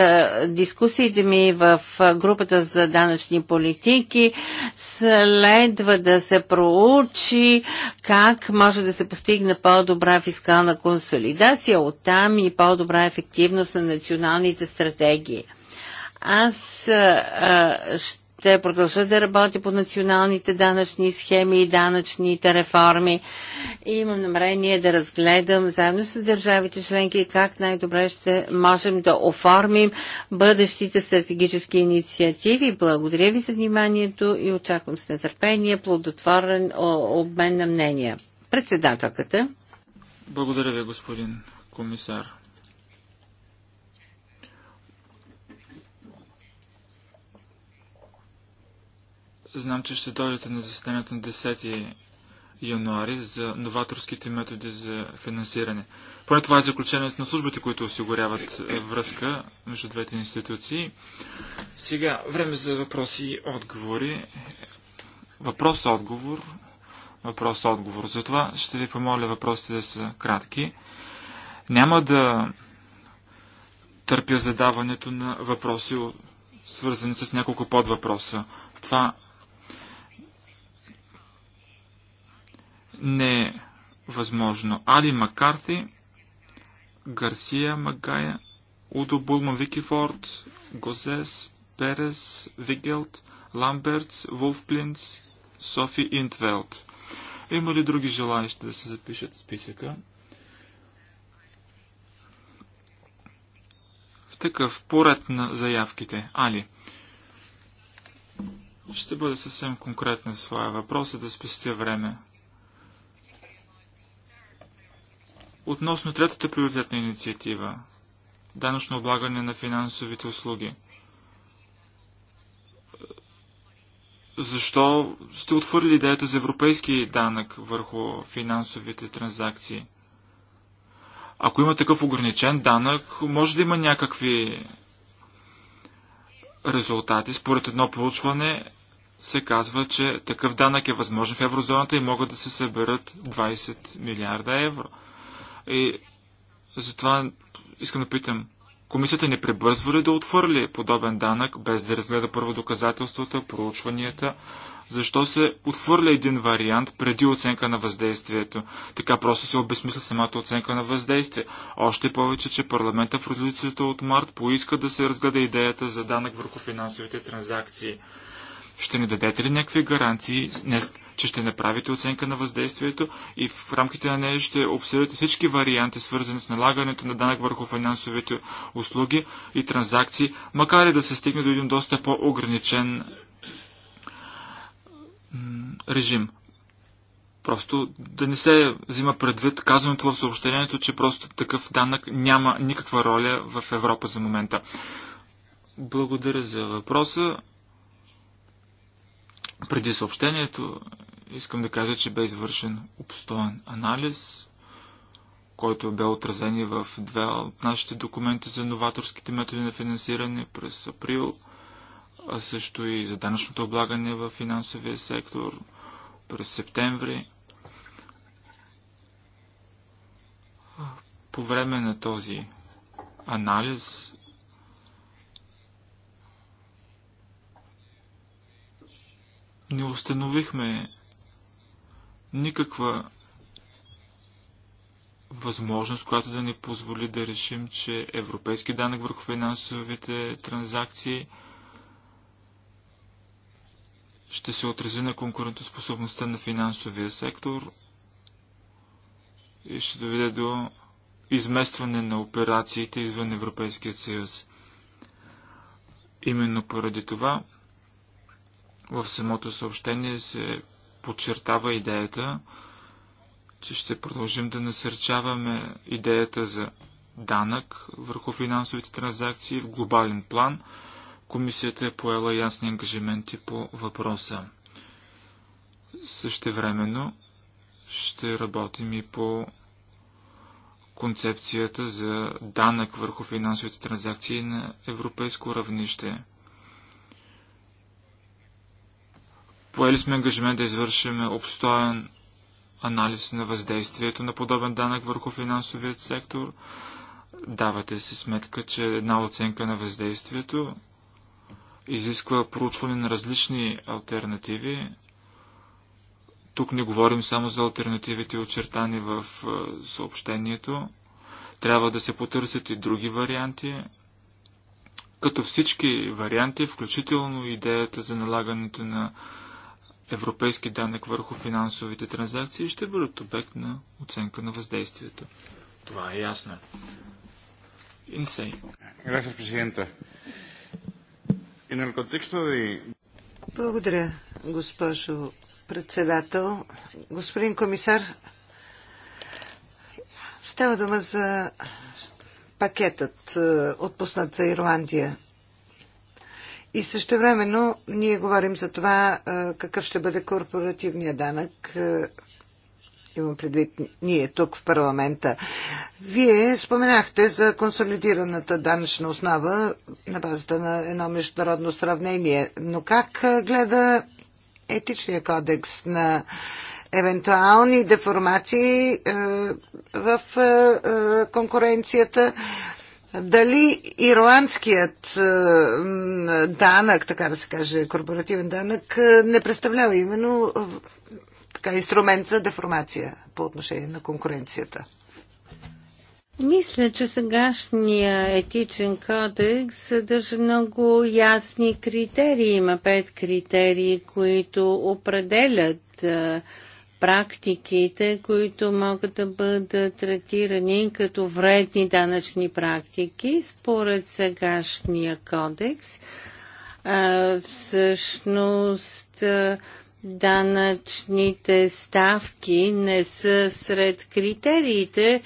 A: дискусиите ми в групата за данъчни политики следва да се проучи как може да се постигне по-добра фискална консолидация, оттам и по-добра ефективност на националните стратегии. Аз а, ще ще продължа да работя по националните данъчни схеми и данъчните реформи. И имам намерение да разгледам заедно с държавите членки как най-добре ще можем да оформим бъдещите стратегически инициативи. Благодаря ви за вниманието и очаквам с нетърпение плодотворен обмен на мнения. Председателката.
B: Благодаря ви, господин комисар. Знам, че ще дойдете на заседанието на 10 януари за новаторските методи за финансиране. Поне това е заключението на службите, които осигуряват е, връзка между двете институции. Сега време за въпроси и отговори. Въпрос-отговор. Въпрос-отговор. Затова ще ви помоля въпросите да са кратки. Няма да търпя задаването на въпроси, свързани с няколко подвъпроса. Това не е възможно. Али Макарти, Гарсия Магая, Удо Булман Викифорд, Гозес, Перес, Вигелт, Ламбертс, Вулфклинц, Софи Интвелт. Има ли други желаящи да се запишат в списъка? В такъв поред на заявките. Али. Ще бъда съвсем конкретна в своя въпрос, да спестя време. Относно третата приоритетна инициатива – данъчно облагане на финансовите услуги. Защо сте отвърли идеята за европейски данък върху финансовите транзакции? Ако има такъв ограничен данък, може да има някакви резултати. Според едно проучване се казва, че такъв данък е възможен в еврозоната и могат да се съберат 20 милиарда евро – и затова искам да питам, комисията не прибързва ли да отвърли подобен данък, без да разгледа първо доказателствата, проучванията? Защо се отвърля един вариант преди оценка на въздействието? Така просто се обесмисля самата оценка на въздействие. Още повече, че парламента в резолюцията от март поиска да се разгледа идеята за данък върху финансовите транзакции. Ще ни дадете ли някакви гаранции че ще направите оценка на въздействието и в рамките на нея ще обсъдите всички варианти, свързани с налагането на данък върху финансовите услуги и транзакции, макар и да се стигне до един доста по-ограничен режим. Просто да не се взима предвид казаното в съобщението, че просто такъв данък няма никаква роля в Европа за момента. Благодаря за въпроса. Преди съобщението искам да кажа, че бе извършен обстоен анализ, който бе отразен в две от нашите документи за новаторските методи на финансиране през април, а също и за данъчното облагане в финансовия сектор през септември. По време на този анализ не установихме никаква възможност, която да ни позволи да решим, че европейски данък върху финансовите транзакции ще се отрази на конкурентоспособността на финансовия сектор и ще доведе до изместване на операциите извън Европейския съюз. Именно поради това в самото съобщение се подчертава идеята, че ще продължим да насърчаваме идеята за данък върху финансовите транзакции в глобален план. Комисията е поела ясни ангажименти по въпроса. Същевременно ще работим и по концепцията за данък върху финансовите транзакции на европейско равнище. Поели сме ангажимент да извършим обстоен анализ на въздействието на подобен данък върху финансовият сектор. Давате си сметка, че една оценка на въздействието изисква проучване на различни альтернативи. Тук не говорим само за альтернативите, очертани в е, съобщението. Трябва да се потърсят и други варианти, като всички варианти, включително идеята за налагането на европейски данък върху финансовите транзакции ще бъдат обект на оценка на въздействието. Това е ясно. Инсей. Gracias, президента.
C: Благодаря, госпожо председател. Господин комисар, става дума за пакетът, е, отпуснат за Ирландия – и също времено ние говорим за това какъв ще бъде корпоративният данък. Имам предвид ние тук в парламента. Вие споменахте за консолидираната данъчна основа на базата на едно международно сравнение. Но как гледа етичния кодекс на евентуални деформации в конкуренцията дали ирландският е, данък, така да се каже, корпоративен данък, е, не представлява именно е, така, инструмент за деформация по отношение на конкуренцията.
A: Мисля, че сегашния етичен кодекс съдържа много ясни критерии. Има пет критерии, които определят практиките, които могат да бъдат третирани като вредни данъчни практики според сегашния кодекс. А, всъщност данъчните ставки не са сред критериите,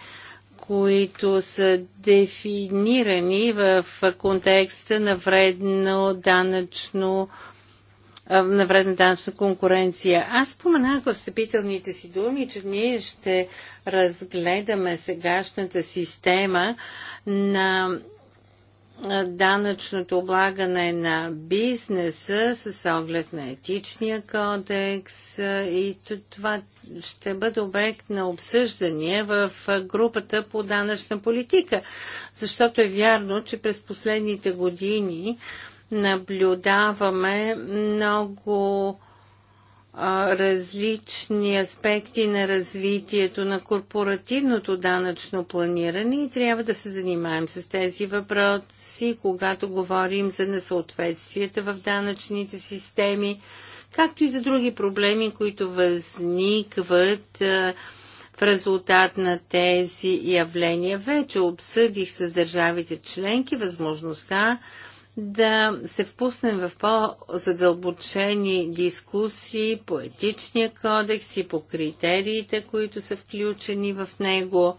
A: които са дефинирани в контекста на вредно данъчно на вредна данъчна конкуренция. Аз споменах в стъпителните си думи, че ние ще разгледаме сегашната система на данъчното облагане на бизнеса с оглед на етичния кодекс и това ще бъде обект на обсъждане в групата по данъчна политика. Защото е вярно, че през последните години наблюдаваме много различни аспекти на развитието на корпоративното данъчно планиране и трябва да се занимаем с тези въпроси, когато говорим за несъответствията в данъчните системи, както и за други проблеми, които възникват в резултат на тези явления. Вече обсъдих с държавите членки възможността да се впуснем в по-задълбочени дискусии по етичния кодекс и по критериите, които са включени в него.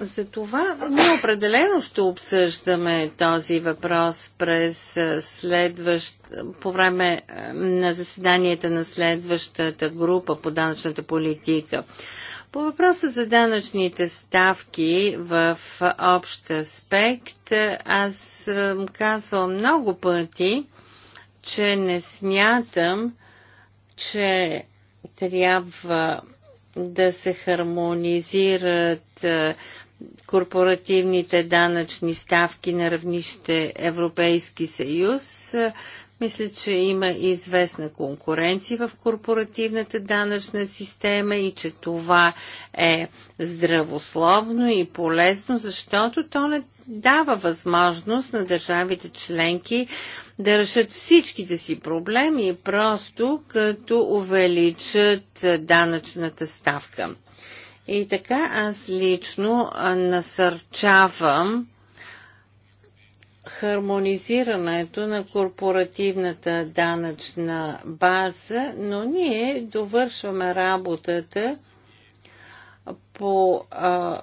A: Затова ние определено ще обсъждаме този въпрос през следващ, по време на заседанията на следващата група по данъчната политика. По въпроса за данъчните ставки в общ аспект, аз съм казвал много пъти, че не смятам, че трябва да се хармонизират е, корпоративните данъчни ставки на равнище Европейски съюз. Мисля, че има известна конкуренция в корпоративната данъчна система и че това е здравословно и полезно, защото то не дава възможност на държавите членки да решат всичките си проблеми, просто като увеличат данъчната ставка. И така аз лично насърчавам хармонизирането на корпоративната данъчна база, но ние довършваме работата по а,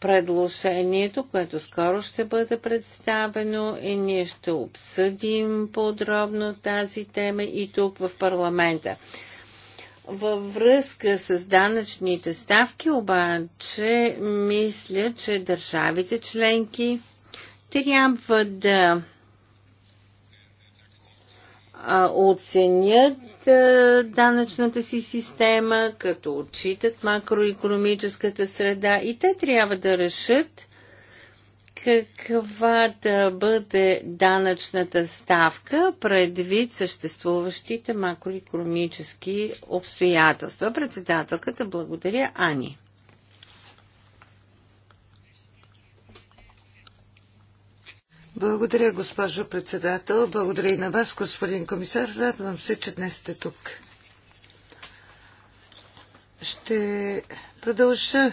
A: предложението, което скоро ще бъде представено и ние ще обсъдим подробно тази тема и тук в парламента. Във връзка с данъчните ставки обаче мисля, че държавите членки трябва да оценят данъчната си система, като отчитат макроекономическата среда и те трябва да решат каква да бъде данъчната ставка предвид съществуващите макроекономически обстоятелства. Председателката благодаря Ани.
C: Благодаря, госпожо председател. Благодаря и на вас, господин комисар. Радвам се, че днес сте тук. Ще продължа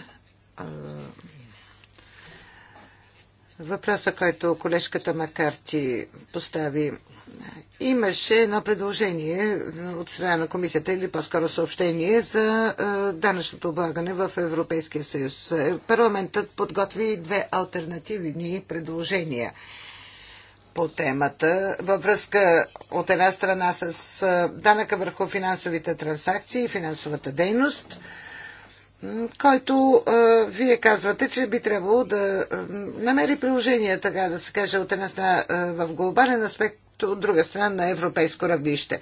C: въпроса, който колежката Макарти постави. Имаше едно предложение от страна на комисията или по-скоро съобщение за данъчното облагане в Европейския съюз. Парламентът подготви две альтернативни предложения – по темата във връзка от една страна с данъка върху финансовите транзакции и финансовата дейност, който вие казвате, че би трябвало да намери приложение, така да се каже, от една страна в глобален аспект, от друга страна на европейско равнище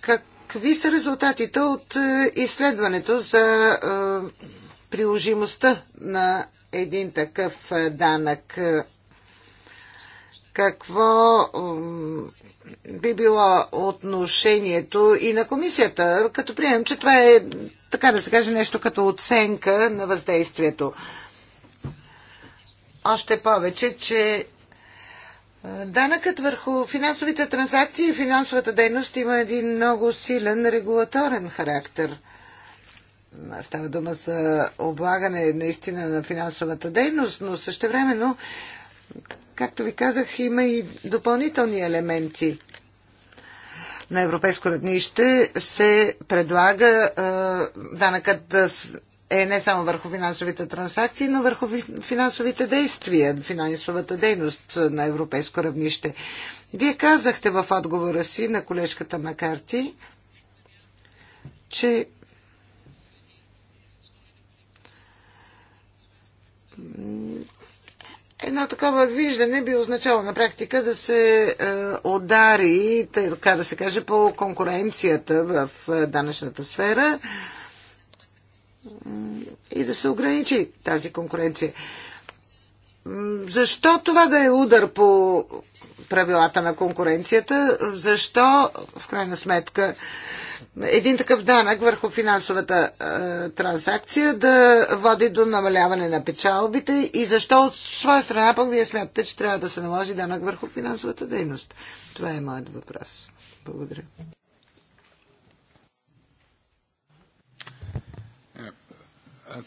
C: какви са резултатите от изследването за приложимостта на един такъв данък. Какво би било отношението и на комисията, като приемем, че това е, така да се каже, нещо като оценка на въздействието. Още повече, че данъкът върху финансовите транзакции и финансовата дейност има един много силен регулаторен характер – Става дума за облагане наистина на финансовата дейност, но същевременно, както ви казах, има и допълнителни елементи на европейско равнище се предлага а, данъкът да е не само върху финансовите транзакции, но върху финансовите действия, финансовата дейност на европейско равнище. Вие казахте в отговора си на колежката Макарти, че Едно такова виждане би означало на практика да се е, удари, така да се каже, по конкуренцията в е, данъчната сфера и да се ограничи тази конкуренция. Защо това да е удар по правилата на конкуренцията? Защо, в крайна сметка, един такъв данък върху финансовата е, транзакция да води до намаляване на печалбите и защо от своя страна пък вие смятате, че трябва да се наложи данък върху финансовата дейност? Това е моят въпрос. Благодаря.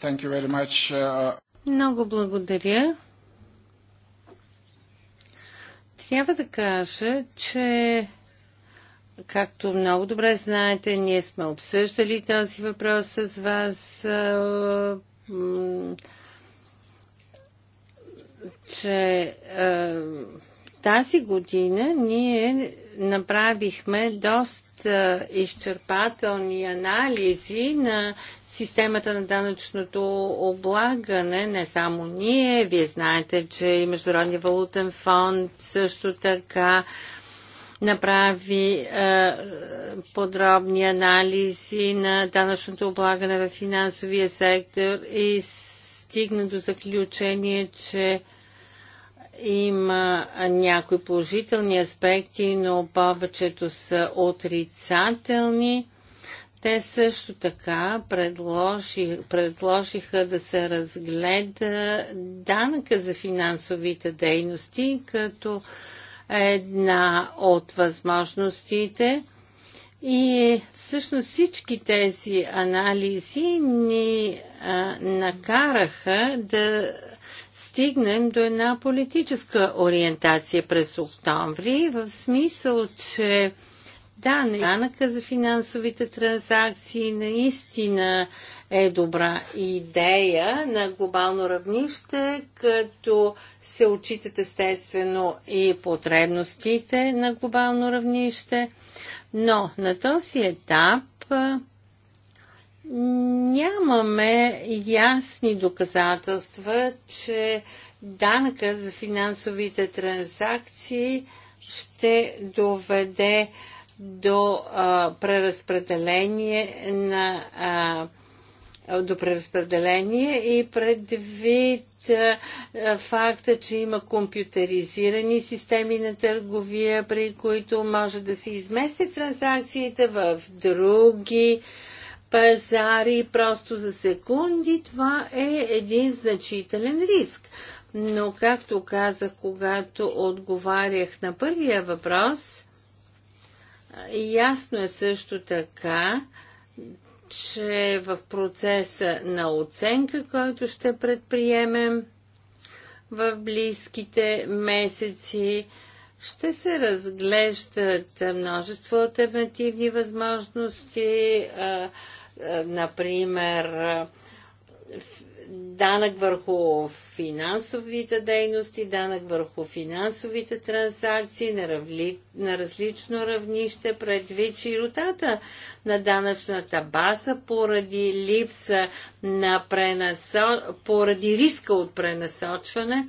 B: Thank you very much. Uh,
A: Много благодаря. Трябва да кажа, че Както много добре знаете, ние сме обсъждали този въпрос с вас че тази година ние направихме доста изчерпателни анализи на системата на данъчното облагане, не само ние, вие знаете, че и Международния валутен фонд също така направи е, подробни анализи на данъчното облагане в финансовия сектор и стигна до заключение, че има някои положителни аспекти, но повечето са отрицателни. Те също така предложи, предложиха да се разгледа данъка за финансовите дейности като една от възможностите. И е, всъщност всички тези анализи ни а, накараха да стигнем до една политическа ориентация през октомври, в смисъл, че да, данъка за финансовите транзакции наистина е добра идея на глобално равнище, като се отчитат естествено и потребностите на глобално равнище. Но на този етап нямаме ясни доказателства, че данъка за финансовите транзакции ще доведе до а, преразпределение на а, до преразпределение и предвид а, факта, че има компютеризирани системи на търговия, при които може да се измести транзакциите в други пазари просто за секунди, това е един значителен риск. Но, както казах, когато отговарях на първия въпрос, Ясно е също така, че в процеса на оценка, който ще предприемем в близките месеци, ще се разглеждат множество альтернативни възможности, например данък върху финансовите дейности, данък върху финансовите транзакции на, равли, на различно равнище, предвид широтата на данъчната база поради липса на пренасо... поради риска от пренасочване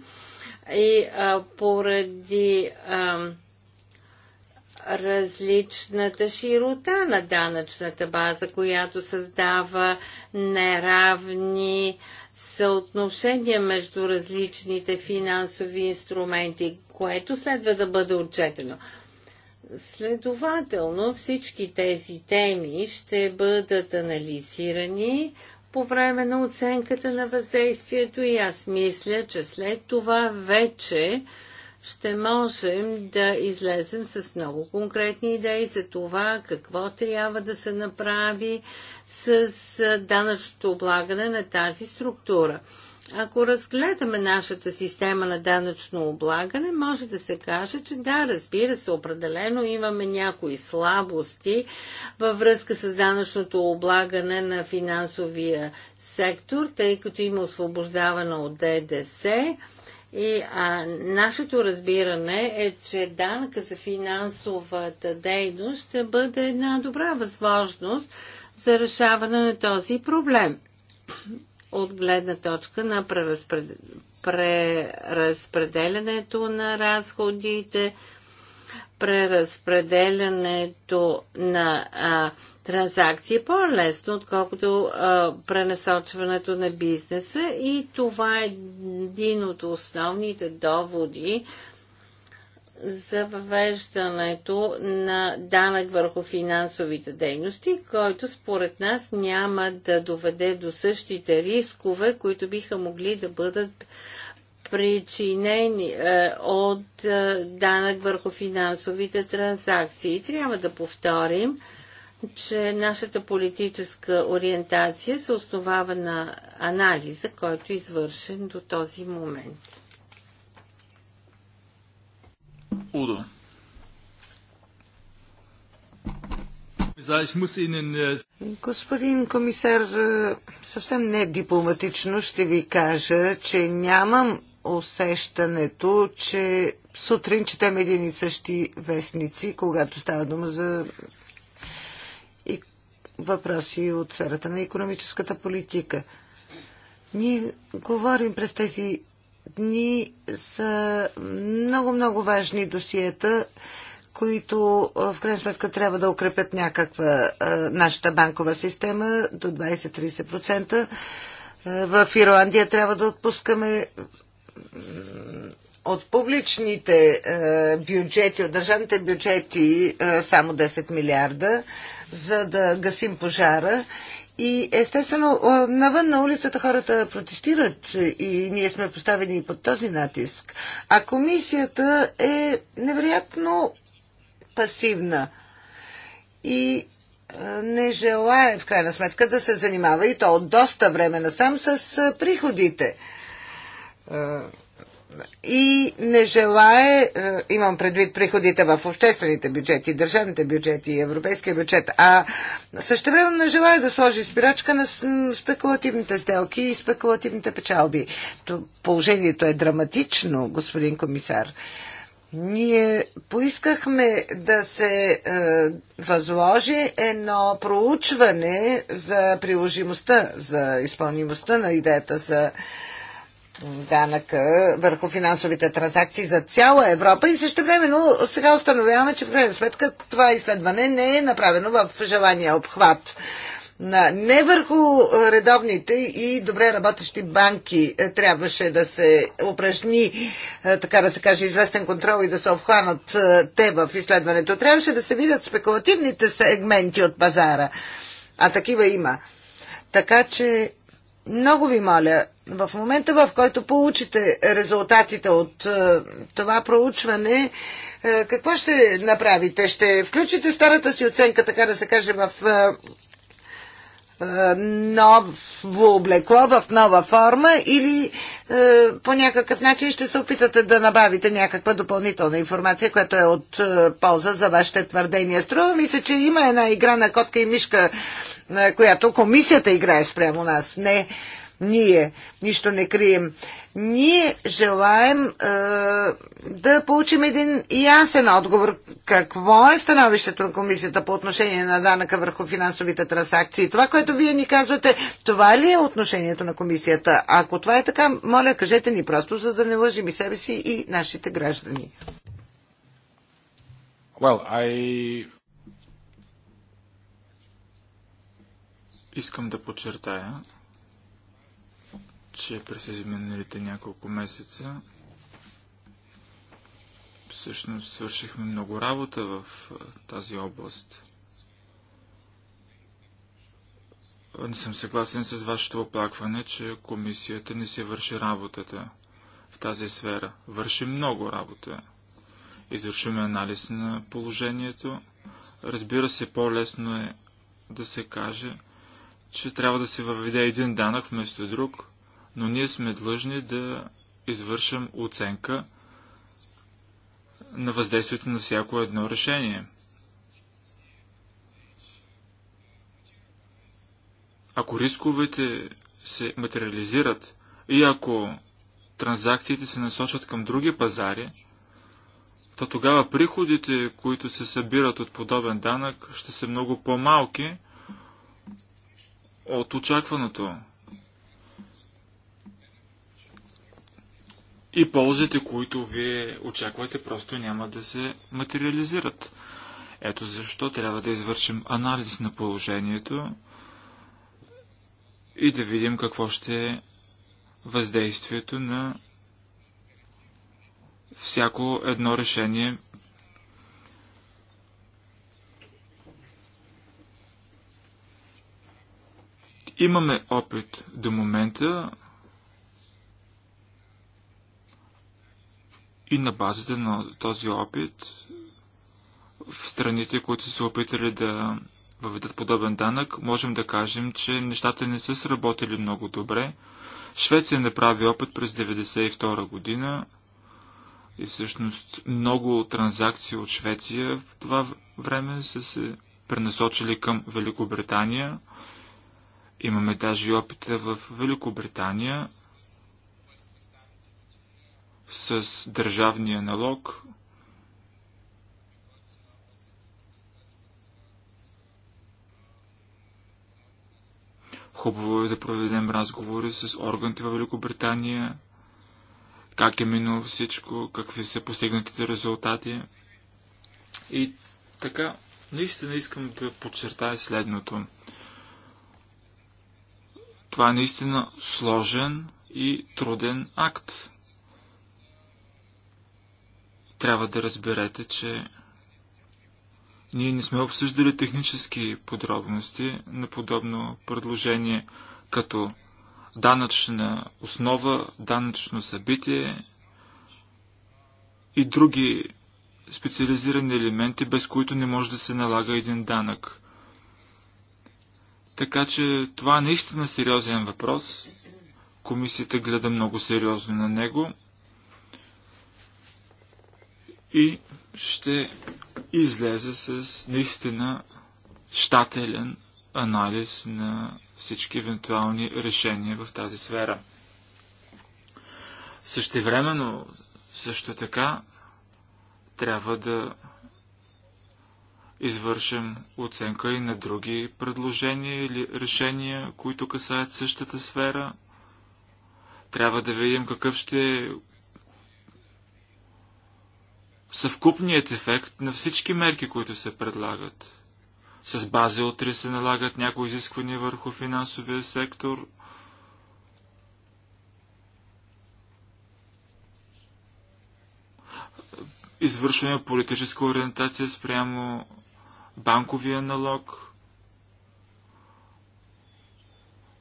A: и а, поради а, различната широта на данъчната база, която създава неравни а, съотношение между различните финансови инструменти, което следва да бъде отчетено. Следователно всички тези теми ще бъдат анализирани по време на оценката на въздействието и аз мисля, че след това вече ще можем да излезем с много конкретни идеи за това какво трябва да се направи с данъчното облагане на тази структура. Ако разгледаме нашата система на данъчно облагане, може да се каже, че да, разбира се, определено имаме някои слабости във връзка с данъчното облагане на финансовия сектор, тъй като има освобождаване от ДДС и а, нашето разбиране е, че данъка за финансовата дейност ще бъде една добра възможност за решаване на този проблем от гледна точка на преразпред... преразпределянето на разходите, преразпределянето на а, транзакции е по-лесно, отколкото а, пренасочването на бизнеса и това е един от основните доводи за въвеждането на данък върху финансовите дейности, който според нас няма да доведе до същите рискове, които биха могли да бъдат причинени е, от е, данък върху финансовите транзакции. Трябва да повторим, че нашата политическа ориентация се основава на анализа, който е извършен до този момент.
B: Удо.
C: Господин комисар, е, съвсем не дипломатично ще ви кажа, че нямам усещането, че сутрин четем един и същи вестници, когато става дума за въпроси от сферата на економическата политика. Ние говорим през тези дни са много-много важни досиета, които в крайна сметка трябва да укрепят някаква а, нашата банкова система до 20-30%. В Ирландия трябва да отпускаме от публичните е, бюджети, от държавните бюджети е, само 10 милиарда, за да гасим пожара. И естествено, е, навън на улицата хората протестират и ние сме поставени под този натиск. А комисията е невероятно пасивна и не желая в крайна сметка да се занимава и то от доста време насам с приходите и не желае, е, имам предвид приходите в обществените бюджети, държавните бюджети и европейския бюджет, а също време не желая да сложи спирачка на спекулативните сделки и спекулативните печалби. Положението е драматично, господин комисар. Ние поискахме да се е, възложи едно проучване за приложимостта, за изпълнимостта на идеята за данъка върху финансовите транзакции за цяла Европа и също времено сега установяваме, че в крайна сметка това изследване не е направено в желания обхват. Не върху редовните и добре работещи банки е, трябваше да се упражни, е, така да се каже, известен контрол и да се обхванат е, те в изследването. Трябваше да се видят спекулативните сегменти от пазара. А такива има. Така че много ви моля, в момента, в който получите резултатите от е, това проучване, е, какво ще направите? Ще включите старата си оценка, така да се каже, в е, ново облекло, в нова форма или по някакъв начин ще се опитате да набавите някаква допълнителна информация, която е от полза за вашите твърдения. Струва ми се, че има една игра на котка и мишка, която комисията играе спрямо нас. Не ние нищо не крием. Ние желаем е, да получим един ясен отговор. Какво е становището на комисията по отношение на данъка върху финансовите трансакции? Това, което вие ни казвате, това ли е отношението на комисията? Ако това е така, моля, кажете ни просто, за да не лъжим и себе си и нашите граждани.
B: Well, I... Искам да подчертая, че през изминалите няколко месеца всъщност свършихме много работа в тази област. Не съм съгласен с вашето оплакване, че комисията не се върши работата в тази сфера. Върши много работа. Извършваме анализ на положението. Разбира се, по-лесно е да се каже, че трябва да се въведе един данък вместо друг – но ние сме длъжни да извършим оценка на въздействието на всяко едно решение. Ако рисковете се материализират и ако транзакциите се насочат към други пазари, то тогава приходите, които се събират от подобен данък, ще са много по-малки от очакваното. и ползите, които вие очаквате, просто няма да се материализират. Ето защо трябва да извършим анализ на положението и да видим какво ще е въздействието на всяко едно решение. Имаме опит до момента, И на базата на този опит в страните, които са се опитали да въведат подобен данък, можем да кажем, че нещата не са сработили много добре. Швеция направи опит през 1992 година и всъщност много транзакции от Швеция в това време са се пренасочили към Великобритания. Имаме даже и опита в Великобритания – с държавния налог. Хубаво е да проведем разговори с органите в Великобритания, как е минало всичко, какви са постигнатите резултати. И така, наистина искам да подчертая следното. Това е наистина сложен и труден акт трябва да разберете, че ние не сме обсъждали технически подробности на подобно предложение, като данъчна основа, данъчно събитие и други специализирани елементи, без които не може да се налага един данък. Така че това е наистина сериозен въпрос. Комисията гледа много сериозно на него – и ще излезе с наистина щателен анализ на всички евентуални решения в тази сфера. Същевременно, също така, трябва да извършим оценка и на други предложения или решения, които касаят същата сфера. Трябва да видим какъв ще е съвкупният ефект на всички мерки, които се предлагат. С Базел 3 се налагат някои изисквания върху финансовия сектор. Извършване политическа ориентация спрямо банковия налог,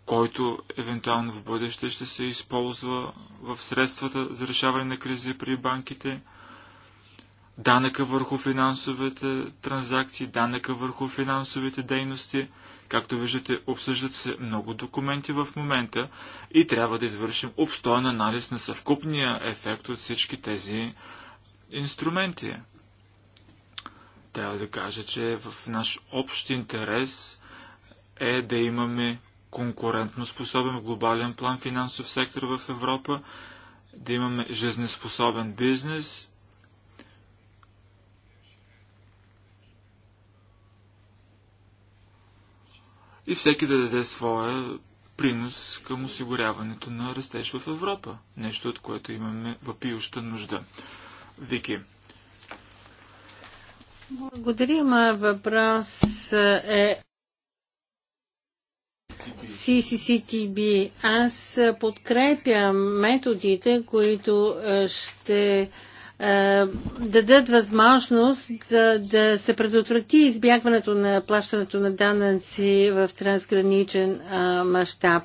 B: който евентуално в бъдеще ще се използва в средствата за решаване на кризи при банките – данъка върху финансовите транзакции, данъка върху финансовите дейности. Както виждате, обсъждат се много документи в момента и трябва да извършим обстоен анализ на съвкупния ефект от всички тези инструменти. Трябва да кажа, че в наш общ интерес е да имаме конкурентно способен в глобален план финансов сектор в Европа, да имаме жизнеспособен бизнес и всеки да даде своя принос към осигуряването на растеж в Европа. Нещо, от което имаме въпиюща нужда. Вики.
A: Благодаря. Ма въпрос е CCCTB. Аз подкрепям методите, които е, ще е, дадат възможност да, да се предотврати избягването на плащането на данъци в трансграничен мащаб.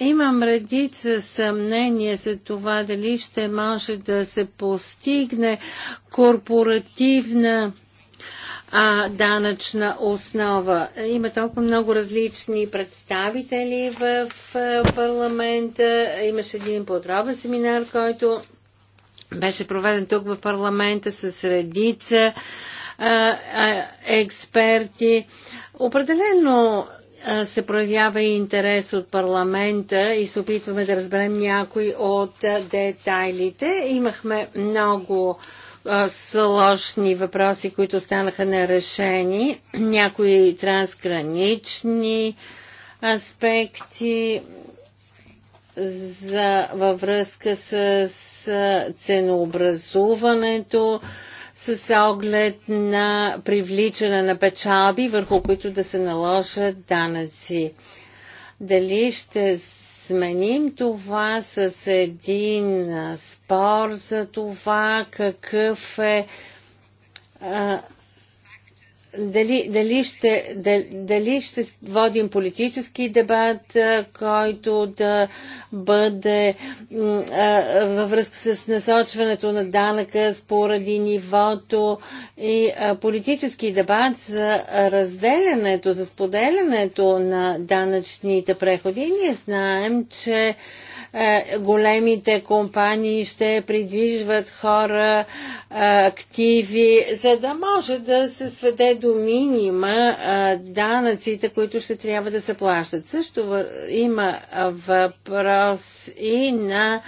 A: Имам редица съмнение за това дали ще може да се постигне корпоративна а, данъчна основа. Има толкова много различни представители в парламента. Имаше един подробен семинар, който беше проведен тук в парламента с редица експерти. Определено се проявява и интерес от парламента и се опитваме да разберем някои от детайлите. Имахме много сложни въпроси, които станаха нерешени. Някои трансгранични аспекти, за, във връзка с, с ценообразуването, с оглед на привличане на печалби, върху които да се наложат данъци. Дали ще сменим това с един спор за това какъв е а, дали, дали, ще, дали ще водим политически дебат, който да бъде във връзка с насочването на данъка споради нивото и политически дебат за разделянето, за споделянето на данъчните преходи. И ние знаем, че е, големите компании ще придвижват хора, е, активи, за да може да се сведе до минима е, данъците, които ще трябва да се плащат. Също има въпрос и на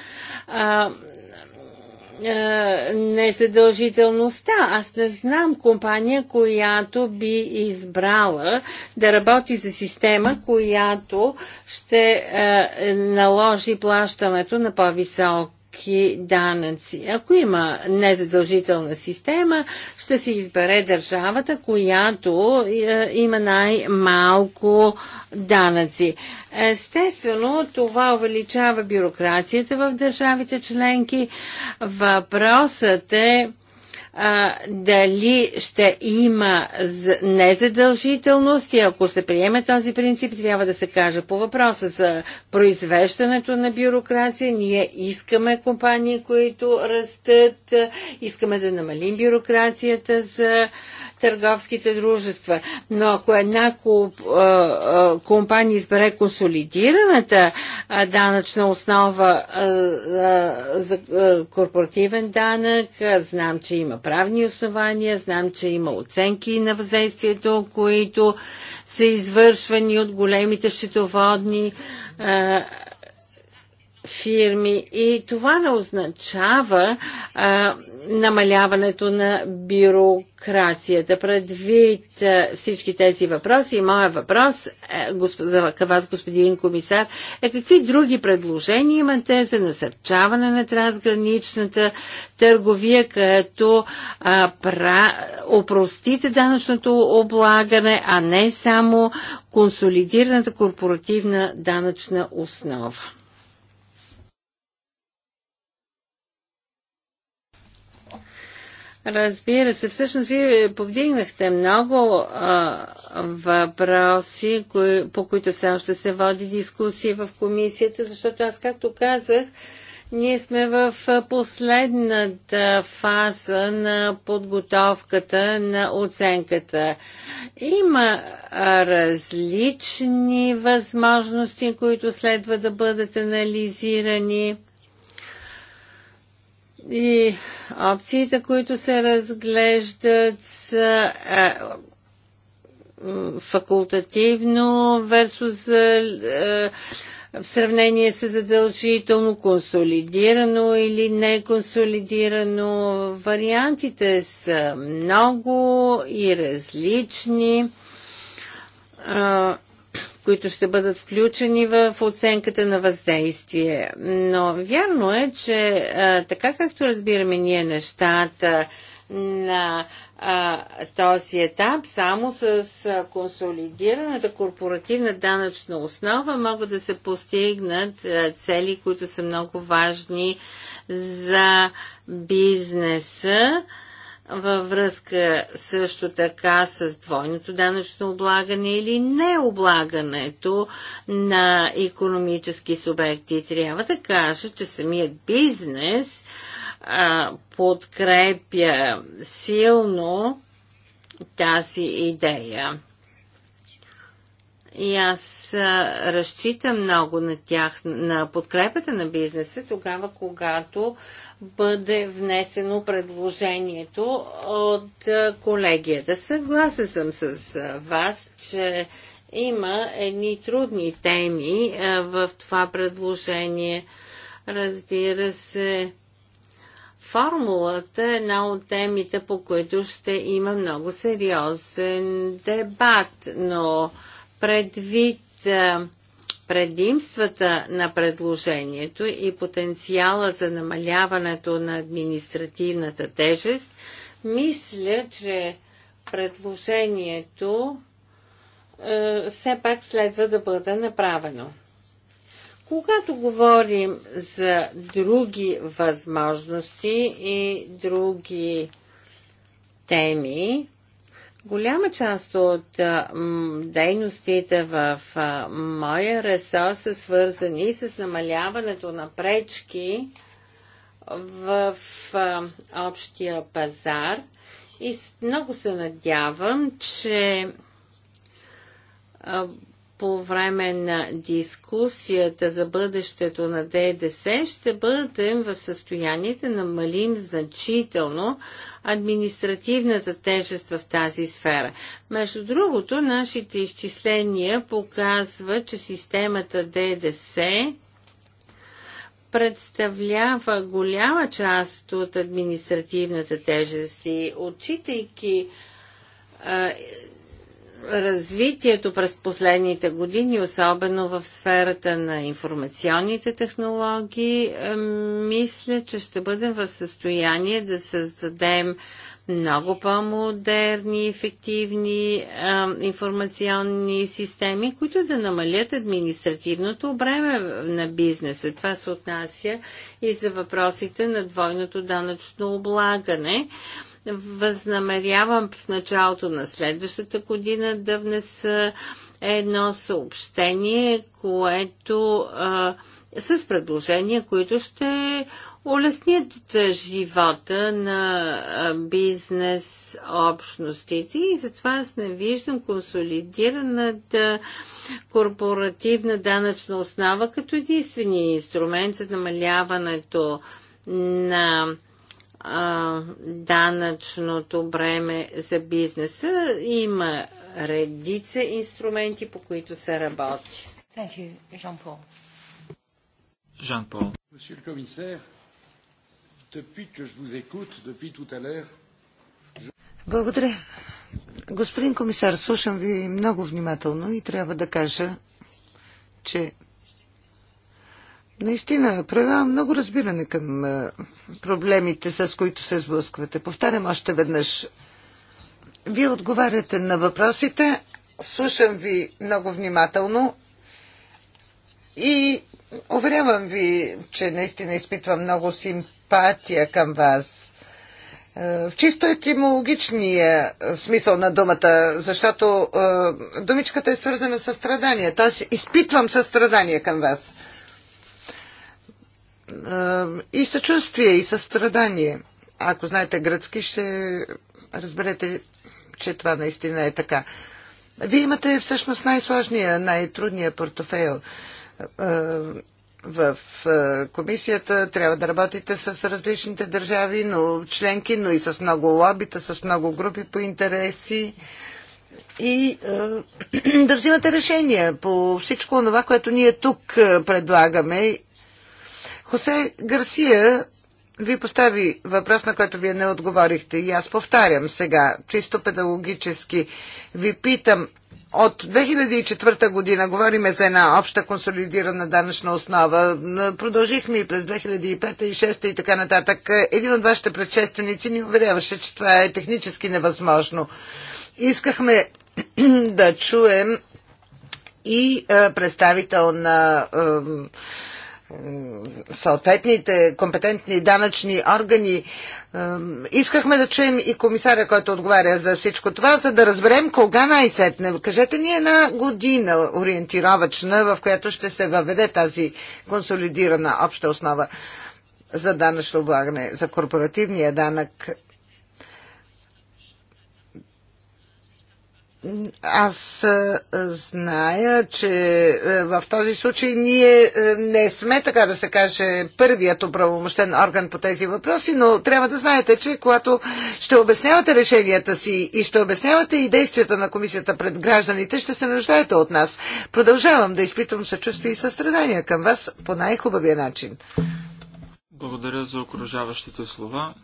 A: е, незадължителността. Аз не знам компания, която би избрала да работи за система, която ще е, наложи плащането на по-висок всички данъци. Ако има незадължителна система, ще се избере държавата, която е, има най-малко данъци. Естествено, това увеличава бюрокрацията в държавите членки. Въпросът е а, дали ще има незадължителност и ако се приеме този принцип, трябва да се каже по въпроса за произвеждането на бюрокрация. Ние искаме компании, които растат, искаме да намалим бюрокрацията за а, търговските дружества. Но ако една компания избере консолидираната данъчна основа за корпоративен данък, знам, че има правни основания, знам, че има оценки на въздействието, които са извършвани от големите счетоводни фирми и това не означава а, намаляването на бюрокрацията. Предвид а, всички тези въпроси, моят въпрос е, госп... за вас, господин комисар, е какви други предложения имате за насърчаване на трансграничната търговия, като а, пра... опростите данъчното облагане, а не само консолидираната корпоративна данъчна основа? Разбира се, всъщност вие повдигнахте много а, въпроси, кои, по които все още се води дискусии в комисията, защото аз, както казах, ние сме в последната фаза на подготовката на оценката. Има различни възможности, които следва да бъдат анализирани. И опциите, които се разглеждат са е, факултативно versus а, е, в сравнение с задължително, консолидирано или неконсолидирано. Вариантите са много и различни. А, е, които ще бъдат включени в оценката на въздействие. Но вярно е, че така както разбираме ние нещата на а, този етап, само с консолидираната корпоративна данъчна основа могат да се постигнат цели, които са много важни за бизнеса във връзка също така с двойното данъчно облагане или необлагането на економически субекти. Трябва да кажа, че самият бизнес а, подкрепя силно тази идея. И аз разчитам много на тях, на подкрепата на бизнеса, тогава когато бъде внесено предложението от колегията. Съгласен съм с вас, че има едни трудни теми в това предложение. Разбира се, Формулата е една от темите, по които ще има много сериозен дебат, но Предвид предимствата на предложението и потенциала за намаляването на административната тежест, мисля, че предложението е, все пак следва да бъде направено. Когато говорим за други възможности и други теми, Голяма част от дейностите в моя ресор са свързани с намаляването на пречки в общия пазар и много се надявам, че по време на дискусията за бъдещето на ДДС ще бъдем в състояние да намалим значително административната тежест в тази сфера. Между другото, нашите изчисления показват, че системата ДДС представлява голяма част от административната тежест и отчитайки развитието през последните години, особено в сферата на информационните технологии, е, мисля, че ще бъдем в състояние да създадем много по-модерни, ефективни а, е, информационни системи, които да намалят административното бреме на бизнеса. Това се отнася и за въпросите на двойното данъчно облагане. А, Възнамерявам в началото на следващата година да внеса едно съобщение, което а, с предложения, които ще улеснят живота на бизнес общностите и затова аз не виждам консолидираната корпоративна данъчна основа като единствения инструмент за намаляването на данъчното бреме за бизнеса. Има редица инструменти, по
B: които се
A: работи. Жан-Пол. Жан-Пол. Monsieur le commissaire, depuis que je vous écoute, depuis tout à l'heure,
C: благодаря. Господин комисар, слушам ви много внимателно и трябва да кажа, че Наистина, предавам много разбиране към е, проблемите, с които се сблъсквате. Повтарям още веднъж. Вие отговаряте на въпросите, слушам ви много внимателно и уверявам ви, че наистина изпитвам много симпатия към вас. Е, в чисто етимологичния е, смисъл на думата, защото думичката е свързана с страдание. Тоест, изпитвам състрадание към вас. Е, и съчувствие, и състрадание. Ако знаете гръцки, ще разберете, че това наистина е така. Вие имате всъщност най-сложния, най-трудния портофейл е, в е, комисията. Трябва да работите с различните държави, но членки, но и с много лобита, с много групи по интереси и да взимате решения по всичко това, което ние тук предлагаме Хосе Гарсия ви постави въпрос, на който вие не отговорихте и аз повтарям сега, чисто педагогически. Ви питам, от 2004 година говориме за една обща консолидирана данъчна основа. Продължихме и през 2005 и 2006 и така нататък. Един от вашите предшественици ни уверяваше, че това е технически невъзможно. Искахме да чуем и представител на съответните компетентни данъчни органи. Искахме да чуем и комисаря, който отговаря за всичко това, за да разберем кога най-сетне. Кажете ни една година ориентировачна, в която ще се въведе тази консолидирана обща основа за данъчно облагане, за корпоративния данък Аз зная, че в този случай ние не сме, така да се каже, първият оправомощен орган по тези въпроси, но трябва да знаете, че когато ще обяснявате решенията си и ще обяснявате и действията на комисията пред гражданите, ще се нуждаете от нас. Продължавам да изпитвам съчувствие и състрадания към вас по най-хубавия начин.
B: Благодаря за окружаващите слова.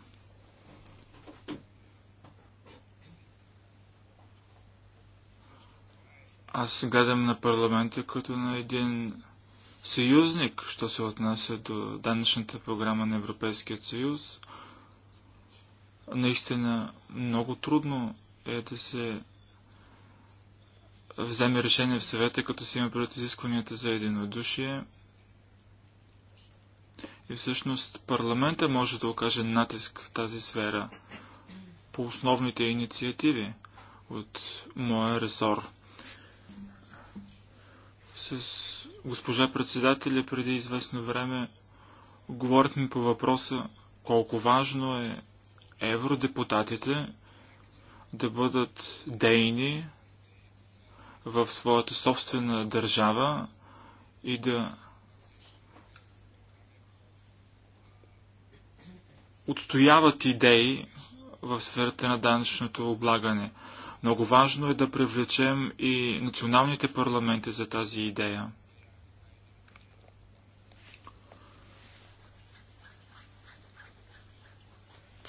B: Аз гледам на парламента като на един съюзник, що се отнася до данъчната програма на Европейския съюз. Наистина много трудно е да се вземе решение в съвета, като се има пред изискванията за единодушие. И всъщност парламента може да окаже натиск в тази сфера по основните инициативи от моя ресор с госпожа председателя преди известно време. Говорихме по въпроса колко важно е евродепутатите да бъдат дейни в своята собствена държава и да отстояват идеи в сферата на данъчното облагане. Много важно е да привлечем и националните парламенти за тази идея.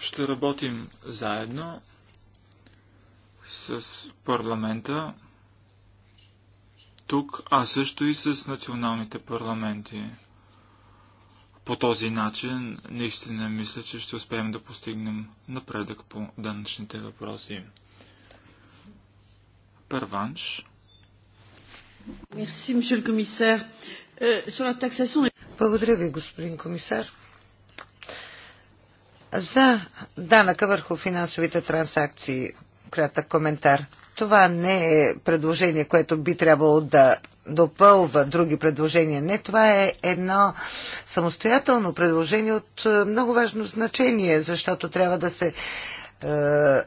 B: Ще работим заедно с парламента тук, а също и с националните парламенти. По този начин, наистина мисля, че ще успеем да постигнем напредък по данъчните въпроси. Първанш.
C: Euh, Благодаря ви, господин комисар. За данъка върху финансовите транзакции, кратък коментар. Това не е предложение, което би трябвало да допълва други предложения. Не, това е едно самостоятелно предложение от е, много важно значение, защото трябва да се е,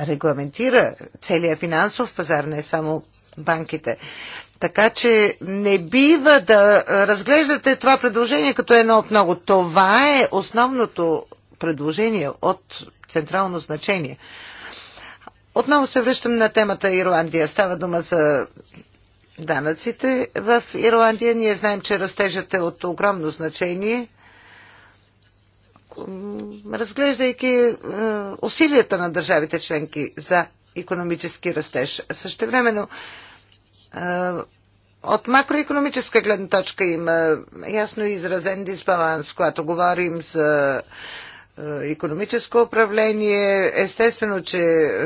C: регламентира целият финансов пазар, не само банките. Така че не бива да разглеждате това предложение като едно от много. Това е основното предложение от централно значение. Отново се връщам на темата Ирландия. Става дума за данъците в Ирландия. Ние знаем, че растежът е от огромно значение разглеждайки е, усилията на държавите членки за економически растеж. времено е, от макроекономическа гледна точка има ясно изразен дисбаланс, когато говорим за економическо управление. Естествено, че е,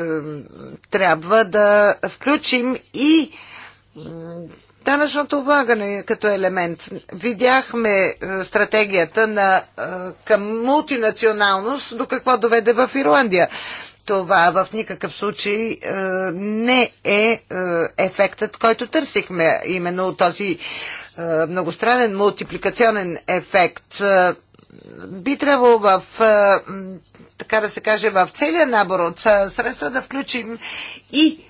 C: трябва да включим и Данъчното облагане като елемент. Видяхме е, стратегията на, е, към мултинационалност до какво доведе в Ирландия. Това в никакъв случай е, не е ефектът, който търсихме. Именно този многостранен мултипликационен ефект би трябвало в, така да се каже, в целия набор от средства да включим и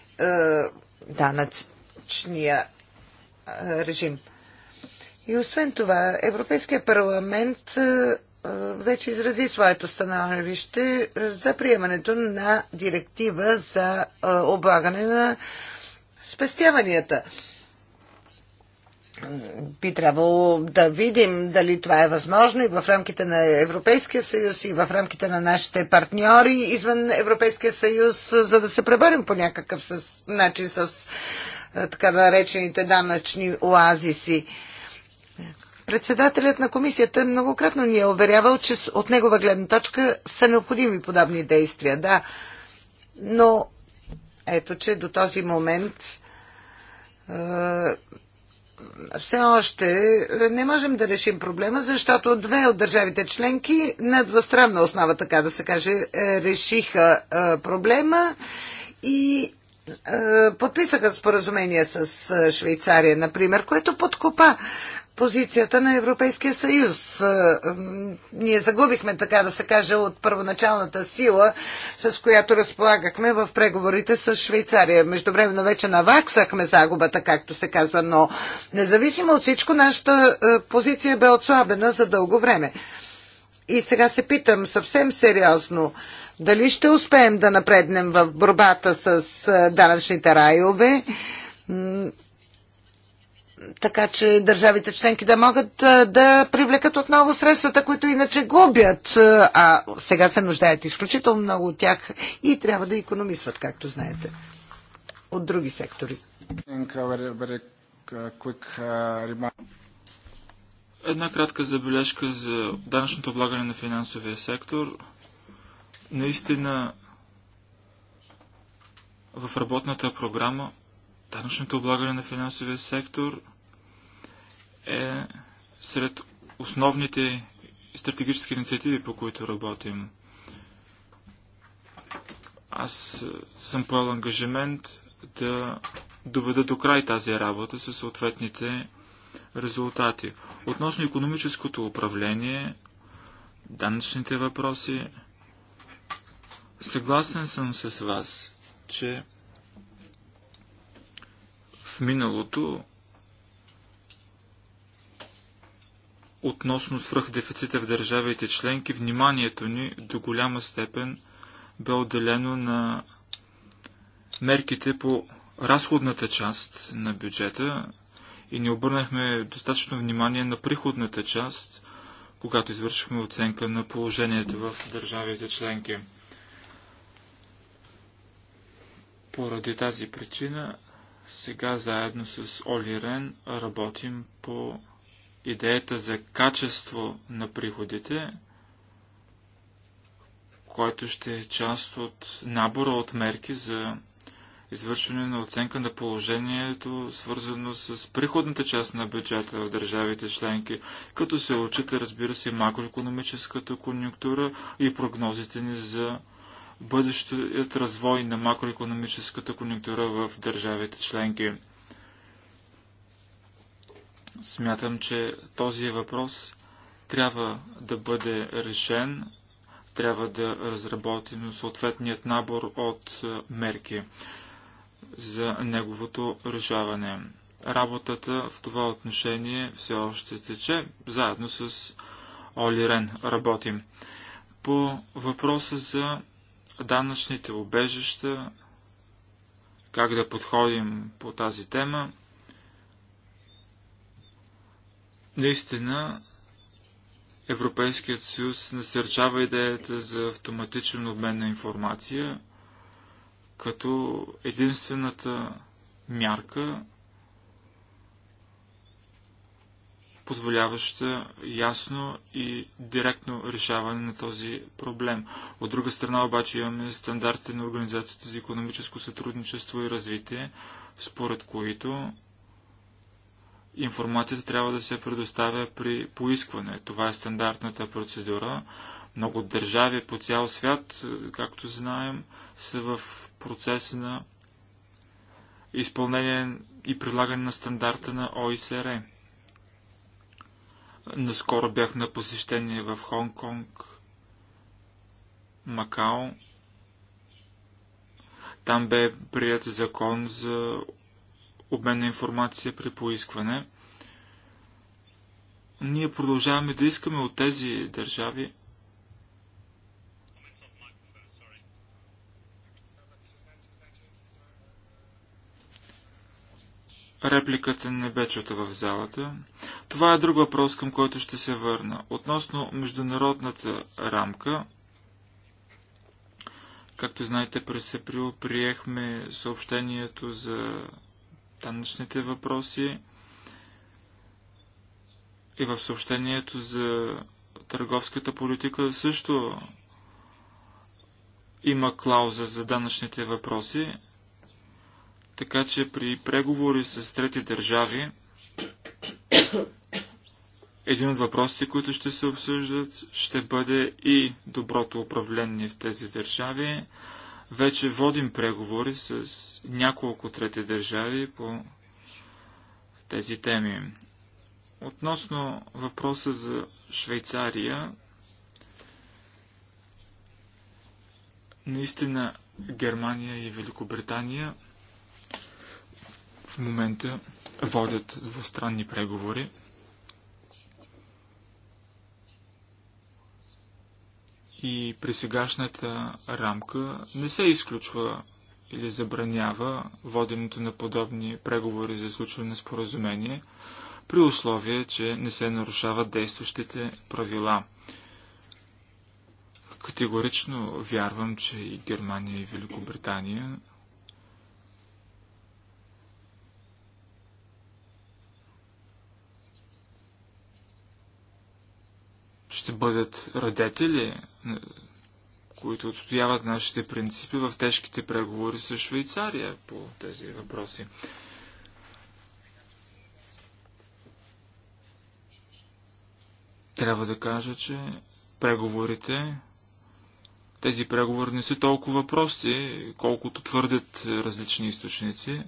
C: данъчния режим. И освен това, Европейския парламент вече изрази своето становище за приемането на директива за облагане на спестяванията. Би трябвало да видим дали това е възможно и в рамките на Европейския съюз, и в рамките на нашите партньори извън Европейския съюз, за да се преборим по някакъв с, начин с е, така наречените данъчни оазиси. Председателят на комисията многократно ни е уверявал, че от негова гледна точка са необходими подобни действия. Да, но ето, че до този момент е, все още е, не можем да решим проблема, защото две от държавите членки на двустранна основа, така да се каже, решиха проблема и е, подписаха споразумение с е, Швейцария, например, което подкопа позицията на Европейския съюз. Е, ние загубихме, така да се каже, от първоначалната сила, с която разполагахме в преговорите с Швейцария. Междувременно вече наваксахме загубата, както се казва, но независимо от всичко, нашата позиция бе отслабена за дълго време. И сега се питам съвсем сериозно. Дали ще успеем да напреднем в борбата с данъчните райове? така че държавите членки да могат да привлекат отново средствата, които иначе губят, а сега се нуждаят изключително много от тях и трябва да економисват, както знаете, от други сектори.
B: Една кратка забележка за данъчното облагане на финансовия сектор. Наистина в работната програма данъчното облагане на финансовия сектор е сред основните стратегически инициативи, по които работим. Аз е, съм поел ангажимент да доведа до край тази работа със съответните резултати. Относно економическото управление, данъчните въпроси, Съгласен съм с вас, че в миналото относно свръхдефицита в държавите членки, вниманието ни до голяма степен бе отделено на мерките по разходната част на бюджета и не обърнахме достатъчно внимание на приходната част, когато извършихме оценка на положението в държавите членки. Поради тази причина сега заедно с Оли Рен работим по идеята за качество на приходите, който ще е част от набора от мерки за извършване на оценка на положението, свързано с приходната част на бюджета в държавите членки, като се отчита, разбира се, макроекономическата конъюнктура и прогнозите ни за бъдещият развой на макроекономическата конъюнктура в държавите членки. Смятам, че този въпрос трябва да бъде решен, трябва да разработим съответният набор от е, мерки за неговото решаване. Работата в това отношение все още тече, заедно с Оли Рен работим. По въпроса за данъчните убежища, как да подходим по тази тема. Наистина, Европейският съюз насърчава идеята за автоматичен обмен на информация като единствената мярка, позволяваща ясно и директно решаване на този проблем. От друга страна обаче имаме стандарти на Организацията за економическо сътрудничество и развитие, според които информацията трябва да се предоставя при поискване. Това е стандартната процедура. Много държави по цял свят, както знаем, са в процес на изпълнение и прилагане на стандарта на ОИСР. Наскоро бях на посещение в Хонг-Конг, Макао. Там бе прият закон за обмен на информация при поискване. Ние продължаваме да искаме от тези държави Репликата не бе чута в залата. Това е друг въпрос, към който ще се върна. Относно международната рамка, както знаете, през април приехме съобщението за данъчните въпроси и в съобщението за търговската политика също има клауза за данъчните въпроси. Така че при преговори с трети държави, един от въпросите, които ще се обсъждат, ще бъде и доброто управление в тези държави. Вече водим преговори с няколко трети държави по тези теми. Относно въпроса за Швейцария, наистина Германия и Великобритания – в момента водят двустранни преговори. И при сегашната рамка не се изключва или забранява воденето на подобни преговори за случване на споразумение, при условие, че не се нарушават действащите правила. Категорично вярвам, че и Германия и Великобритания ще бъдат родители, които отстояват нашите принципи в тежките преговори с Швейцария по тези въпроси. Трябва да кажа, че преговорите, тези преговори не са толкова прости, колкото твърдят различни източници.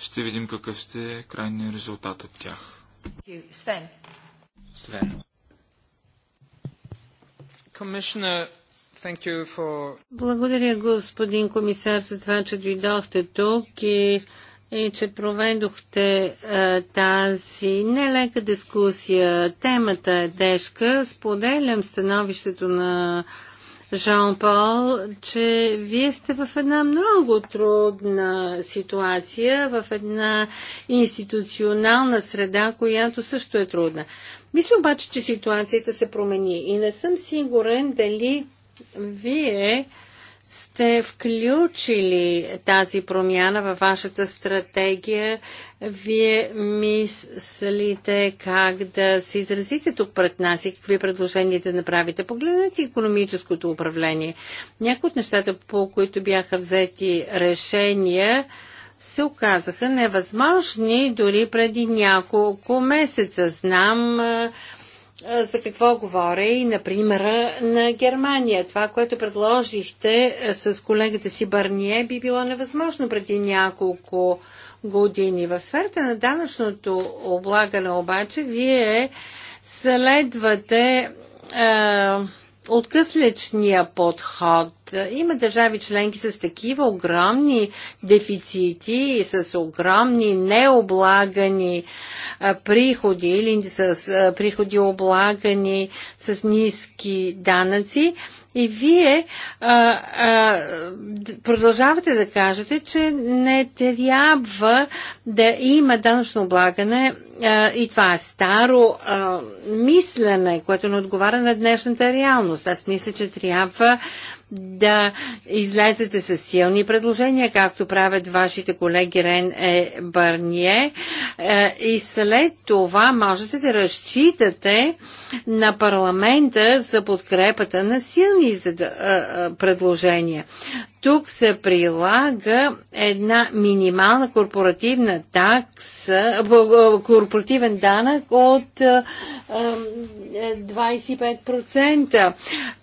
B: Ще видим какъв ще е крайният резултат от тях. Свен. Свен.
A: Благодаря, господин комисар, за това, че дойдохте тук и, и че проведохте а, е, тази нелека дискусия. Темата е тежка. Споделям становището на Жан-Пол, че вие сте в една много трудна ситуация, в една институционална среда, която също е трудна. Мисля обаче, че ситуацията се промени и не съм сигурен дали вие сте включили тази промяна във вашата стратегия. Вие мислите как да се изразите тук пред нас и какви предложения да направите. Погледнете економическото управление. Някои от нещата, по които бяха взети решения, се оказаха невъзможни дори преди няколко месеца. Знам за какво говоря и, например, на Германия. Това, което предложихте с колегата си Барние, би било невъзможно преди няколко години. В сферата на данъчното облагане обаче, вие следвате е, откъслечния подход. Е, има държави членки с такива огромни дефицити и с огромни необлагани е, приходи или с е, приходи облагани с ниски данъци, и вие а, а, продължавате да кажете, че не трябва да има данъчно облагане а, и това е старо а, мислене, което не отговаря на днешната реалност. Аз мисля, че трябва да излезете с силни предложения, както правят вашите колеги Рен е Барние. Е, и след това можете да разчитате на парламента за подкрепата на силни е, е, предложения. Тук се прилага една минимална корпоративна такса, корпоративен данък от 25%.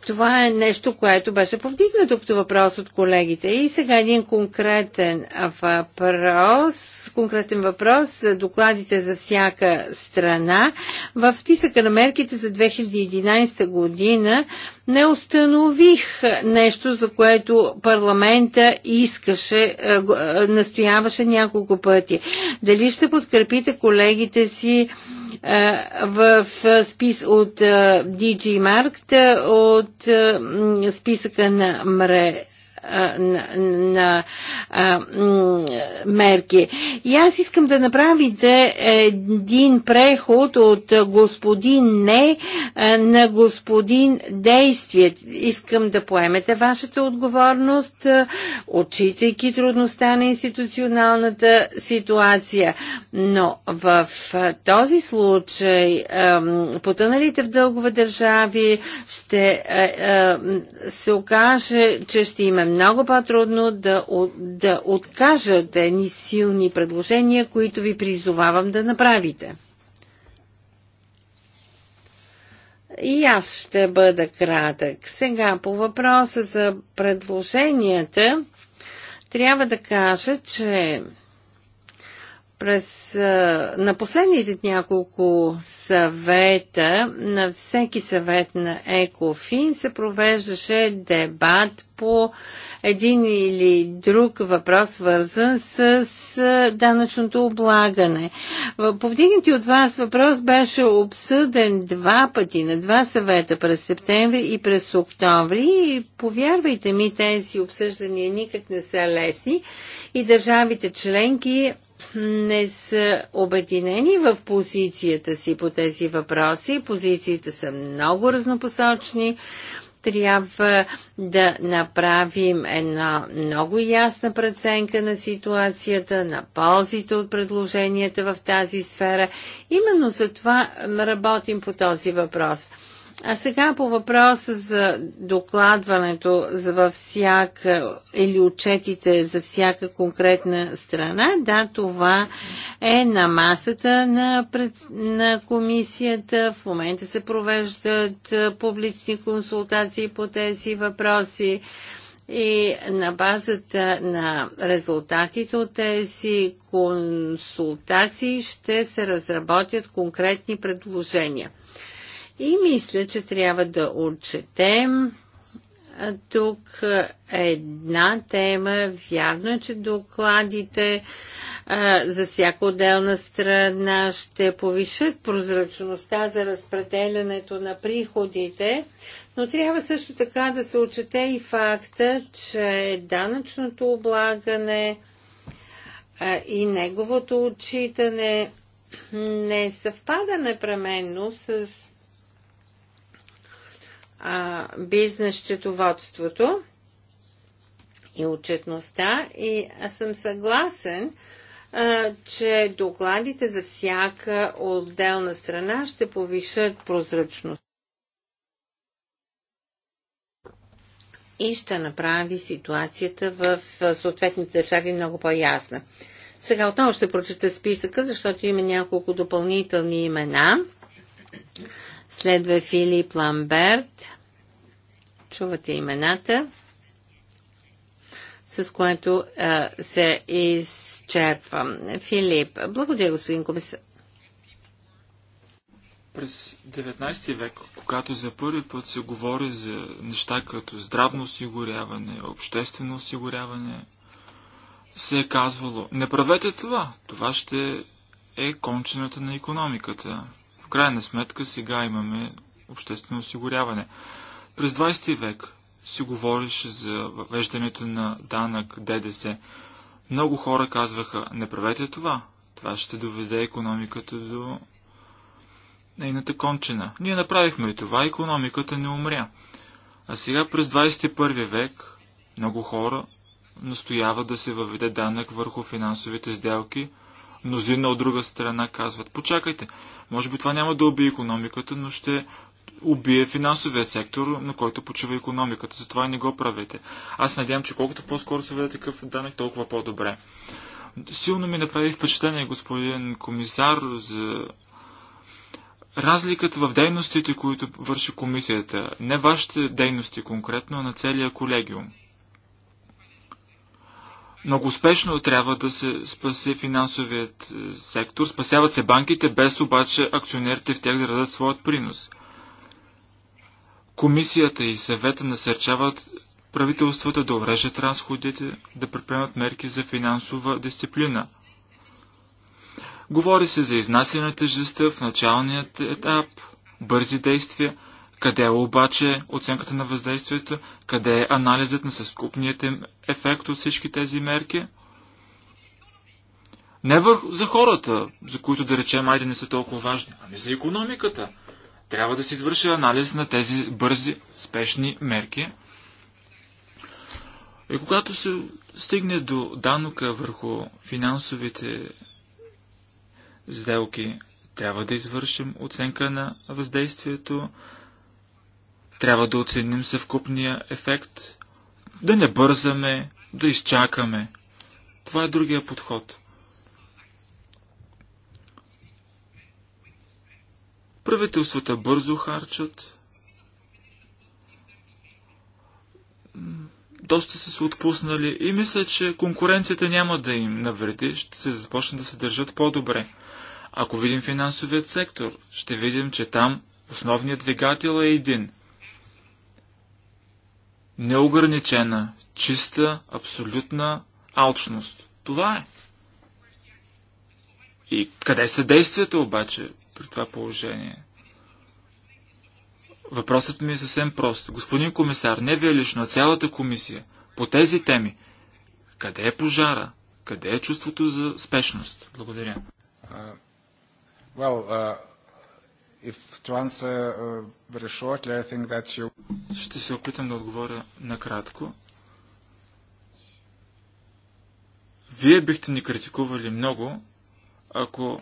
A: Това е нещо, което беше беше повдигнат тук въпрос от колегите. И сега един конкретен въпрос, конкретен въпрос за докладите за всяка страна. В списъка на мерките за 2011 година не установих нещо, за което парламента искаше, е, е, настояваше няколко пъти. Дали ще подкрепите колегите си? в спис от DG Markt, от списъка на мре, на, на а, мерки. И аз искам да направите един преход от господин не на господин действие. Искам да поемете вашата отговорност, отчитайки трудността на институционалната ситуация. Но в този случай потъналите в дългове държави ще се окаже, че ще има много по-трудно да, да откажат едни силни предложения, които ви призовавам да направите. И аз ще бъда кратък. Сега по въпроса за предложенията трябва да кажа, че през, на последните няколко съвета, на всеки съвет на ЕКОФИН се провеждаше дебат по един или друг въпрос, свързан с данъчното облагане. Повдигнати от вас въпрос беше обсъден два пъти на два съвета през септември и през октомври. И повярвайте ми, тези обсъждания никак не са лесни и държавите членки не са обединени в позицията си по тези въпроси. Позициите са много разнопосочни. Трябва да направим една много ясна преценка на ситуацията, на ползите от предложенията в тази сфера. Именно за това работим по този въпрос. А сега по въпроса за докладването за във всяка или отчетите за всяка конкретна страна, да, това е на масата на, пред, на комисията. В момента се провеждат публични консултации по тези въпроси и на базата на резултатите от тези консултации ще се разработят конкретни предложения. И мисля, че трябва да отчетем тук една тема. Вярно е, че докладите за всяка отделна страна ще повишат прозрачността за разпределянето на приходите, но трябва също така да се отчете и факта, че данъчното облагане и неговото отчитане не съвпада непременно с бизнес счетоводството и отчетността и аз съм съгласен, а, че докладите за всяка отделна страна ще повишат прозрачност. и ще направи ситуацията в съответните държави много по-ясна. Сега отново ще прочета списъка, защото има няколко допълнителни имена. Следва Филип Ламберт. Чувате имената, с което а, се изчерпвам. Филип, благодаря, господин комисар.
B: През 19 век, когато за първи път се говори за неща като здравно осигуряване, обществено осигуряване, се е казвало, не правете това, това ще е кончената на економиката крайна сметка сега имаме обществено осигуряване. През 20 век се говореше за въвеждането на данък ДДС. Много хора казваха, не правете това. Това ще доведе економиката до нейната кончена. Ние направихме и това, економиката не умря. А сега през 21 век много хора настояват да се въведе данък върху финансовите сделки – Мнозина от друга страна казват, почакайте, може би това няма да убие економиката, но ще убие финансовият сектор, на който почива економиката. Затова не го правете. Аз надявам, че колкото по-скоро се веде такъв данък, толкова по-добре. Силно ми направи впечатление, господин комисар, за разликата в дейностите, които върши комисията. Не вашите дейности конкретно, а на целия колегиум. Много успешно трябва да се спаси финансовият е, сектор. Спасяват се банките, без обаче акционерите в тях да дадат своят принос. Комисията и съвета насърчават правителствата да урежат разходите, да предприемат мерки за финансова дисциплина. Говори се за изнасяне жеста тежестта в началният етап, бързи действия – къде е обаче оценката на въздействието? Къде е анализът на съскупният ефект от всички тези мерки? Не върху за хората, за които да речем, айде не са толкова важни, ами за економиката. Трябва да се извърши анализ на тези бързи, спешни мерки. И когато се стигне до данъка върху финансовите сделки, трябва да извършим оценка на въздействието, трябва да оценим съвкупния ефект, да не бързаме, да изчакаме. Това е другия подход. Правителствата бързо харчат. Доста са се отпуснали и мисля, че конкуренцията няма да им навреди, ще се започне да се държат по-добре. Ако видим финансовият сектор, ще видим, че там основният двигател е един – неограничена, чиста, абсолютна алчност. Това е. И къде са действията обаче при това положение? Въпросът ми е съвсем прост. Господин комисар, не вие лично, а цялата комисия, по тези теми, къде е пожара? Къде е чувството за спешност? Благодаря. Uh, well, uh if to answer uh, very shortly, I think that you... Ще се опитам да отговоря накратко. Вие бихте ни критикували много, ако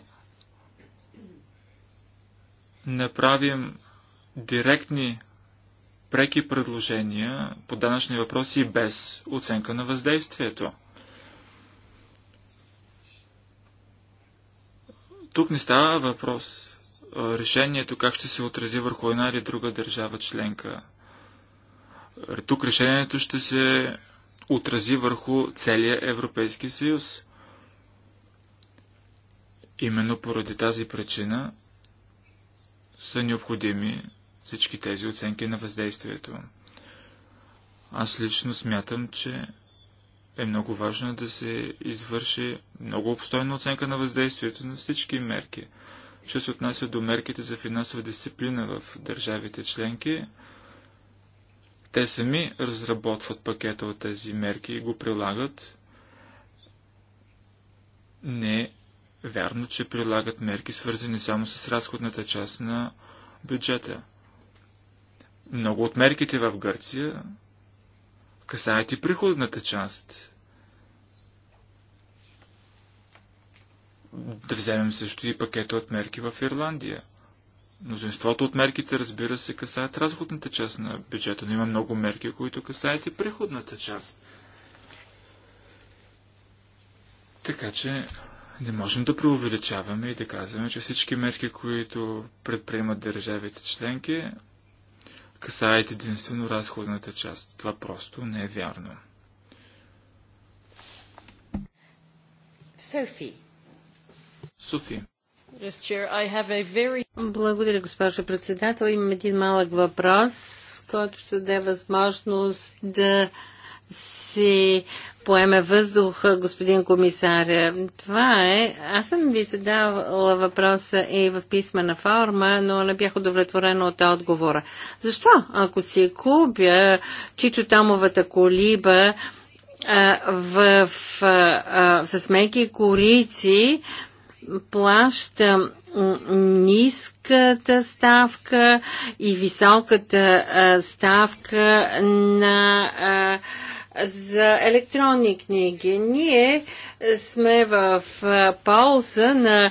B: направим директни преки предложения по данъчни въпроси без оценка на въздействието. Тук не става въпрос решението как ще се отрази върху една или друга държава членка. Тук решението ще се отрази върху целия Европейски съюз. Именно поради тази причина са необходими всички тези оценки на въздействието. Аз лично смятам, че е много важно да се извърши много обстойна оценка на въздействието на всички мерки – Що се отнася до мерките за финансова дисциплина в държавите членки, те сами разработват пакета от тези мерки и го прилагат. Не е вярно, че прилагат мерки, свързани само с разходната част на бюджета. Много от мерките в Гърция касаят и приходната част. Да вземем също и пакета от мерки в Ирландия. Мнозинството от мерките, разбира се, касаят разходната част на бюджета, но има много мерки, които касаят и приходната част. Така че не можем да преувеличаваме и да казваме, че всички мерки, които предприемат държавите членки, касаят единствено разходната част. Това просто не е вярно. Софи. София.
A: Благодаря, госпожо председател. Имам един малък въпрос, който ще даде възможност да си поеме въздух, господин комисар. Това е. Аз съм ви задавала въпроса и в писмена форма, но не бях удовлетворена от отговора. Защо, ако си купя Чичо Томовата колиба а, в, в, а, с меки корици, плаща ниската ставка и високата ставка на за електронни книги. Ние сме в полза на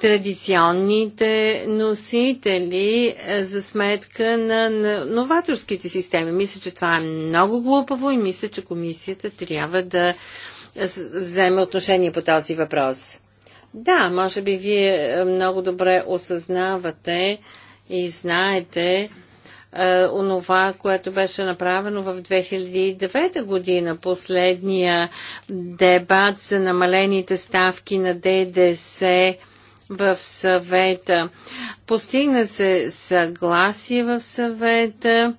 A: традиционните носители за сметка на новаторските системи. Мисля, че това е много глупаво и мисля, че комисията трябва да вземе отношение по този въпрос. Да, може би вие е, много добре осъзнавате и знаете е, онова, което беше направено в 2009 година. Последния дебат за намалените ставки на ДДС в съвета. Постигна се съгласие в съвета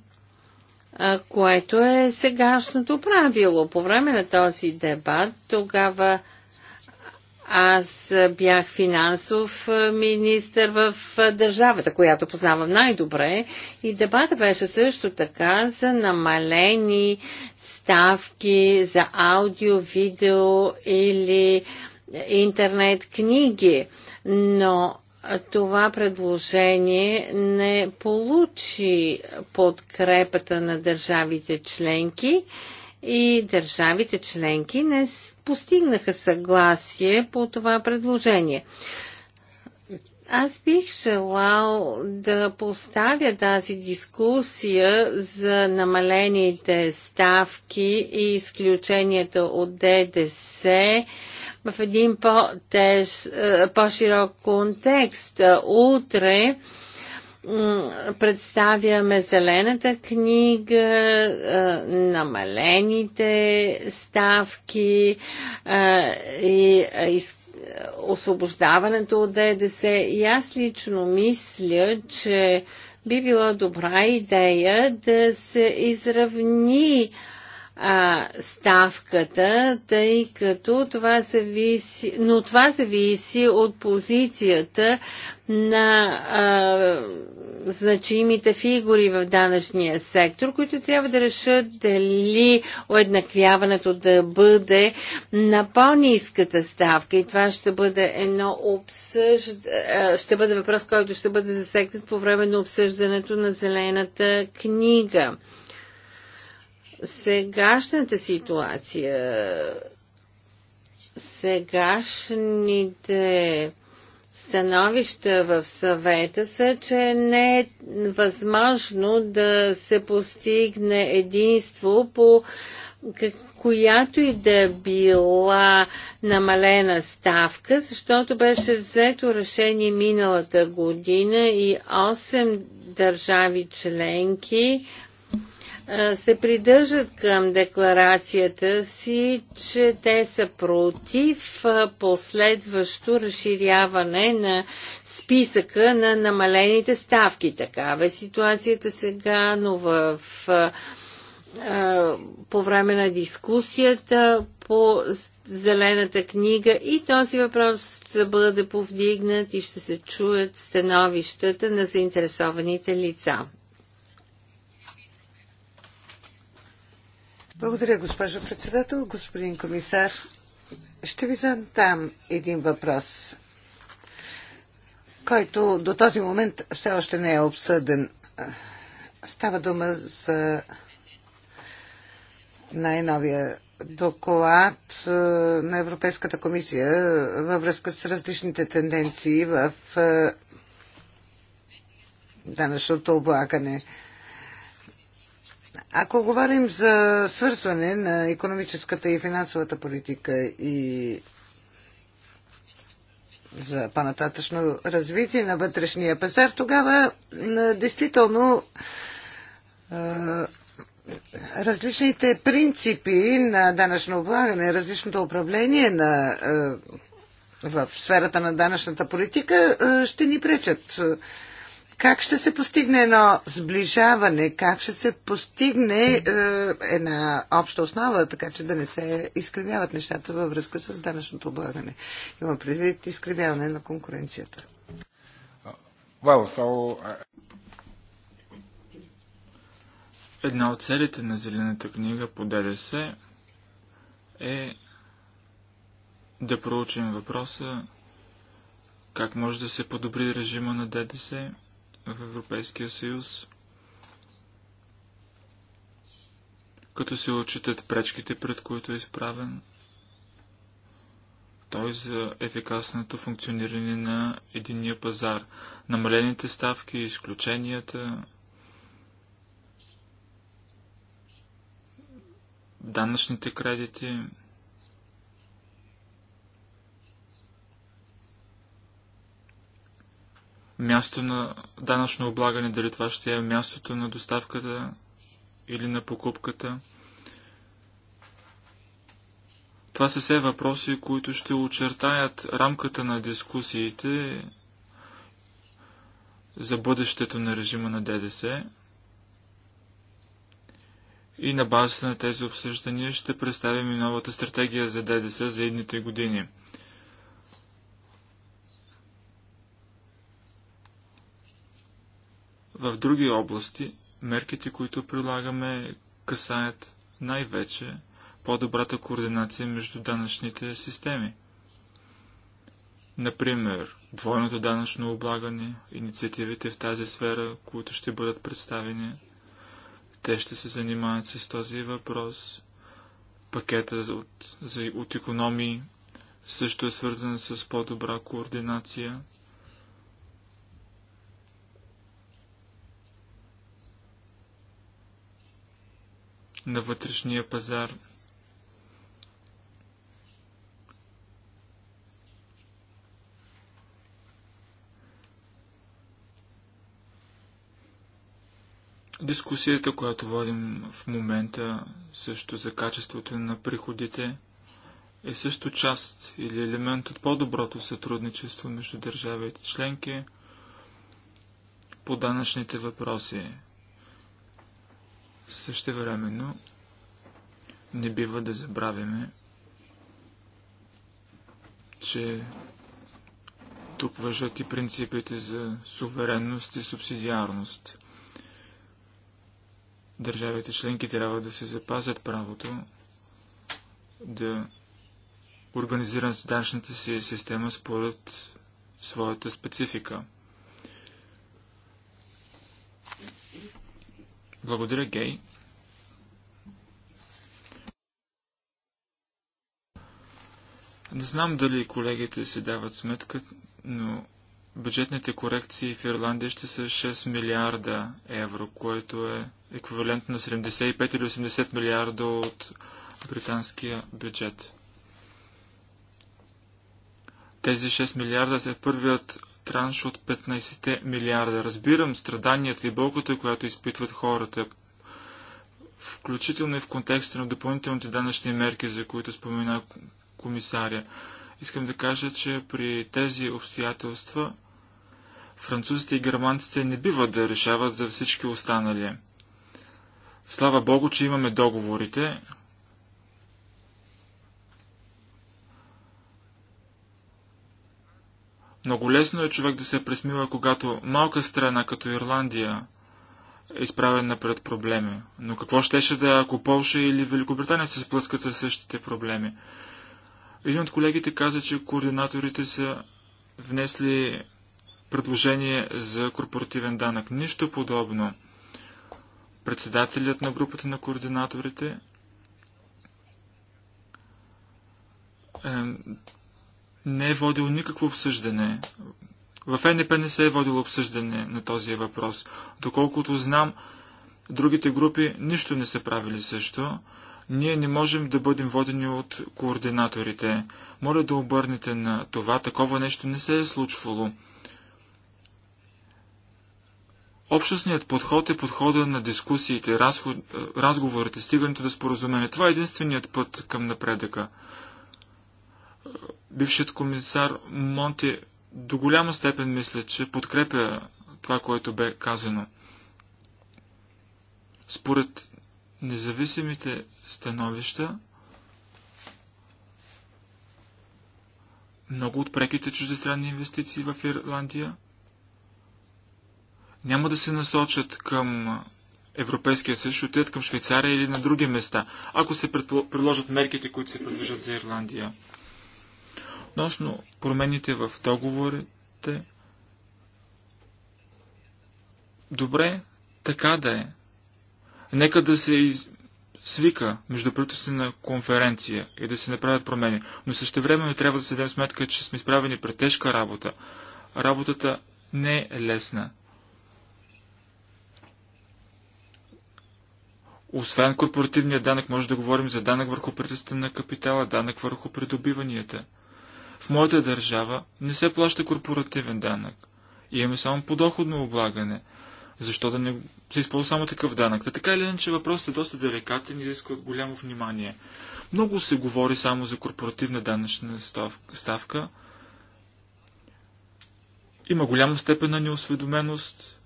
A: е, което е сегашното правило. По време на този дебат тогава аз бях финансов министр в държавата, която познавам най-добре. И дебата беше също така за намалени ставки за аудио, видео или интернет книги. Но това предложение не получи подкрепата на държавите членки и държавите членки не постигнаха съгласие по това предложение. Аз бих желал да поставя тази дискусия за намалените ставки и изключенията от ДДС в един е, по-широк по контекст. Утре представяме зелената книга, намалените ставки и освобождаването от ДДС. И аз лично мисля, че би била добра идея да се изравни а, ставката, тъй като това зависи, но това зависи от позицията на а, значимите фигури в данъчния сектор, които трябва да решат дали уеднаквяването да бъде на по-низката ставка. И това ще бъде едно обсъжд... ще бъде въпрос, който ще бъде засегнат по време на обсъждането на зелената книга. Сегашната ситуация сегашните становища в съвета са, че не е възможно да се постигне единство по която и да била намалена ставка, защото беше взето решение миналата година и 8 държави членки се придържат към декларацията си, че те са против последващо разширяване на списъка на намалените ставки. Такава е ситуацията сега, но в по време на дискусията по Зелената книга и този въпрос ще бъде повдигнат и ще се чуят становищата на заинтересованите лица.
C: Благодаря, госпожо председател. Господин комисар, ще ви задам един въпрос, който до този момент все още не е обсъден. Става дума за най-новия доклад е, на Европейската комисия във връзка с различните тенденции в е, данъчното облагане. Ако говорим за свързване на економическата и финансовата политика и за по-нататъчно развитие на вътрешния пазар, тогава действително различните принципи на данъчно облагане, различното управление на, в сферата на данъчната политика ще ни пречат как ще се постигне едно сближаване? Как ще се постигне е, една обща основа, така че да не се изкривяват нещата във връзка с данъчното облагане? Има предвид изкривяване на конкуренцията.
B: Well, so... Uh, една от целите на Зелената книга по ДДС е да проучим въпроса как може да се подобри режима на ДДС в Европейския съюз, като се отчитат пречките, пред които е изправен той за ефикасното функциониране на единния пазар, намалените ставки, изключенията, данъчните кредити, място на данъчно облагане, дали това ще е мястото на доставката или на покупката. Това са все въпроси, които ще очертаят рамката на дискусиите за бъдещето на режима на ДДС. И на базата на тези обсъждания ще представим и новата стратегия за ДДС за едните години – В други области мерките, които прилагаме, касаят най-вече по-добрата координация между данъчните системи. Например, двойното данъчно облагане, инициативите в тази сфера, които ще бъдат представени, те ще се занимават с този въпрос. Пакета от, от економии също е свързан с по-добра координация. на вътрешния пазар. Дискусията, която водим в момента също за качеството на приходите, е също част или елемент от по-доброто сътрудничество между държавите членки по данъчните въпроси. Същевременно не бива да забравяме, че тук въжат и принципите за суверенност и субсидиарност. Държавите членки трябва да се запазят правото да организират данъчната си система според своята специфика – Благодаря, Гей. Не знам дали колегите си дават сметка, но бюджетните корекции в Ирландия ще са 6 милиарда евро, което е еквивалентно на 75 или 80 милиарда от британския бюджет. Тези 6 милиарда са първият транш от 15 милиарда. Разбирам страданията и болката, която изпитват хората, включително и в контекста на допълнителните данъчни мерки, за които спомена комисаря. Искам да кажа, че при тези обстоятелства французите и германците не биват да решават за всички останали. Слава Богу, че имаме договорите, Много лесно е човек да се пресмива, когато малка страна, като Ирландия, е изправена пред проблеми. Но какво щеше да е, ако Полша или Великобритания се сплъскат със същите проблеми? Един от колегите каза, че координаторите са внесли предложение за корпоративен данък. Нищо подобно. Председателят на групата на координаторите не е водил никакво обсъждане. В НП не се е водило обсъждане на този въпрос. Доколкото знам, другите групи нищо не са правили също. Ние не можем да бъдем водени от координаторите. Моля да обърнете на това. Такова нещо не се е случвало. Общностният подход е подхода на дискусиите, разход, е, разговорите, стигането до споразумение. Това е единственият път към напредъка. Бившият комисар Монти до голяма степен мисля, че подкрепя това, което бе казано. Според независимите становища, много от преките чуждестранни инвестиции в Ирландия няма да се насочат към Европейския съюз, ще отидат към Швейцария или на други места, ако се предложат мерките, които се предвижат за Ирландия. Относно промените в договорите, добре, така да е. Нека да се из... свика междуправителствена конференция и да се направят промени, но също време трябва да се дадем сметка, че сме изправени пред тежка работа. Работата не е лесна. Освен корпоративния данък, може да говорим за данък върху притеста на капитала, данък върху придобиванията – в моята държава не се плаща корпоративен данък. имаме само подоходно облагане. Защо да не се използва само такъв данък? Та така или иначе въпросът е доста деликатен и изисква голямо внимание. Много се говори само за корпоративна данъчна ставка. Има голяма степен на неосведоменост,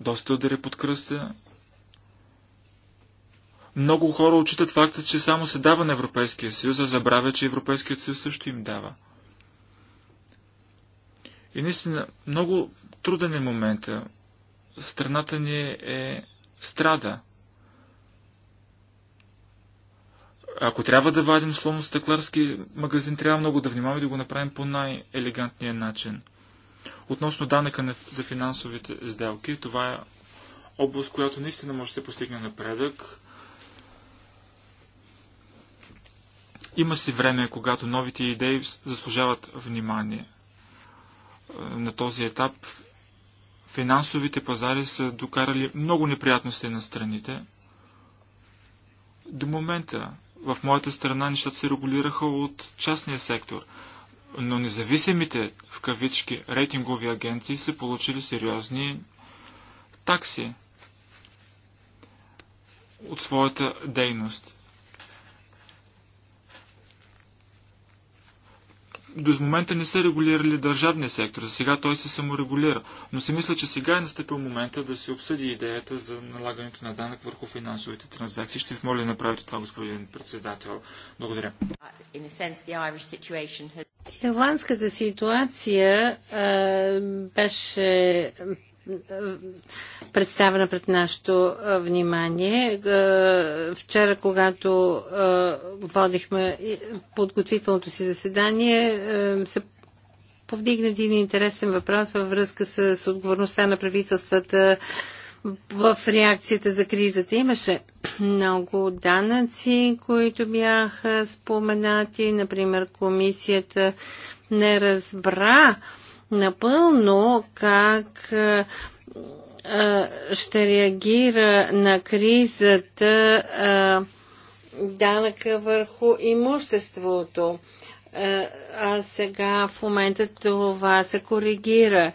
B: доста удари под кръста. Много хора отчитат факта, че само се дава на Европейския съюз, а забравя, че Европейският съюз също им дава. И наистина, много труден е момента. Страната ни е страда. Ако трябва да вадим словно стъкларски магазин, трябва много да внимаваме да го направим по най-елегантния начин. Относно данъка за финансовите сделки, това е област, която наистина може да се постигне напредък. Има си време, когато новите идеи заслужават внимание на този етап финансовите пазари са докарали много неприятности на страните. До момента в моята страна нещата се регулираха от частния сектор, но независимите в кавички рейтингови агенции са получили сериозни такси от своята дейност. до момента не са регулирали държавния сектор, за сега той се саморегулира. Но се мисля, че сега е настъпил момента да се обсъди идеята за налагането на данък върху финансовите транзакции. Ще ви моля да направите това, господин председател. Благодаря.
A: Uh, Ирландската ситуация а, беше представена пред нашето внимание. Вчера, когато водихме подготвителното си заседание, се повдигна един интересен въпрос във връзка с отговорността на правителствата в реакцията за кризата. Имаше много данъци, които бяха споменати. Например, комисията не разбра напълно как е, е, ще реагира на кризата е, данъка върху имуществото. А сега в момента това се коригира.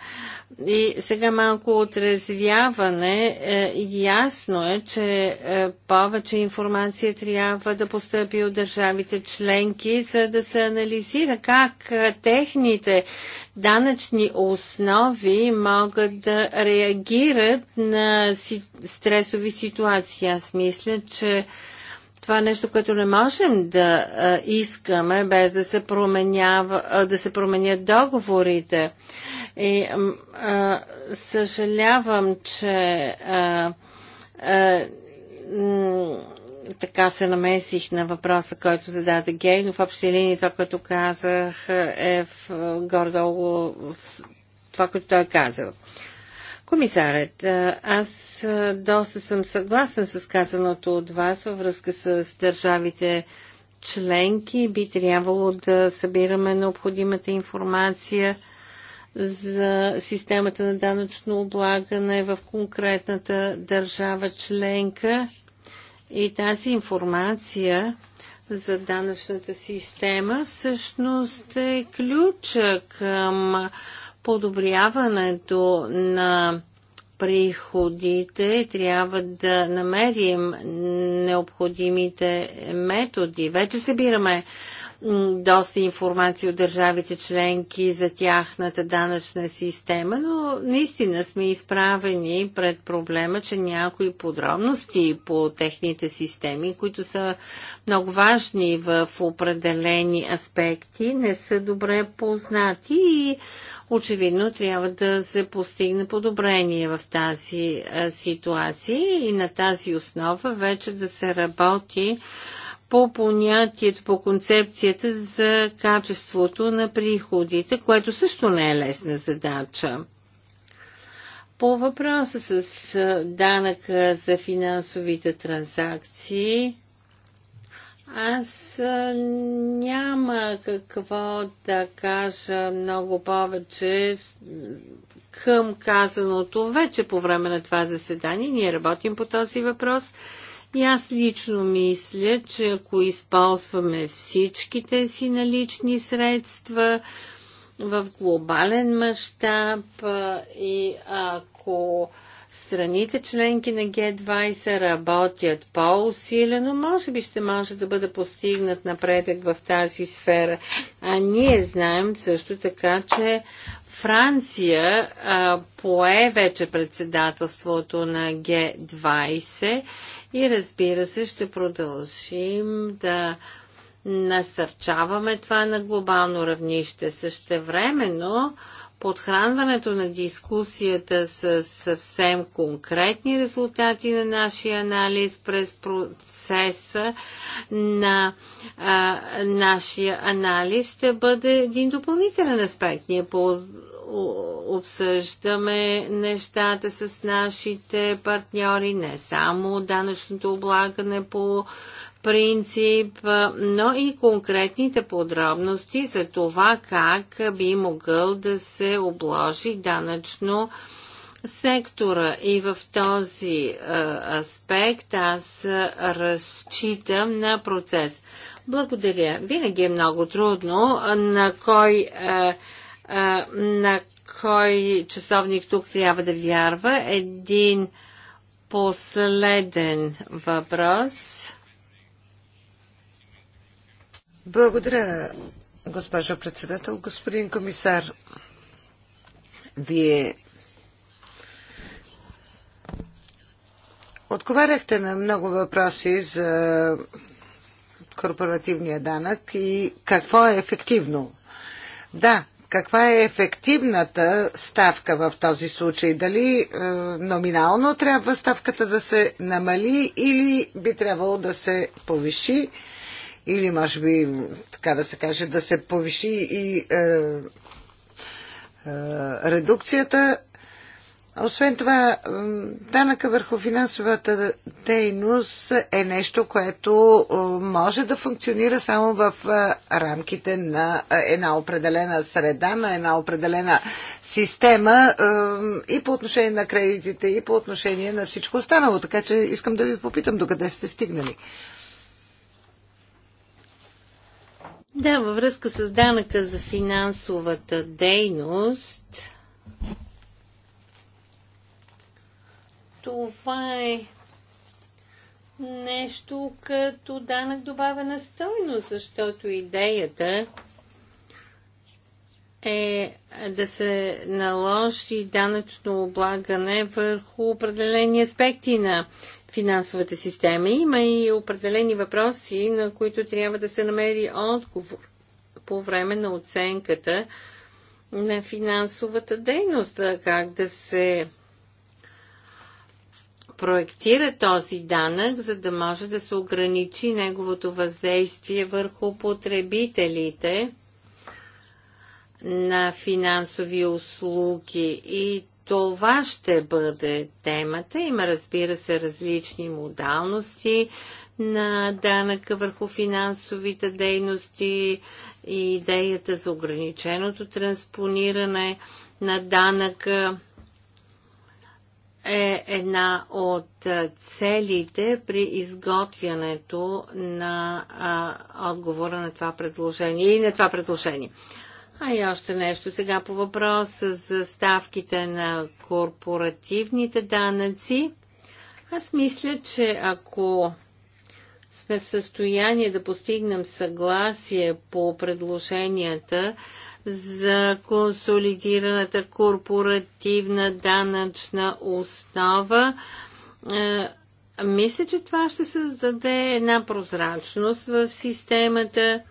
A: И сега малко отрезвяване. Е, ясно е, че е, повече информация трябва да постъпи от държавите членки, за да се анализира как е, техните данъчни основи могат да реагират на стресови ситуации. Аз мисля, че това е нещо, което не можем да искаме, без да се, променява, да се променят договорите. И а, съжалявам, че а, а, така се намесих на въпроса, който зададе Гей, но в общи линии това, което казах е в гордо това, което той е казал. Комисарят, аз доста съм съгласен с казаното от вас във връзка с държавите членки. Би трябвало да събираме необходимата информация за системата на данъчно облагане в конкретната държава членка и тази информация за данъчната система всъщност е ключа към подобряването на приходите трябва да намерим необходимите методи. Вече събираме доста информация от държавите членки за тяхната данъчна система, но наистина сме изправени пред проблема, че някои подробности по техните системи, които са много важни в определени аспекти, не са добре познати и очевидно трябва да се постигне подобрение в тази ситуация и на тази основа вече да се работи по понятието, по концепцията за качеството на приходите, което също не е лесна задача. По въпроса с данъка за финансовите транзакции, аз няма какво да кажа много повече към казаното вече по време на това заседание. Ние работим по този въпрос. И аз лично мисля, че ако използваме всичките си налични средства в глобален мащаб и ако страните членки на Г20 работят по-усилено, може би ще може да бъде постигнат напредък в тази сфера. А ние знаем също така, че Франция а, пое вече председателството на Г20 и разбира се ще продължим да насърчаваме това на глобално равнище. също времено подхранването на дискусията с съвсем конкретни резултати на нашия анализ през процеса на а, нашия анализ ще бъде един допълнителен аспект. Ние по обсъждаме нещата с нашите партньори, не само данъчното облагане по принцип, но и конкретните подробности за това как би могъл да се обложи данъчно сектора. И в този аспект аз разчитам на процес. Благодаря. Винаги е много трудно на кой е, на кой часовник тук трябва да вярва. Един последен въпрос. Благодаря,
C: госпожо председател. Господин комисар, вие отговаряхте на много въпроси за корпоративния данък и какво е ефективно. Да, каква е ефективната ставка в този случай? Дали е, номинално трябва ставката да се намали или би трябвало да се повиши? Или може би, така да се каже, да се повиши и е, е, редукцията освен това, данъка върху финансовата дейност е нещо, което е, може да функционира само в е, рамките на е, една определена среда, на една определена система и по отношение на кредитите, и по отношение на всичко останало. Така че искам да ви попитам докъде сте стигнали.
A: Да, във връзка с данъка за финансовата дейност, Това е нещо като данък добавена стойност, защото идеята е да се наложи данъчно облагане върху определени аспекти на финансовата система. Има и определени въпроси, на които трябва да се намери отговор по време на оценката на финансовата дейност, как да се проектира този данък, за да може да се ограничи неговото въздействие върху потребителите на финансови услуги. И това ще бъде темата. Има, разбира се, различни модалности на данъка върху финансовите дейности и идеята за ограниченото транспониране на данъка е една от целите при изготвянето на а, отговора на това предложение и на това предложение. А и още нещо сега по въпроса за ставките на корпоративните данъци. Аз мисля, че ако сме в състояние да постигнем съгласие по предложенията, за консолидираната корпоративна данъчна основа. Е, мисля, че това ще създаде една прозрачност в системата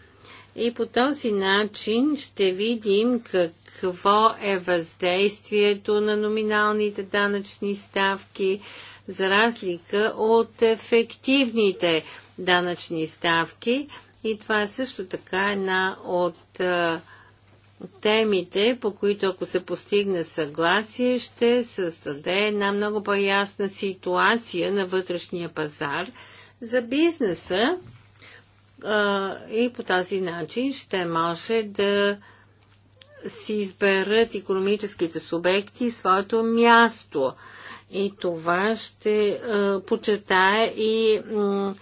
A: и по този начин ще видим какво е въздействието на номиналните данъчни ставки за разлика от ефективните данъчни ставки. И това е също така една от е, темите, по които ако се постигне съгласие, ще създаде една много по-ясна ситуация на вътрешния пазар за бизнеса и по този начин ще може да си изберат економическите субекти своето място. И това ще а, и м-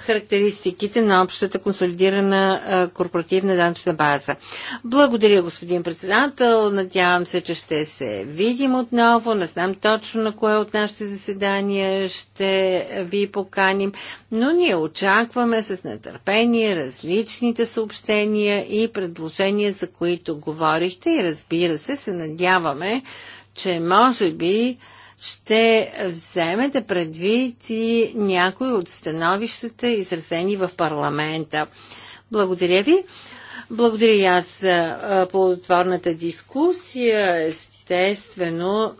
A: характеристиките на общата консолидирана корпоративна данъчна база. Благодаря, господин председател. Надявам се, че ще се видим отново. Не знам точно на кое от нашите заседания ще ви поканим, но ние очакваме с нетърпение различните съобщения и предложения, за които говорихте и разбира се, се надяваме, че може би ще вземете предвид и някои от становищата, изразени в парламента. Благодаря ви. Благодаря и аз за плодотворната дискусия. Естествено,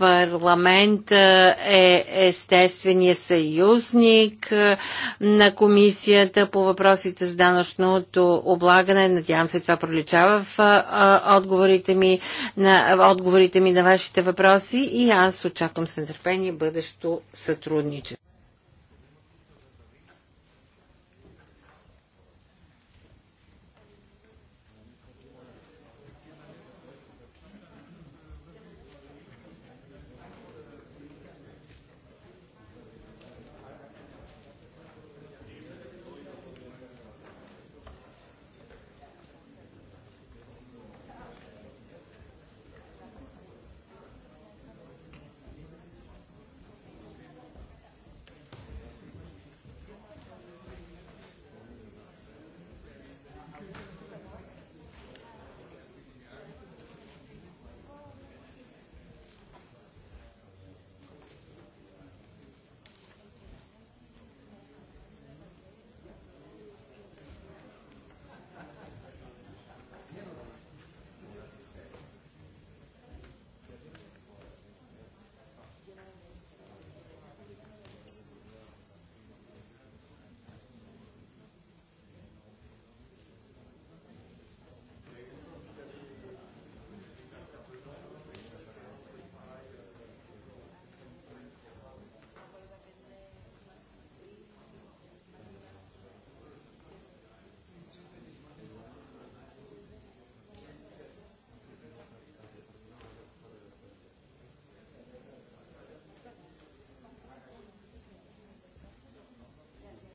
A: Парламент е естествения съюзник е, на комисията по въпросите за данъчното облагане. Надявам се това проличава в е, е, отговорите ми на, отговорите ми на вашите въпроси и аз очаквам с нетърпение бъдещо сътрудничество.